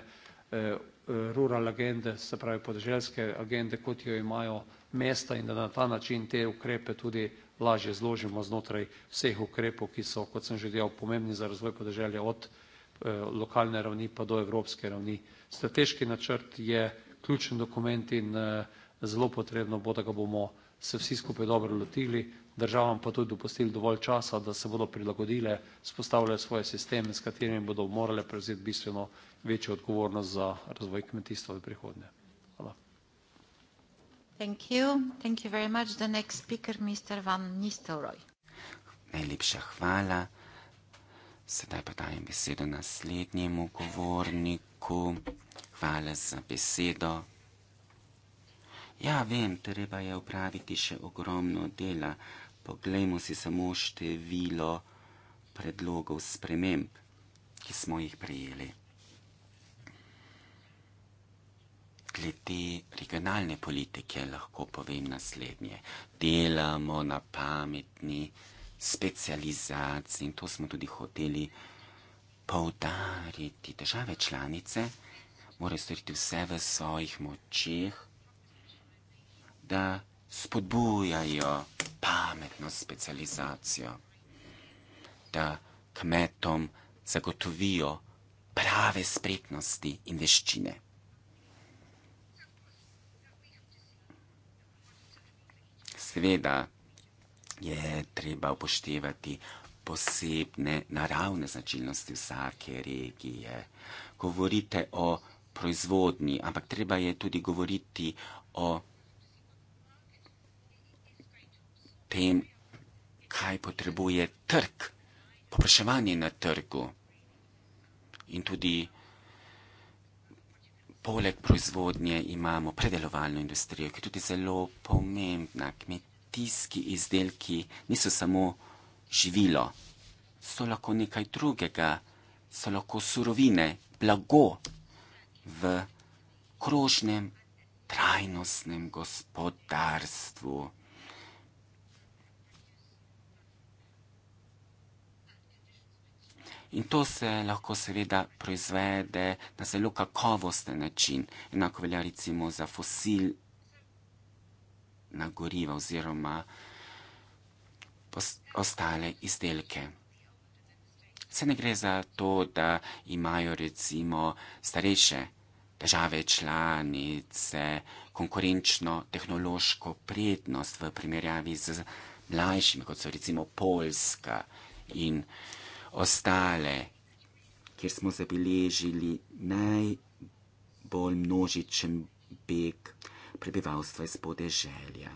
eh, rural agende, se pravi podeželske agende, kot jo imajo mesta in da na ta način te ukrepe tudi lažje zložimo znotraj vseh ukrepov, ki so, kot sem že dejal, pomembni za razvoj podeželja od eh, lokalne ravni pa do evropske ravni. Strateški načrt je ključen dokument in eh, zelo potrebno bo, da ga bomo se vsi skupaj dobro lotili, državam pa tudi dopustili dovolj časa, da se bodo prilagodile, spostavljale svoje sisteme, s katerimi bodo morale prevzeti bistveno večjo odgovornost za razvoj kmetijstva v prihodnje. Hvala. Thank you. Thank you very much. The next speaker, Mr. Van Nistelrooy. Najlepša hvala. Sedaj pa dajem besedo naslednjemu govorniku. Hvala za besedo. Ja, vem, treba je upraviti še ogromno dela. Poglejmo si samo število predlogov sprememb, ki smo jih prejeli. Glede regionalne politike lahko povem naslednje. Delamo na pametni specializaciji in to smo tudi hoteli poudariti. Države članice morajo storiti vse v svojih močih, da spodbujajo pametno specializacijo, da kmetom zagotovijo prave spretnosti in veščine. Seveda je treba upoštevati posebne naravne značilnosti vsake regije. Govorite o proizvodnji, ampak treba je tudi govoriti o proizvodnji. tem, kaj potrebuje trg, popraševanje na trgu. In tudi poleg proizvodnje imamo predelovalno industrijo, ki je tudi zelo pomembna. Kmetijski izdelki niso samo živilo, so lahko nekaj drugega, so lahko surovine, blago v krožnem, trajnostnem gospodarstvu. In to se lahko seveda proizvede na zelo kakovosten način. Enako velja recimo za fosil na goriva oziroma ostale izdelke. Se ne gre za to, da imajo recimo starejše države članice konkurenčno tehnološko prednost v primerjavi z mlajšimi, kot so recimo Poljska in Slovenija ostale, kjer smo zabeležili najbolj množičen beg prebivalstva iz podeželja.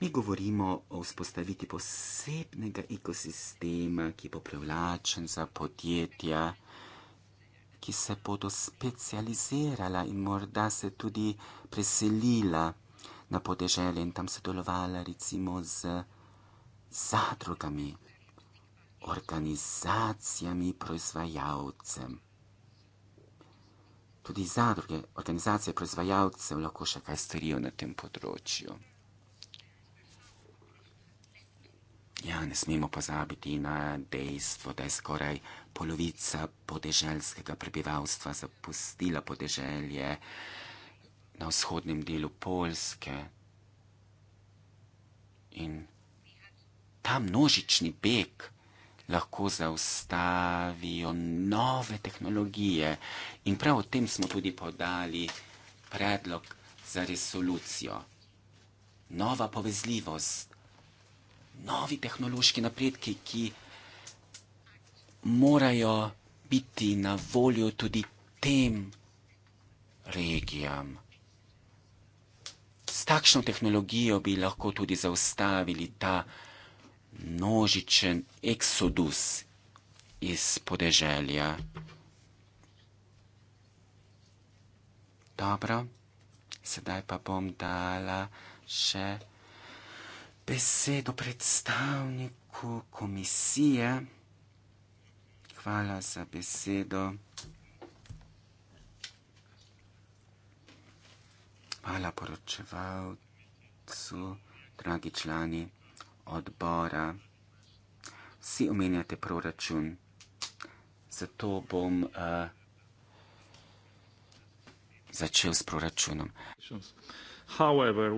Mi govorimo o vzpostavitvi posebnega ekosistema, ki bo privlačen za podjetja, ki se bodo specializirala in morda se tudi preselila na podeželje in tam sodelovala recimo z zadrugami, organizacijami proizvajalcem. Tudi zadruge, organizacije proizvajalcev lahko še kaj storijo na tem področju. Ja, ne smemo pozabiti na dejstvo, da je skoraj polovica podeželskega prebivalstva zapustila podeželje na vzhodnem delu Polske. In ta množični beg, lahko zaustavijo nove tehnologije. In prav o tem smo tudi podali predlog za resolucijo. Nova povezljivost, novi tehnološki napredki, ki morajo biti na voljo tudi tem regijam. S takšno tehnologijo bi lahko tudi zaustavili ta resolucijo množičen eksodus iz podeželja. Dobro, sedaj pa bom dala še besedo predstavniku komisije. Hvala za besedo. Hvala poročevalcu, dragi člani odbora. Vsi omenjate proračun, zato bom uh, začel s proračunom. However,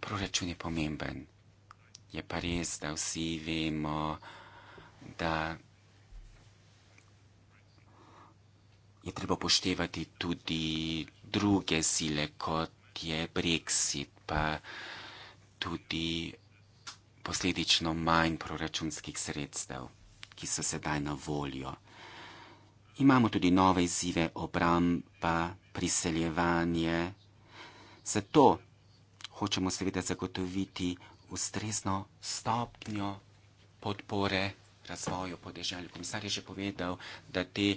Proračun je pomemben. Je pa res, da vsi vemo, da je treba poštevati tudi druge sile, kot je Brexit. Pa, uh, tudi posledično manj proračunskih sredstev, ki so sedaj na voljo. Imamo tudi nove izzive, obramba, priseljevanje. Zato hočemo seveda zagotoviti ustrezno stopnjo podpore razvoju podeželja. Komisar je že povedal, da te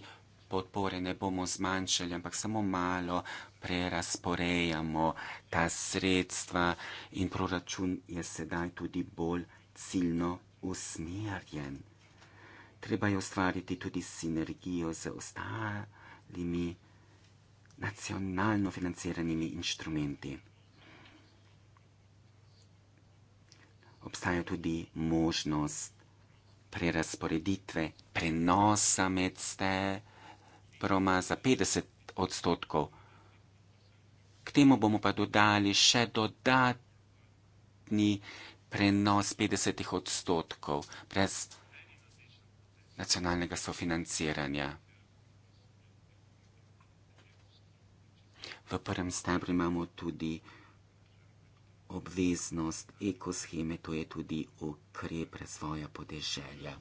podpore ne bomo zmanjšali, ampak samo malo prerasporejamo ta sredstva in proračun je sedaj tudi bolj ciljno usmerjen. Treba je ustvariti tudi sinergijo z ostalimi nacionalno financiranimi inštrumenti. Obstaja tudi možnost prerasporeditve prenosa med ste proma za 50 odstotkov K temu bomo pa dodali še dodatni prenos 50 odstotkov brez nacionalnega sofinanciranja. V prvem stabru imamo tudi obveznost ekosheme, to je tudi ukrep razvoja podeželja.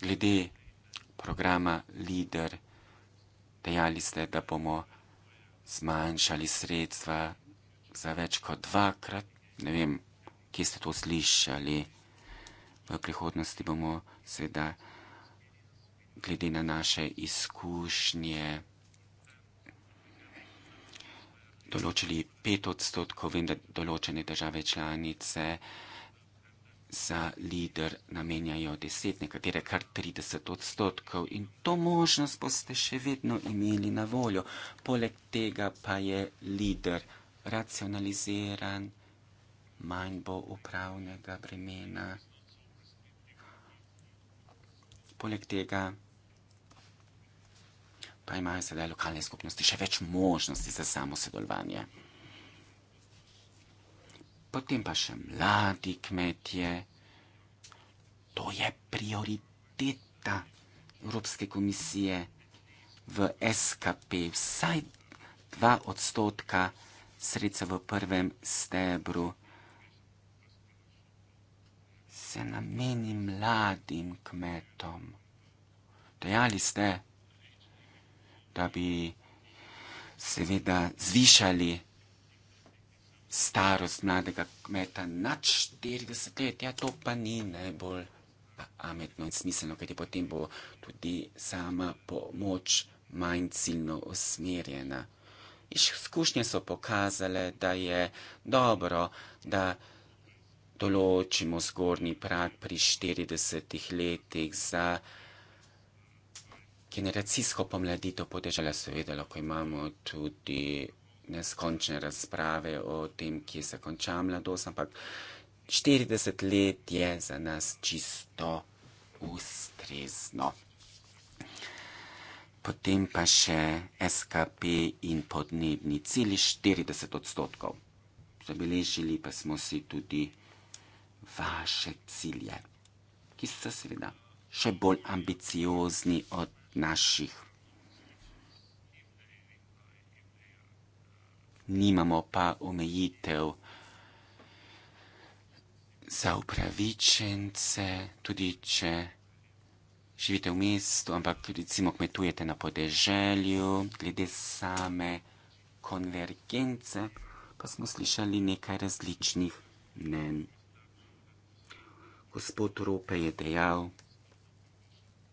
glede programa LIDER dejali ste, da bomo zmanjšali sredstva za več kot dvakrat. Ne vem, kje ste to slišali. V prihodnosti bomo seveda glede na naše izkušnje določili pet odstotkov, vem, da določene države članice za lider namenjajo deset, nekatere kar 30 odstotkov in to možnost boste še vedno imeli na voljo. Poleg tega pa je lider racionaliziran, manj bo upravnega bremena. Poleg tega pa imajo sedaj lokalne skupnosti še več možnosti za samo sodelovanje potem pa še mladi kmetje. To je prioriteta Evropske komisije v SKP. Vsaj dva odstotka sredstva v prvem stebru se nameni mladim kmetom. Dejali ste, da bi seveda zvišali starost mladega kmeta nad 40 let, ja, to pa ni najbolj ametno in smiselno, kajti potem bo tudi sama pomoč manj ciljno usmerjena. Izkušnje so pokazale, da je dobro, da določimo zgornji prag pri 40 letih za generacijsko pomladitev podeželja, seveda, ko imamo tudi neskončne razprave o tem, kje se konča mladosti, ampak 40 let je za nas čisto ustrezno. Potem pa še SKP in podnebni cilji 40 odstotkov. Zabeležili pa smo si tudi vaše cilje, ki so seveda še bolj ambiciozni od naših. nimamo pa omejitev za upravičence, tudi če živite v mestu, ampak recimo kmetujete na podeželju, glede same konvergence, pa smo slišali nekaj različnih mnen. Gospod Rope je dejal,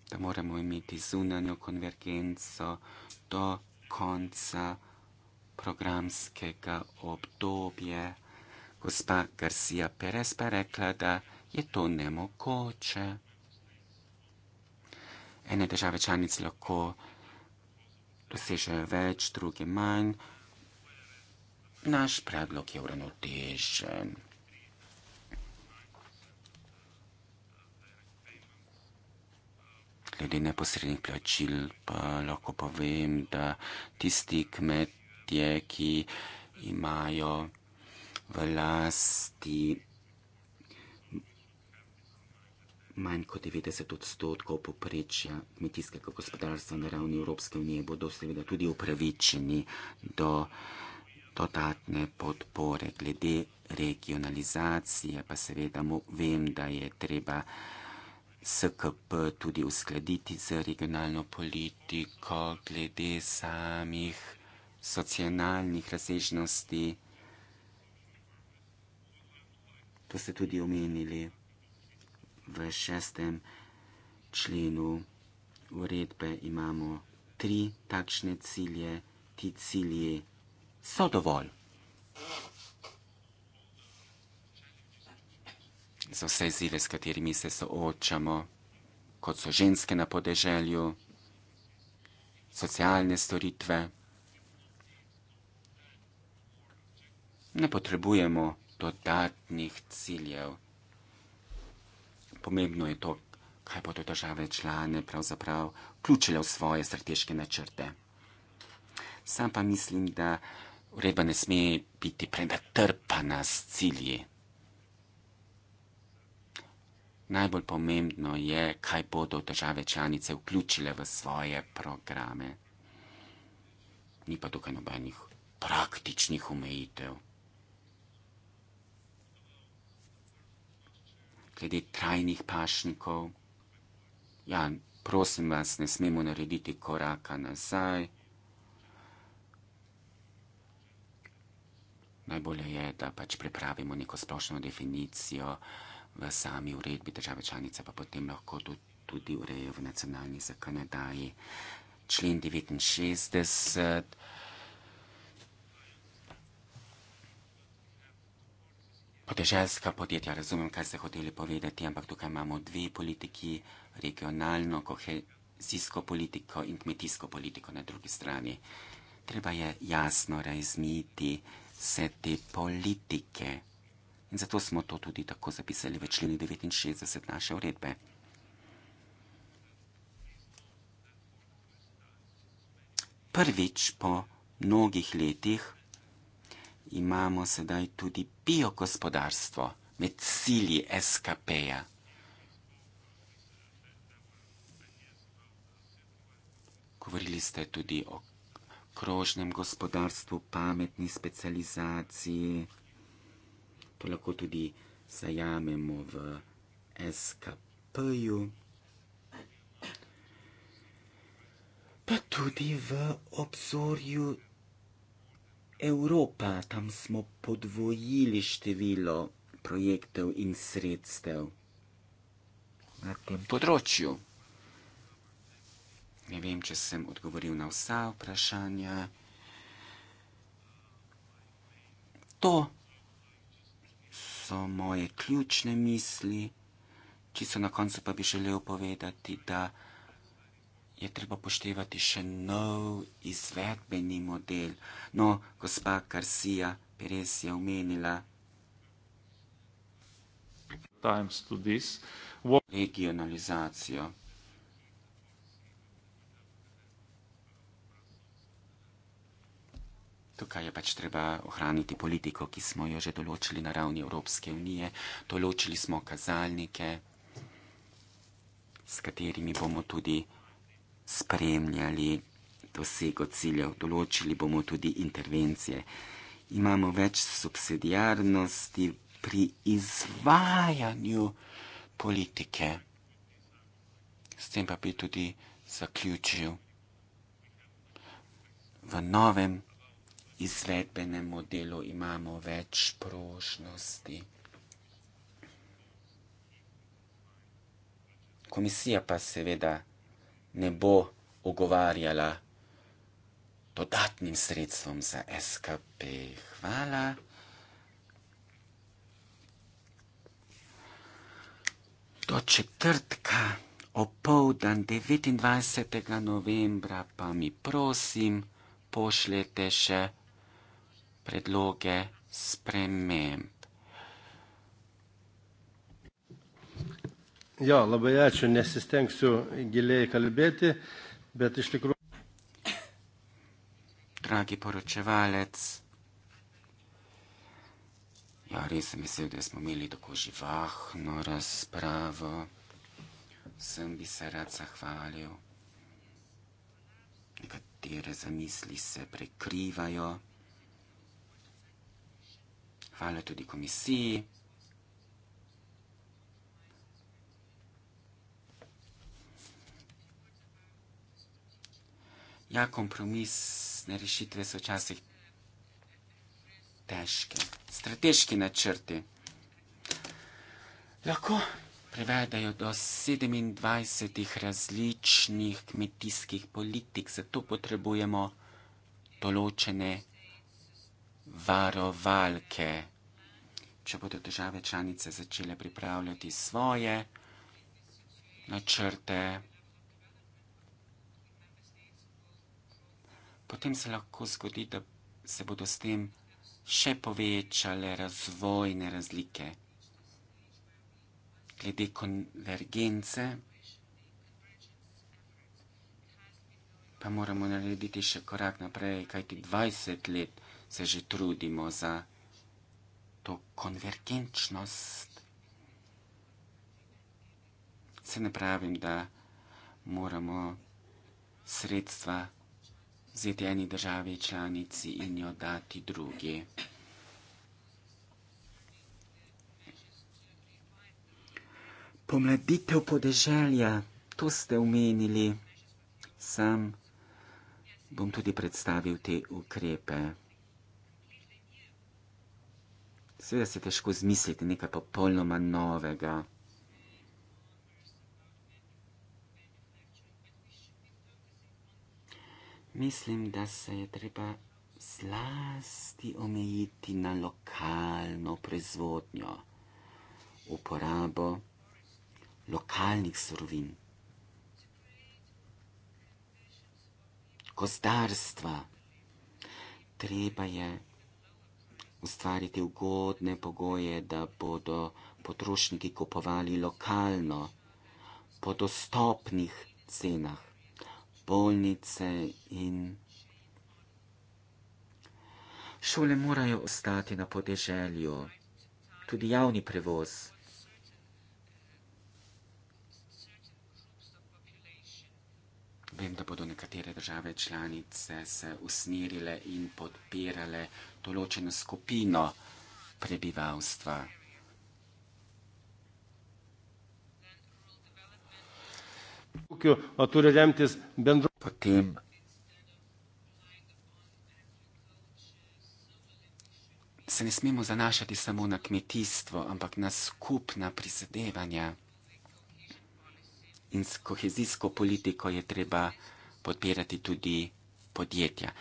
da moramo imeti zunanjo konvergenco do konca programskega obdobja. Gospa Garcia Perez pa rekla, da je to nemogoče. Ene države članice lahko dosežejo več, druge manj. Naš predlog je uravnotežen. Glede neposrednih plačil pa lahko povem, da tisti kmet ljudje, ki imajo v lasti manj kot 90 odstotkov poprečja kmetijskega gospodarstva na ravni Evropske unije, bodo seveda tudi upravičeni do dodatne podpore. Glede regionalizacije pa seveda mu vem, da je treba SKP tudi uskladiti z regionalno politiko glede samih socijalnih razsežnosti. To ste tudi omenili v šestem členu uredbe. Imamo tri takšne cilje. Ti cilji so dovolj. Za vse zile, s katerimi se soočamo, kot so ženske na podeželju, socialne storitve. ne potrebujemo dodatnih ciljev. Pomembno je to, kaj bodo države člane pravzaprav vključile v svoje strateške načrte. Sam pa mislim, da ureba ne sme biti prenatrpana s cilji. Najbolj pomembno je, kaj bodo države članice vključile v svoje programe. Ni pa tukaj nobenih praktičnih omejitev. glede trajnih pašnikov. Ja, prosim vas, ne smemo narediti koraka nazaj. Najbolje je, da pač pripravimo neko splošno definicijo v sami uredbi države članice, pa potem lahko to tudi urejo v nacionalni zakonodaji. Člen 69. podeželska podjetja, razumem, kaj ste hoteli povedati, ampak tukaj imamo dve politiki, regionalno kohezijsko politiko in kmetijsko politiko na drugi strani. Treba je jasno razmiti vse te politike in zato smo to tudi tako zapisali v členu 69 naše uredbe. Prvič po mnogih letih imamo sedaj tudi biogospodarstvo med cilji SKP-ja. Govorili ste tudi o krožnem gospodarstvu, pametni specializaciji. To lahko tudi zajamemo v SKP-ju. Pa tudi v obzorju Evropa, tam smo podvojili število projektov in sredstev na tem področju. Ne vem, če sem odgovoril na vsa vprašanja. To so moje ključne misli, ki so na koncu pa bi želel povedati, da je treba poštevati še nov izvedbeni model. No, gospa Karsija Perez je omenila. Regionalizacijo. Tukaj je pač treba ohraniti politiko, ki smo jo že določili na ravni Evropske unije. Določili smo kazalnike, s katerimi bomo tudi spremljali dosego ciljev, določili bomo tudi intervencije. Imamo več subsidijarnosti pri izvajanju politike. S tem pa bi tudi zaključil v novem. Izvedbenem modelu imamo več prožnosti. Komisija pa seveda ne bo ogovarjala dodatnim sredstvom za SKP. Hvala. Do četrtka opoldan 29. novembra pa mi prosim pošljete še predloge sprememb. Jo, labai ačiū, nesistengsiu giliai kalbėti, bet iš tikrųjų. Dragi poročevalec, ja, res sem vesel, da smo imeli tako živahno razpravo. Vsem bi se rad zahvalil. Nekatere zamisli se prekrivajo. Hvala tudi komisiji. Ja, kompromisne rešitve so včasih težke. Strateški načrti lahko prevedajo do 27 različnih kmetijskih politik, zato potrebujemo določene varovalke. Če bodo države članice začele pripravljati svoje načrte, potem se lahko zgodi, da se bodo s tem še povečale razvojne razlike. Glede konvergence pa moramo narediti še korak naprej, kajti 20 let se že trudimo za to konvergenčnost. Se ne pravim, da moramo sredstva vzeti eni državi članici in jo dati drugi. Pomladitev podeželja, to ste omenili. Sam bom tudi predstavil te ukrepe. Seveda se težko zmisliti nekaj popolnoma novega. Mislim, da se je treba zlasti omejiti na lokalno proizvodnjo, uporabo lokalnih surovin, gozdarstva. Treba je ustvariti ugodne pogoje, da bodo potrošniki kupovali lokalno po dostopnih cenah bolnice in šole morajo ostati na podeželju, tudi javni prevoz. Vem, da bodo nekatere države članice se usmerile in podpirale določeno skupino prebivalstva. Potem se ne smemo zanašati samo na kmetijstvo, ampak na skupna prizadevanja. In s kohezijsko politiko je treba podpirati tudi podjetja.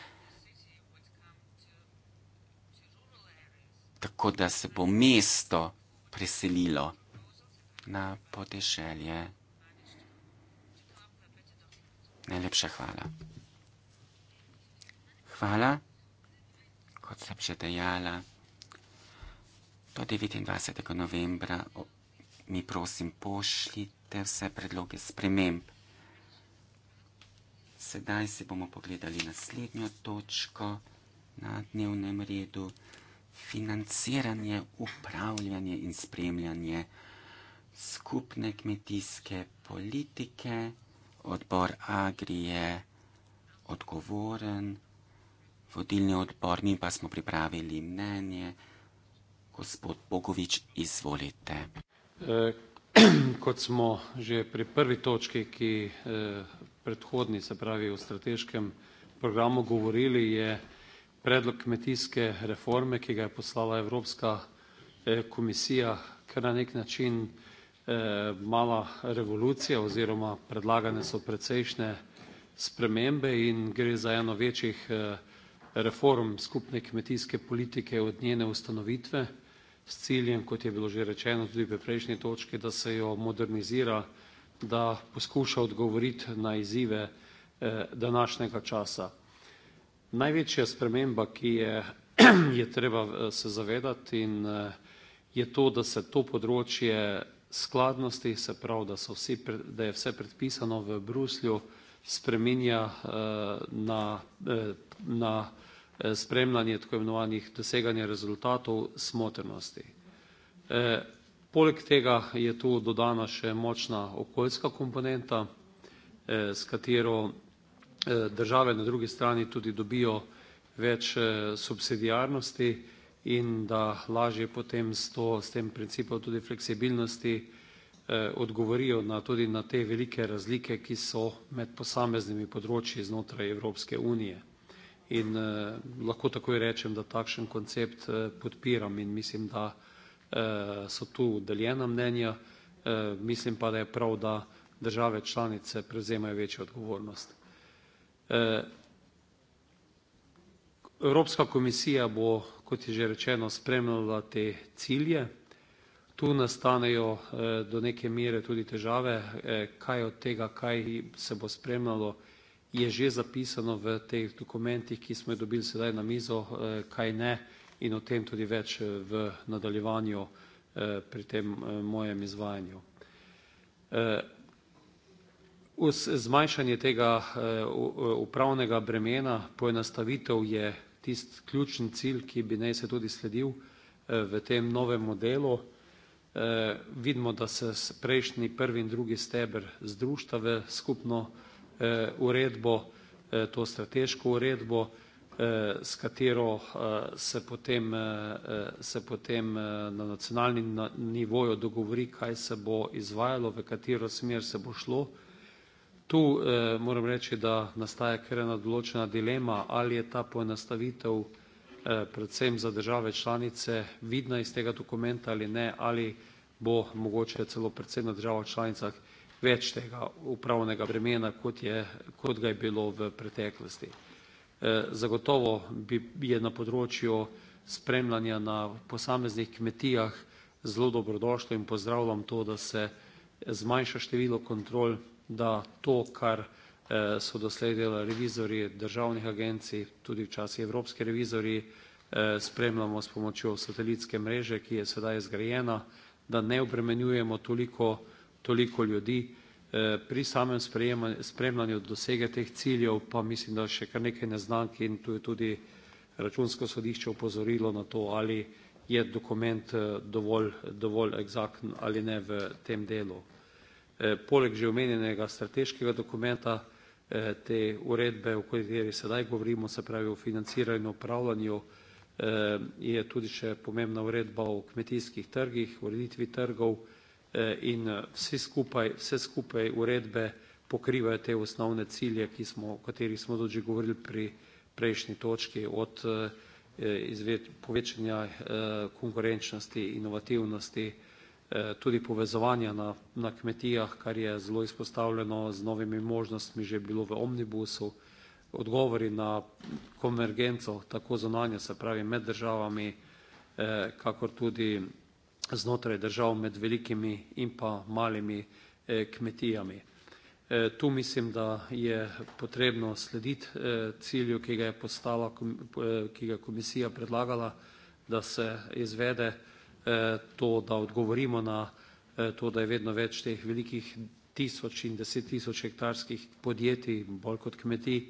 Tako da se bo mesto preselilo na podeželje najlepsza chwala. Chwala Kotsa Przedajala do 29. novembra mi prosim pošljite vse predloge sprememb. Sedaj si bomo pogledali naslednjo točko na dnevnem redu. Financiranje, upravljanje in spremljanje skupne kmetijske politike politike odbor Agri je odgovoren, vodilni odbor, mi pa smo pripravili mnenje. Gospod Bogovič, izvolite. Eh, kot smo že pri prvi točki, ki eh, predhodni, se pravi o strateškem programu govorili, je predlog kmetijske reforme, ki ga je poslala Evropska eh, komisija, ker na nek način Eh, mala revolucija oziroma predlagane so precejšnje spremembe in gre za eno večjih eh, reform skupne kmetijske politike od njene ustanovitve s ciljem, kot je bilo že rečeno tudi pri prejšnji točki, da se jo modernizira, da poskuša odgovoriti na izzive eh, današnjega časa. Največja sprememba, ki je, je treba se zavedati in je to, da se to področje skladnosti, se pravi, da, vsi, da je vse predpisano v Bruslju, spreminja eh, na, eh, na eh, spremljanje tako imenovanih doseganja rezultatov smotrnosti. Poleg tega je tu dodana še močna okoljska komponenta, s katero države na drugi strani tudi dobijo več subsidijarnosti, in da lažje potem s, to, s tem principom tudi fleksibilnosti eh, odgovorijo na, tudi na te velike razlike, ki so med posameznimi področji znotraj Evropske unije. In eh, lahko takoj rečem, da takšen koncept eh, podpiram in mislim, da eh, so tu deljena mnenja, eh, mislim pa, da je prav, da države članice prevzemajo večjo odgovornost. Eh, Evropska komisija bo kot je že rečeno, spremljala te cilje. Tu nastanejo eh, do neke mere tudi težave, eh, kaj od tega, kaj se bo spremljalo, je že zapisano v teh dokumentih, ki smo jih dobili sedaj na mizo, eh, kaj ne in o tem tudi več v nadaljevanju pri tem mojem izvajanju. Zmanjšanje tega upravnega bremena poenastavitev je tisti ključni cilj, ki bi naj se tudi sledil eh, v tem novem modelu. Eh, vidimo, da se prejšnji prvi in drugi steber združta v skupno eh, uredbo, to strateško uredbo, s katero se potem, se potem na nacionalnem nivoju dogovori, kaj se bo izvajalo, v katero smer se bo šlo. Tu eh, moram reči, da nastaja kar ena določena dilema, ali je ta poenostavitev eh, predvsem za države članice vidna iz tega dokumenta ali ne, ali bo mogoče celo predvsem na državah članicah več tega upravnega bremena, kot, je, kot ga je bilo v preteklosti. Eh, zagotovo bi, je na področju spremljanja na posameznih kmetijah zelo dobrodošlo in pozdravljam to, da se zmanjša število kontrol da to, kar eh, so doslej delali revizori državnih agencij, tudi včasih evropski revizori, eh, spremljamo s pomočjo satelitske mreže, ki je sedaj zgrajena, da ne obremenjujemo toliko, toliko ljudi. Eh, pri samem spremljanju dosege teh ciljev pa mislim, da še kar nekaj neznank in tu je tudi računsko sodišče upozorilo na to, ali je dokument dovolj, dovolj eksakten ali ne v tem delu. Eh, poleg že omenjenega strateškega dokumenta eh, te uredbe, o kateri sedaj govorimo, se pravi o financiranju, upravljanju, eh, je tudi še pomembna uredba o kmetijskih trgih, ureditvi trgov in vsi skupaj, vse skupaj uredbe pokrivajo te osnovne cilje, ki smo, o katerih smo tudi že govorili pri prejšnji točki, od izved, povečanja konkurenčnosti, inovativnosti, Eh, tudi povezovanja na, na kmetijah, kar je zelo izpostavljeno z novimi možnostmi že bilo v omnibusu, odgovori na konvergenco tako zunanje, se pravi med državami, eh, kakor tudi znotraj držav med velikimi in pa malimi eh, kmetijami. Tu mislim, da je potrebno slediti cilju, ki ga je postala, ki ga komisija predlagala, da se izvede Eh, to, da odgovorimo na eh, to, da je vedno več teh velikih tisoč in deset tisoč hektarskih podjetij, bolj kot kmetij,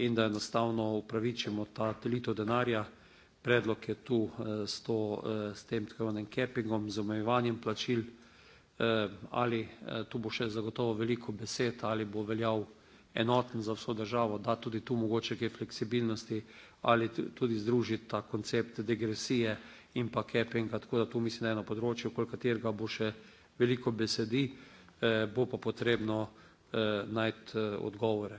in da enostavno upravičimo ta delito denarja. Predlog je tu eh, s to, s tem tako imenim kepingom, z omejevanjem plačil, ali tu bo še zagotovo veliko besed, ali bo veljal enoten za vso državo, da tudi tu mogoče kaj fleksibilnosti ali tudi združiti ta koncept degresije in pa kepinga, tako da to mislim, da je eno področje, okoli katerega bo še veliko besedi, eh, bo pa potrebno eh, najti eh, odgovore.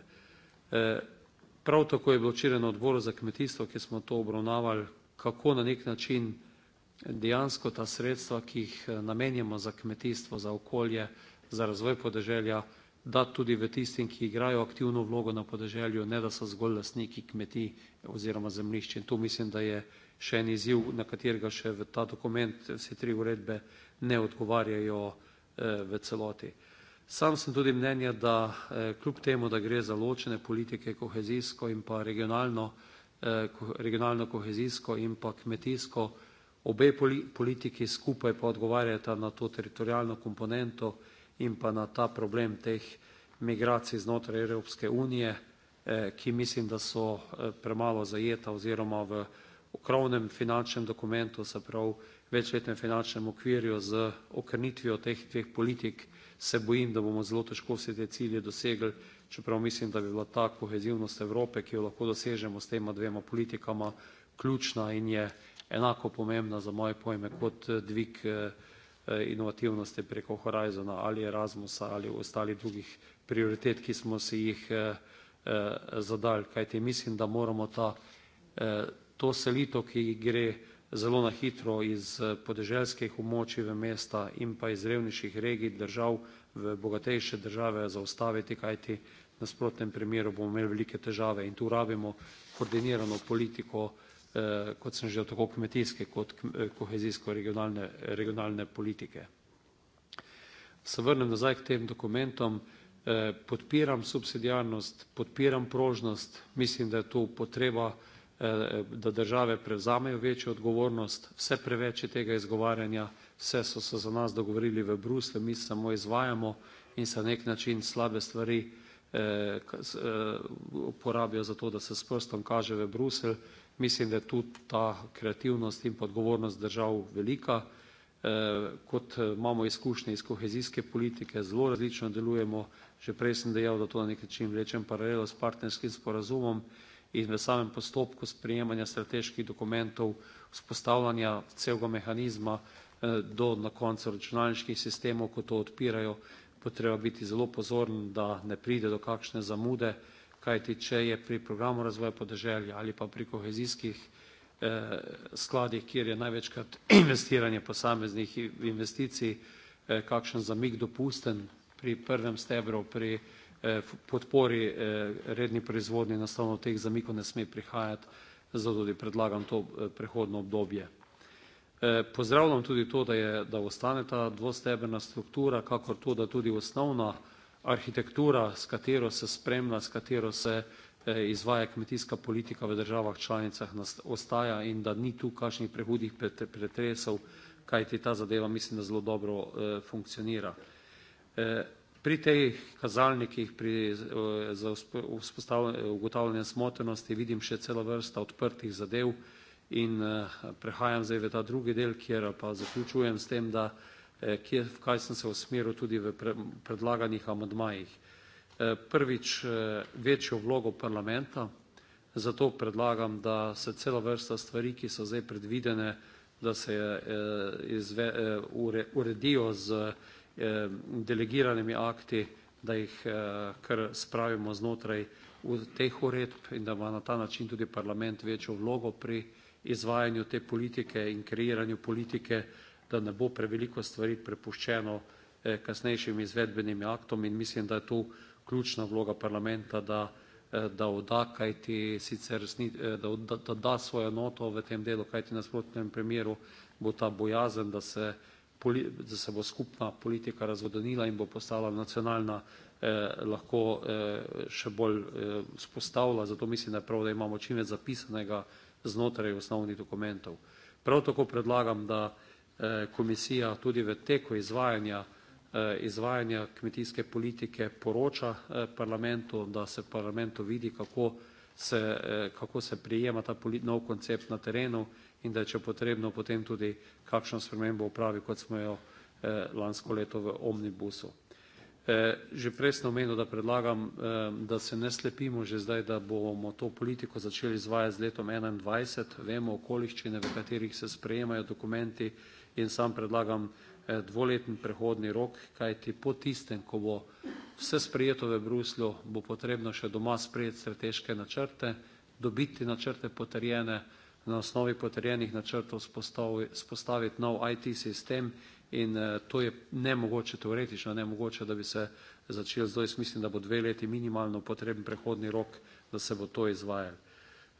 Prav tako je bilo včeraj na odboru za kmetijstvo, kjer smo to obravnavali, kako na nek način dejansko ta sredstva, ki jih namenjamo za kmetijstvo, za okolje, za razvoj podeželja, da tudi v tistim, ki igrajo aktivno vlogo na podeželju, ne da so zgolj lastniki kmetij oziroma zemljišč. In to mislim, da je še en izziv, na katerega še v ta dokument vse tri uredbe ne odgovarjajo eh, v celoti. Sam sem tudi mnenja, da eh, kljub temu, da gre za ločene politike kohezijsko in pa regionalno eh, kohezijsko in pa kmetijsko, obe politiki skupaj pa odgovarjata na to teritorijalno komponento in pa na ta problem teh migracij znotraj Evropske unije, ki mislim, da so premalo zajeta oziroma v Evropske unije, okrovnem finančnem dokumentu, se pravi večletnem finančnem okvirju z okrnitvijo teh dveh politik, se bojim, da bomo zelo težko vse te cilje dosegli, čeprav mislim, da bi bila ta kohezivnost Evrope, ki jo lahko dosežemo s tema dvema politikama, ključna in je enako pomembna za moje pojme kot eh, dvig eh, eh, inovativnosti preko Horizona ali Erasmusa ali ostalih drugih prioritet, ki smo si jih zadali. Kajti mislim, da moramo ta to selitev, ki gre zelo na hitro iz eh, podeželskih območij v mesta in pa iz revnejših regij držav v bogatejše države zaustaviti, kajti na sprotnem primeru bomo imeli velike težave in tu rabimo koordinirano politiko, eh, kot sem že tako kmetijske, kot eh, kohezijsko-regionalne regionalne politike. Se vrnem nazaj k tem dokumentom. Podpiram subsidijarnost, podpiram prožnost, mislim, da je tu potreba Eh, da države prevzamejo večjo odgovornost, vse preveč je tega izgovarjanja, vse so se za nas dogovorili v Bruslju, mi samo izvajamo in se na nek način slabe stvari eh, eh, uporabijo za to, da se s prstom kaže v Bruselj. Mislim, da je tu ta kreativnost in pa odgovornost držav velika. Kot imamo izkušnje iz kohezijske politike, zelo različno delujemo. Že prej sem dejal, da to na nek način vlečem paralelo s partnerskim sporazumom in v samem postopku sprejemanja strateških dokumentov, vzpostavljanja celega mehanizma eh, do na koncu računalniških sistemov, ko to odpirajo, bo treba biti zelo pozoren, da ne pride do kakšne zamude, kajti če je pri programu razvoja podeželja ali pa pri kohezijskih eh, skladih, kjer je največkrat investiranje posameznih investicij, eh, kakšen zamik dopusten pri prvem stebru, pri Eh, podpori eh, redni proizvodnji enostavno teh zamikov ne sme prihajati, zato tudi predlagam to eh, prehodno obdobje. Pozdravljam tudi to, da je, da ostane ta dvostebrna struktura, kakor to, da tudi osnovna arhitektura, s katero se spremlja, s katero se izvaja kmetijska politika v državah članicah, ostaja in da ni tu kakšnih prehudih pretresov, kajti ta zadeva mislim, da zelo dobro funkcionira. Pri tej kazalnikih, pri, za ugotavljanje smotrnosti vidim še celo vrsta odprtih zadev in eh, prehajam zdaj v ta drugi del, kjer pa zaključujem s tem, da eh, kjer, v kaj sem se usmeril tudi v predlaganih amadmajih. Eh, prvič večjo vlogo parlamenta, zato predlagam, da se celo vrsta stvari, ki so zdaj predvidene, da se izve, uredijo z Eh, delegiranimi akti, da jih eh, kar spravimo znotraj teh uredb in da ima na ta način tudi parlament večjo vlogo pri izvajanju te politike in kreiranju politike, da ne bo preveliko stvari prepuščeno eh, kasnejšim izvedbenim aktom in mislim, da je tu ključna vloga parlamenta, da da odda, kajti sicer da, da, da da svojo noto v tem delu, kajti nasprotnem primeru bo ta bojazen, da se da se bo skupna politika razvodenila in bo postala nacionalna, eh, lahko eh, še bolj eh, spostavila. Zato mislim, da je prav, da imamo čim več zapisanega znotraj osnovnih dokumentov. Prav tako predlagam, da eh, komisija tudi v teku izvajanja, eh, izvajanja kmetijske politike poroča eh, parlamentu, da se parlamentu vidi, kako se, eh, kako se prijema ta nov koncept na terenu in da če potrebno, potem tudi kakšno spremembo upravi, kot smo jo eh, lansko leto v omnibusu. Eh, že prej sem omenil, da predlagam, eh, da se ne slepimo že zdaj, da bomo to politiko začeli izvajati z letom 2021. Vemo okoliščine, v katerih se sprejemajo dokumenti in sam predlagam dvoletni prehodni rok, kajti po tistem, ko bo vse sprejeto v Bruslju, bo potrebno še doma sprejeti strateške načrte, dobiti načrte potrjene, na osnovi potrjenih načrtov spostaviti nov IT sistem in eh, to je nemogoče, teoretično nemogoče, da bi se začel zdaj, jaz mislim, da bo dve leti minimalno potreben prehodni rok, da se bo to izvajal,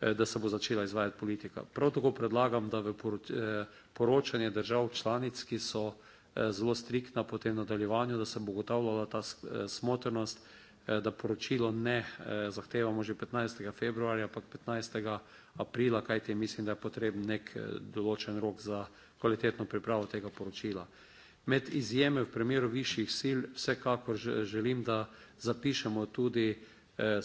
eh, da se bo začela izvajati politika. Prav tako predlagam, da v eh, poročanje držav članic, ki so zelo striktna po tem nadaljevanju, da se bo ugotavljala ta smotrnost, Eh, da poročilo ne eh, zahtevamo že 15. februarja, ampak 15. aprila, kajti mislim, da je potreben nek eh, določen rok za kvalitetno pripravo tega poročila. Med izjeme v primeru višjih sil vsekakor želim, da zapišemo tudi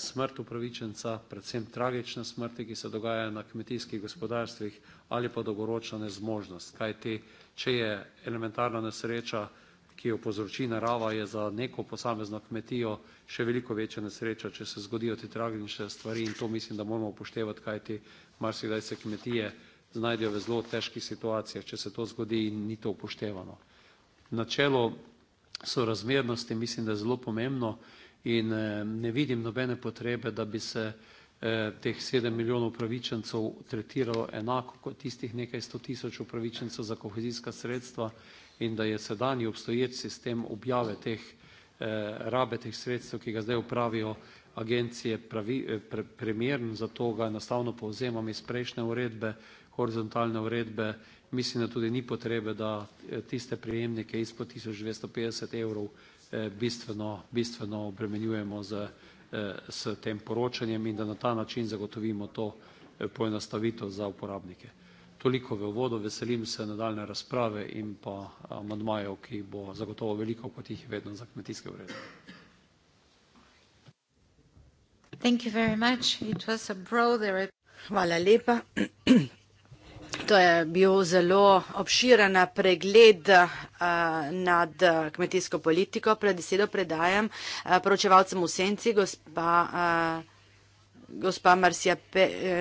smrt upravičenca, predvsem tragične smrti, ki se dogajajo na kmetijskih gospodarstvih ali pa dolgoročna nezmožnost. Kajti, če je elementarna nesreča ki jo povzroči narava, je za neko posamezno kmetijo še veliko večja nesreča, če se zgodijo te tragične stvari in to mislim, da moramo upoštevati, kajti marsikdaj se kmetije znajdejo v zelo težkih situacijah, če se to zgodi in ni to upoštevano. Načelo sorazmernosti mislim, da je zelo pomembno in eh, ne vidim nobene potrebe, da bi se eh, teh sedem milijonov upravičencev tretiralo enako kot tistih nekaj sto tisoč upravičencev za kohezijska sredstva in da je sedanji obstoječ sistem objave teh eh, rabe teh sredstev, ki ga zdaj upravijo agencije pravi, eh, pre, premjern, zato ga enostavno povzemam iz prejšnje uredbe, horizontalne uredbe, mislim, da tudi ni potrebe, da eh, tiste prejemnike izpod 1250 evrov eh, bistveno, bistveno obremenjujemo z, eh, s tem poročanjem in da na ta način zagotovimo to eh, poenostavitev za uporabnike. Toliko v uvodu, veselim se nadaljne razprave in pa eh, amandmajev, ki jih bo zagotovo veliko, kot jih je vedno za kmetijske vrednosti. Thank you very much. It was a broader... Hvala lepa. To je bil zelo obširen pregled eh, nad eh, kmetijsko politiko. Predesedo predajam poročevalcem v Senci, gospa Hrvatska gospa Marcia Pe,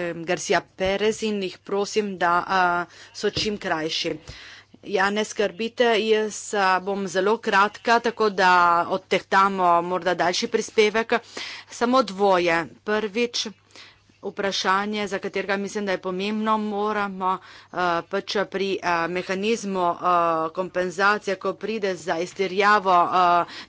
eh, Garcia Perez in jih prosim, da eh, so čim krajši. Ja, ne skrbite, jaz bom zelo kratka, tako da odtehtamo morda daljši prispevek. Samo dvoje. Prvič vprašanje, za katerega mislim, da je pomembno, moramo eh, pač pri eh, mehanizmu eh, kompenzacije, ko pride za izterjavo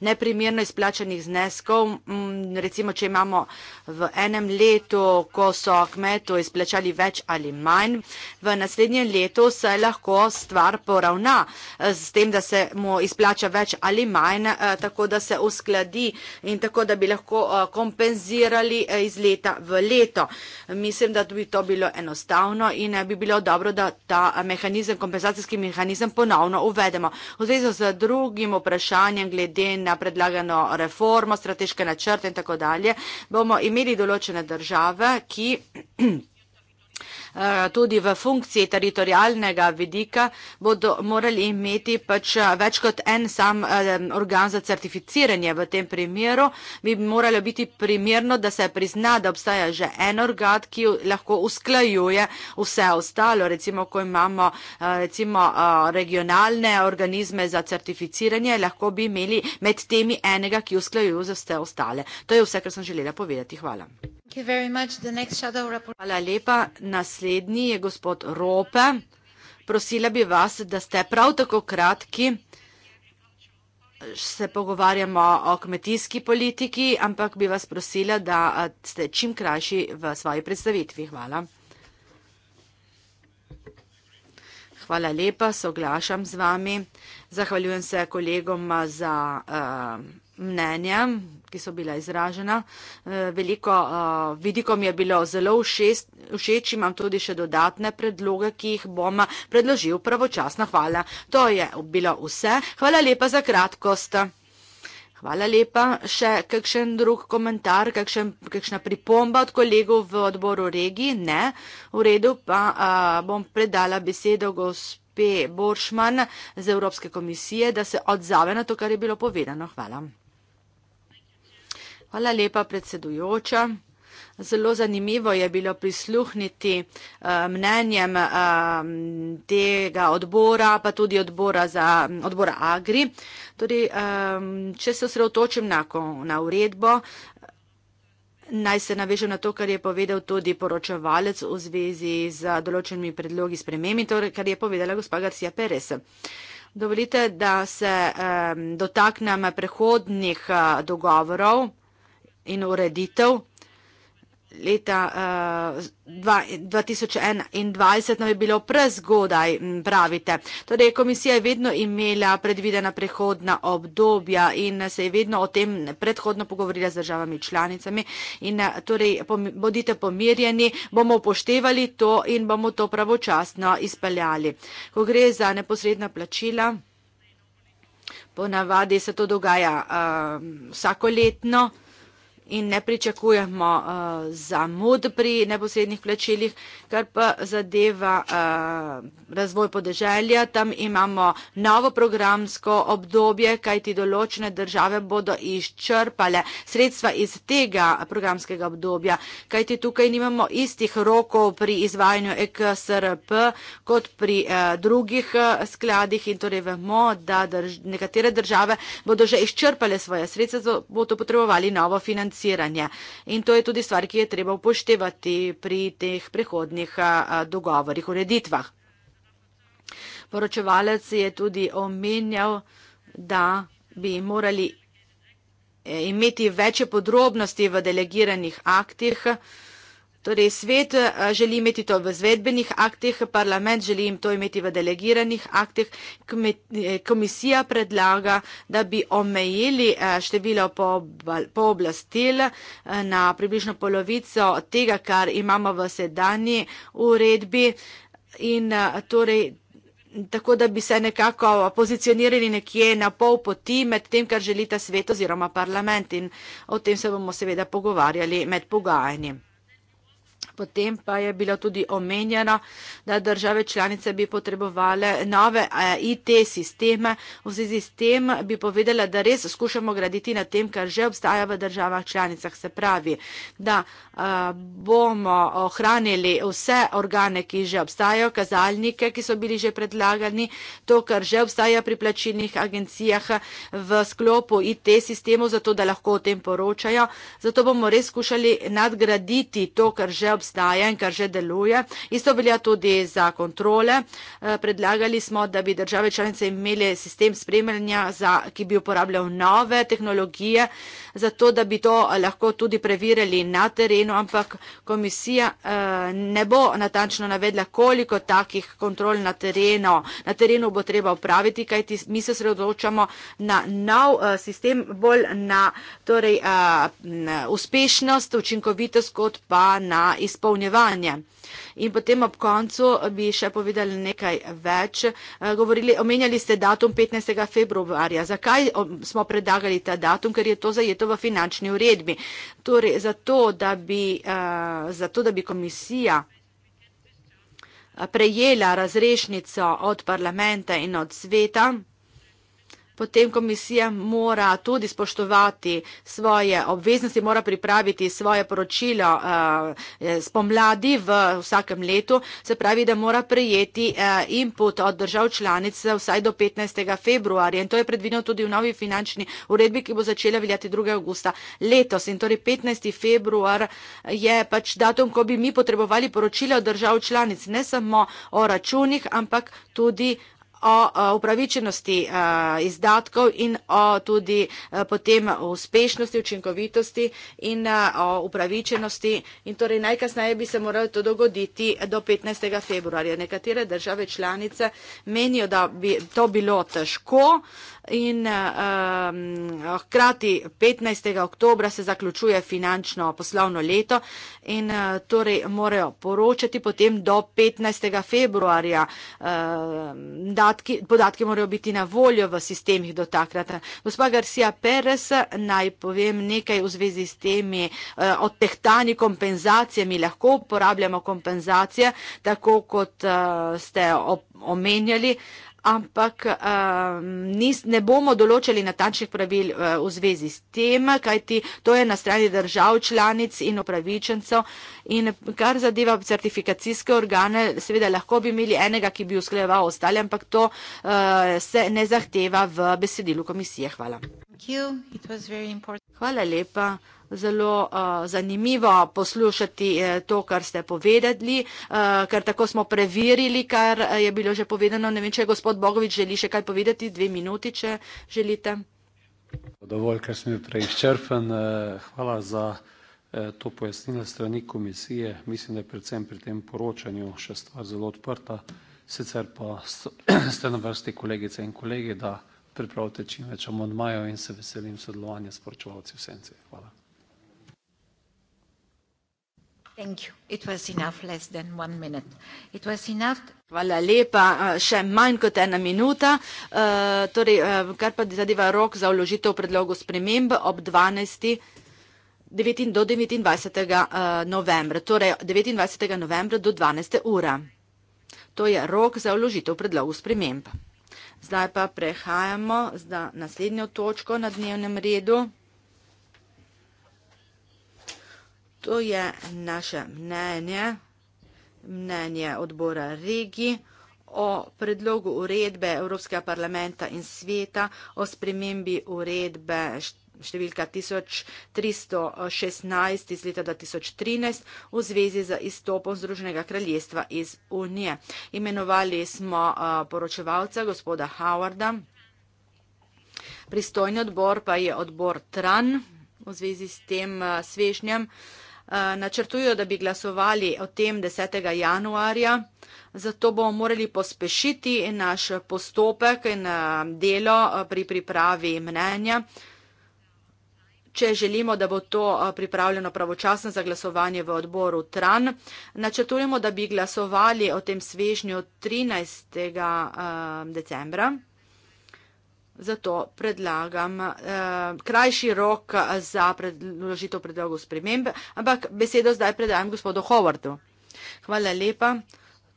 neprimerno izplačenih zneskov, mm, recimo, če imamo v enem letu, ko so kmetu izplačali več ali manj, v naslednjem letu se lahko stvar poravna s tem, da se mu izplača več ali manj, tako da se uskladi in tako, da bi lahko kompenzirali iz leta v leto mislim, da bi to bilo enostavno in eh, bi bilo dobro, da ta eh, mehanizem, kompenzacijski mehanizem ponovno uvedemo. V zvezi z drugim vprašanjem glede na predlagano reformo, strateške načrte in tako dalje, bomo imeli določene države, ki Eh, tudi v funkciji teritorijalnega vidika, bodo morali imeti pač eh, več kot en sam eh, organ za certificiranje. V tem primeru bi moralo biti primerno, da se prizna, da obstaja že en organ, ki lahko usklajuje vse ostalo. Recimo, ko imamo recimo, regionalne organizme za certificiranje, lahko bi imeli med temi enega, ki usklajuje vse ostale. To je vse, kar sem želela povedati. Hvala. Hvala lepa. Naslednji je gospod Rope. Prosila bi vas, da ste prav tako kratki. Se pogovarjamo o kmetijski politiki, ampak bi vas prosila, da ste čim krajši v svoji predstavitvi. Hvala. Hvala lepa, soglašam z vami. Zahvaljujem se kolegom za. Uh, mnenjem, ki so bila izražena. Eh, veliko eh, vidikom je bilo zelo všeč, imam tudi še dodatne predloge, ki jih bom eh, predložil pravočasno. Hvala. To je bilo vse. Hvala lepa za kratkost. Hvala lepa. Še kakšen drug komentar, kakšen, kakšna pripomba od kolegov v odboru regiji? Ne. V redu pa a, bom predala besedo gospe Boršman z Evropske komisije, da se odzave na to, kar je bilo povedano. Hvala. Hvala lepa, predsedujoča. Zelo zanimivo je bilo prisluhniti eh, mnenjem eh, tega odbora, pa tudi odbora za odbora Agri. Torej, eh, če se osredotočim na, na uredbo, naj se navežem na to, kar je povedal tudi poročevalec v zvezi z določenimi predlogi spremembi, torej kar je povedala gospa Garcia Perez. Dovolite, da se dotaknem prehodnih dogovorov in ureditev leta uh, eh, 2021 nam je bilo prezgodaj, pravite. Torej, komisija je vedno imela predvidena prehodna obdobja in se je vedno o tem predhodno pogovorila z državami članicami. In eh, torej, pom bodite pomirjeni, bomo upoštevali to in bomo to pravočasno izpeljali. Ko gre za neposredna plačila. Ponavadi se to dogaja uh, vsakoletno in ne pričakujemo uh, zamud pri neposrednih plačilih, kar pa zadeva uh, razvoj podeželja. Tam imamo novo programsko obdobje, kajti določene države bodo izčrpale sredstva iz tega programskega obdobja, kajti tukaj nimamo istih rokov pri izvajanju EKSRP kot pri uh, drugih uh, skladih in torej vemo, da drž nekatere države bodo že izčrpale svoje sredstva, bodo potrebovali novo financiranje financiranje. In to je tudi stvar, ki je treba upoštevati pri teh prihodnih dogovorih, ureditvah. Poročevalec je tudi omenjal, da bi morali e, imeti večje podrobnosti v delegiranih aktih, Torej, svet eh, želi imeti to v zvedbenih aktih, parlament želi jim to imeti v delegiranih aktih, eh, komisija predlaga, da bi omejili eh, število pooblastil na približno polovico tega, kar imamo v sedanji uredbi in torej tako, da bi se nekako pozicionirali nekje na pol poti med tem, kar želita svet oziroma parlament in o tem se bomo seveda pogovarjali med pogajanjem. Potem pa je bilo tudi omenjeno, da države članice bi potrebovali nove IT sisteme. V zvezi s tem bi povedala, da res skušamo graditi na tem, kar že obstaja v državah članicah. Se pravi, da bomo ohranili vse organe, ki že obstajajo, kazalnike, ki so bili že predlagani, to, kar že obstaja pri plačilnih agencijah v sklopu IT sistemov, zato da lahko o tem poročajo. Zato bomo res skušali nadgraditi to, kar že obstaja obstaja in kar že deluje. Isto velja tudi za kontrole. Eh, predlagali smo, da bi države članice imeli sistem spremljanja, za, ki bi uporabljal nove tehnologije, zato da bi to lahko tudi preverjali na terenu, ampak komisija eh, ne bo natančno navedla, koliko takih kontrol na terenu. Na terenu bo treba upraviti, kajti mi se sredočamo na nov eh, sistem, bolj na torej, uspešnost, učinkovitost, kot pa na izpolnitev izpolnjevanje. In potem ob koncu bi še povedali nekaj več. Eh, govorili, omenjali ste datum 15. februarja. Zakaj smo predlagali ta datum? Ker je to zajeto v finančni uredbi. Torej, zato, da bi, eh, zato, da bi komisija eh, prejela razrešnico od parlamenta in od sveta, Potem komisija mora tudi spoštovati svoje obveznosti, mora pripraviti svoje poročilo uh, eh, spomladi v vsakem letu, se pravi, da mora prejeti uh, input od držav članic eh, vsaj do 15. februarja in to je predvideno tudi v novi finančni uredbi, ki bo začela veljati 2. augusta letos. In torej 15. februar je pač datum, ko bi mi potrebovali poročilo držav članic, ne samo o računih, ampak tudi o upravičenosti eh, izdatkov in o tudi eh, potem o uspešnosti, učinkovitosti in eh, o upravičenosti. In torej najkasneje bi se moralo to dogoditi do 15. februarja. Nekatere države članice menijo, da bi to bilo težko, in uh, hkrati 15. oktobra se zaključuje finančno poslovno leto in uh, torej morajo poročati potem do 15. februarja. Uh, datki, podatki morajo biti na voljo v sistemih do takrat. Gospa Garcia Perez, naj povem nekaj v zvezi s temi uh, odtehtani kompenzacije. Mi lahko uporabljamo kompenzacije, tako kot uh, ste op omenjali. Uh, ampak um, nis, ne bomo določili natančnih pravil uh, v zvezi s tem, kajti to je na strani držav članic in upravičencev. In kar zadeva certifikacijske organe, seveda lahko bi imeli enega, ki bi usklejeval ostale, ampak to uh, se ne zahteva v besedilu komisije. Hvala. Hvala lepa zelo uh, zanimivo poslušati uh, to, kar ste povedali, uh, ker tako smo preverili, kar uh, je bilo že povedano. Ne vem, če gospod Bogovič želi še kaj povedati, dve minuti, če želite. Dovolj, ker sem bil prej izčrpen. Uh, hvala za to pojasnila strani komisije. Mislim, da je predvsem pri tem poročanju še stvar zelo odprta. Sicer pa ste na vrsti kolegice in kolegi, da pripravite čim več amandmajev in se veselim sodelovanja s poročevalci v senci. Hvala. Thank you. It was enough, less than one minute. It was enough. Hvala lepa, eh, še manj kot ena minuta. Eh, torej, eh, kar pa zadeva rok za uložitev predlogu sprememb ob 12. do 29. novembra. Torej, 29. novembra do 12. ura. To je rok za uložitev predlogu sprememb. Zdaj pa prehajamo na naslednjo točko na dnevnem redu. To je naše mnenje, mnenje odbora Regi o predlogu uredbe Evropskega parlamenta in sveta o spremembi uredbe številka 1316 iz leta 2013 v zvezi z izstopom Združenega kraljestva iz Unije. Imenovali smo uh, poročevalca gospoda Howarda, pristojni odbor pa je odbor TRAN v zvezi s tem uh, svežnjem. Eh, načrtujejo, da bi glasovali o tem 10. januarja, zato bomo morali pospešiti naš postopek in eh, delo eh, pri pripravi mnenja, če želimo, da bo to pripravljeno pravočasno za glasovanje v odboru TRAN. Načrtujemo, da bi glasovali o tem svežnju 13. decembra. Zato predlagam eh, krajši rok eh, za predložitev predlogov spremembe, ampak besedo zdaj predajam gospodu Howardu. Hvala lepa.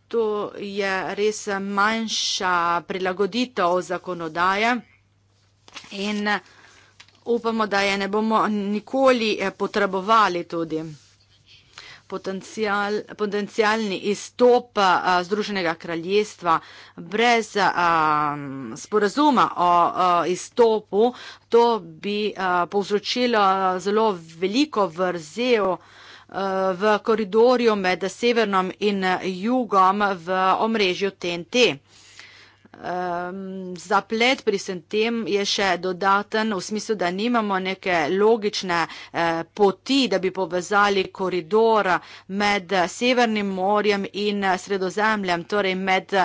To je res manjša prilagoditev zakonodaje in upamo, da je ne bomo nikoli eh, potrebovali tudi potencial, potencialni izstop a, Združenega kraljestva brez a, sporazuma o a, izstopu, to bi a, povzročilo zelo veliko vrzel v koridorju med severnom in jugom v omrežju TNT. Um, zaplet pri vsem tem je še dodaten v smislu, da nimamo neke logične uh, poti, da bi povezali koridor med Severnim morjem in Sredozemljem, torej med uh,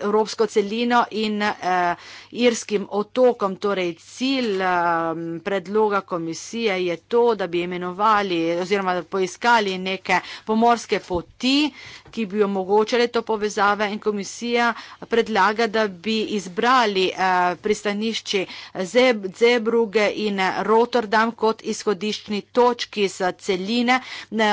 Evropsko celino in uh, irskim otokom. Torej, cilj um, predloga komisije je to, da bi imenovali oziroma poiskali neke pomorske poti, ki bi omogočali to povezave in komisija predlaga, da bi izbrali uh, pristanišči Zeb, Zebruge in Rotterdam kot izhodiščni točki za celine,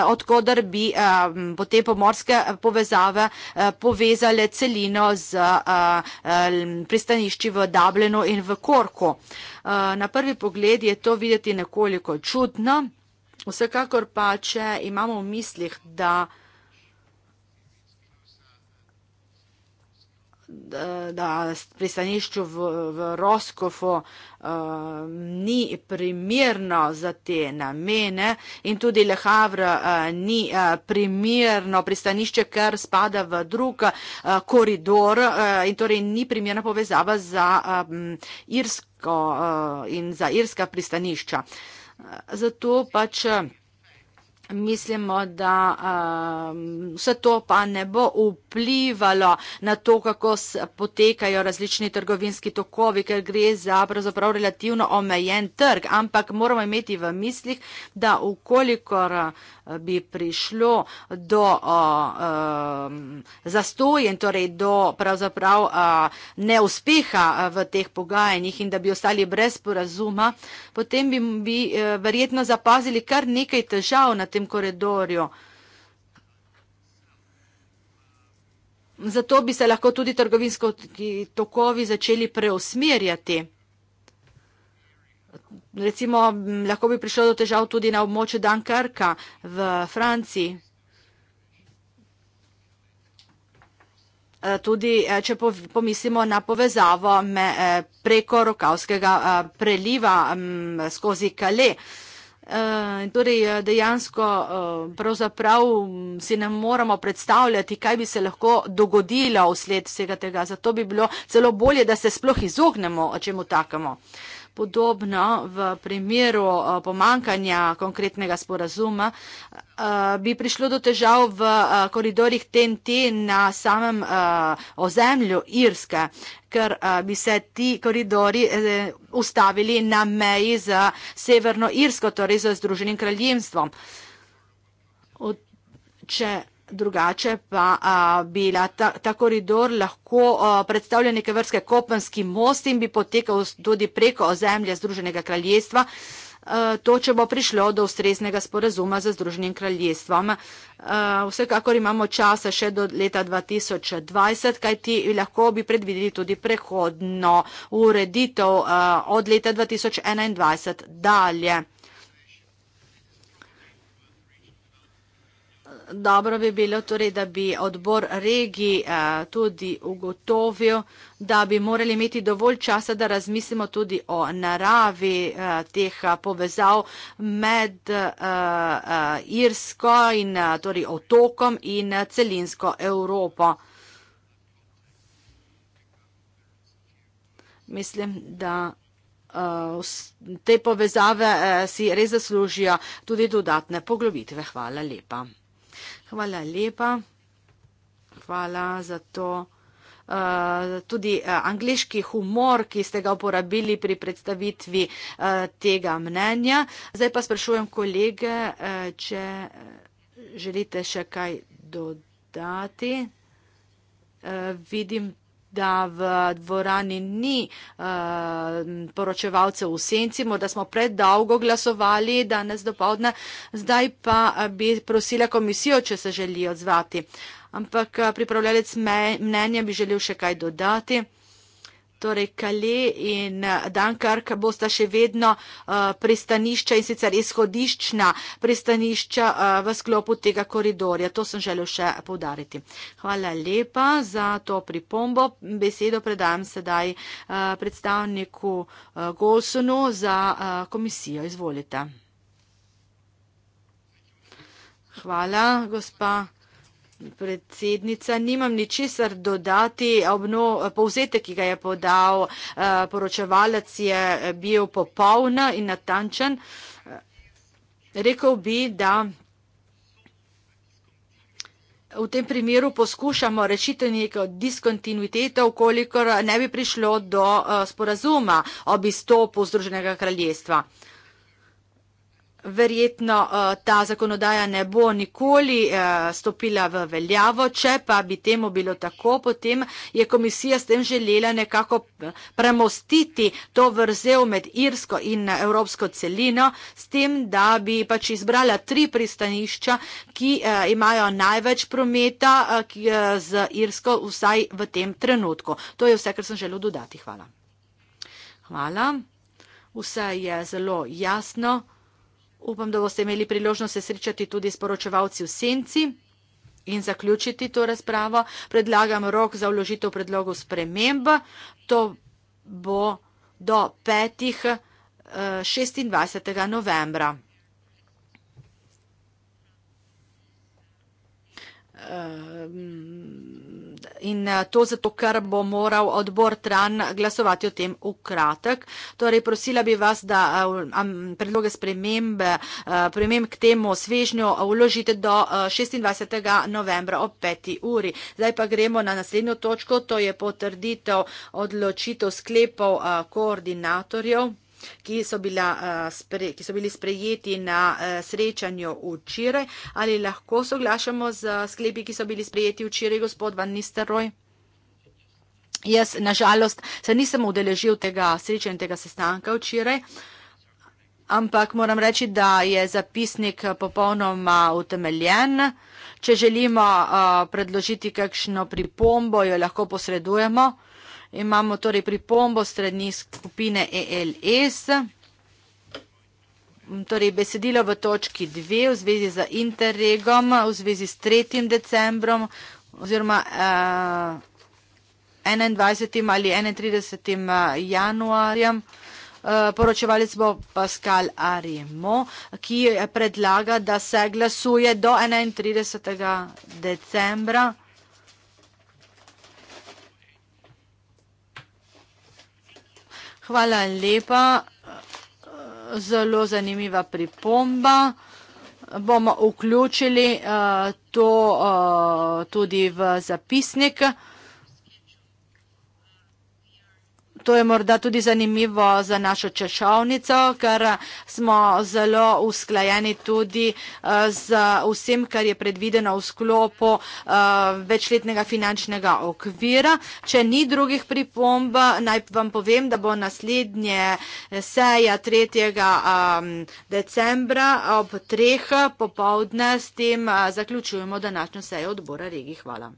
odkudar bi um, potem pomorske povezave uh, povezale celino z uh, uh, pristanišči v Dublinu in v Korku. Eh, na prvi pogled je to videti nekoliko čudno, vsekakor pa, če imamo v mislih, da da pristanišču v, v Roskofu uh, ni primirno za te namene in tudi Le Havre uh, ni uh, eh, primirno pristanišče, ker spada v drug uh, koridor uh, in torej ni primirna povezava za uh, Irsko uh, in za Irska pristanišča. Zato pač. Uh, mislimo, da ehm, vse to pa ne bo vplivalo na to, kako potekajo različni trgovinski tokovi, ker gre za pravzaprav relativno omejen trg, ampak moramo imeti v mislih, da ukolikor eh, bi prišlo do ehm, zastojen, torej do pravzaprav neuspeha v teh pogajanjih in da bi ostali brez porazuma, potem bi, bi eh, verjetno zapazili kar nekaj težav na tem koridorju. Zato bi se lahko tudi trgovinsko tokovi začeli preusmerjati. Recimo, lahko bi prišlo do težav tudi na območju Dunkerka v Franciji. Eh, tudi eh, če pomislimo na povezavo me, eh, preko Rokavskega preliva mm, skozi Kale. Torej dejansko pravzaprav mm, si ne moramo predstavljati, kaj bi se lahko dogodilo vsled vsega tega. Zato bi bilo celo bolje, da se sploh izognemo, čemu takemo podobno v primeru eh, pomankanja konkretnega sporazuma, eh, bi prišlo do težav v eh, koridorjih TNT na samem ozemlju Irske, ker bi se ti koridori ustavili na meji z Severno Irsko, torej z Združenim kraljimstvom. Če drugače pa a, bi la, ta, ta koridor lahko predstavljal neke vrste kopenski most in bi potekal tudi preko ozemlja Združenega kraljestva. To, če bo prišlo do ustreznega sporazuma z Združenim kraljestvom. Vsekakor imamo časa še do leta 2020, kajti lahko bi predvideli tudi prehodno ureditev od leta 2021 dalje. dobro bi bilo torej, da bi odbor regi eh, tudi ugotovil, da bi morali imeti dovolj časa, da razmislimo tudi o naravi eh, teh eh, povezav med Irsko in torej otokom in celinsko Evropo. Mislim, da te povezave si res zaslužijo tudi dodatne poglobitve. Hvala lepa. Hvala lepa. Hvala za to. Uh, tudi uh, angliški humor, ki ste ga uporabili pri predstavitvi uh, tega mnenja. Zdaj pa sprašujem kolege, uh, če želite še kaj dodati. Uh, vidim, da v dvorani ni uh, poročevalcev v senci, morda smo predolgo glasovali danes do povdne, zdaj pa eh, bi prosila komisijo, če se želi odzvati. Ampak eh, pripravljalec mnenja bi želel še kaj dodati. Torej, Kale in eh, Dunkirk bosta še vedno uh, pristanišča in sicer izhodiščna pristanišča uh, v sklopu tega koridorja. To sem želel še povdariti. Hvala lepa za to pripombo. Besedo predajam sedaj uh, predstavniku uh, Golsonu za uh, komisijo. Izvolite. Hvala, gospa predsednica, nimam ničesar dodati, obno, povzete, ki ga je podal eh, poročevalec, je bil popoln in natančen. Rekl bi, da v tem primeru poskušamo rešiti neko diskontinuiteto, ukolikor ne bi prišlo do eh, sporazuma ob izstopu Združenega kraljestva. Verjetno eh, ta zakonodaja ne bo nikoli eh, stopila v veljavo, če pa bi temu bilo tako, potem je komisija s tem želela nekako eh, premostiti to vrzel med Irsko in Evropsko celino, s tem, da bi pač izbrala tri pristanišča, ki imajo največ prometa z Irsko vsaj v tem trenutku. To je vse, kar sem želel dodati. Hvala. Hvala. Vse je zelo jasno. Upam, da boste imeli priložnost se srečati tudi s poročevalci v senci in zaključiti to razpravo. Predlagam rok za vložitev predlogov sprememb. To bo do 5. 26. Eh, novembra. Um, in eh, to zato, ker bo moral odbor Tran glasovati o tem v kratek. Torej, prosila bi vas, da eh, predloge spremembe, eh, premem k temu svežnju uložite do 26. novembra ob 5. uri. Zdaj pa gremo na naslednjo točko, to je potrditev odločitev sklepov koordinatorjev ki so, bila, eh, spre, ki so bili sprejeti na eh, srečanju včeraj. Ali lahko soglašamo z sklepi, ki so bili sprejeti včeraj, gospod Van Nisteroj? Jaz, nažalost, se nisem udeležil tega srečanja in tega sestanka včeraj. Ampak moram reči, da je zapisnik eh, popolnoma utemeljen. Če želimo uh, predložiti kakšno pripombo, jo lahko posredujemo. Uh, Imamo torej pripombo strani skupine ELS. Torej, besedilo v točki 2 v zvezi z interregom, v zvezi s 3. decembrom oziroma eh, 21. ali 31. Eh, januarjem. Eh, poročevalec bo Pascal Arimo, ki eh, predlaga, da se glasuje do 31. decembra. Hvala lepa. Zelo zanimiva pripomba. Bomo vključili eh, to eh, tudi v zapisnik. To je morda tudi zanimivo za našo čašovnico, ker smo zelo usklajeni tudi eh, z vsem, kar je predvideno v sklopu eh, večletnega finančnega okvira. Če ni drugih pripomb, naj vam povem, da bo naslednje eh, seja 3. decembra ob 3. popovdne. S tem zaključujemo današnjo sejo odbora regij. Hvala.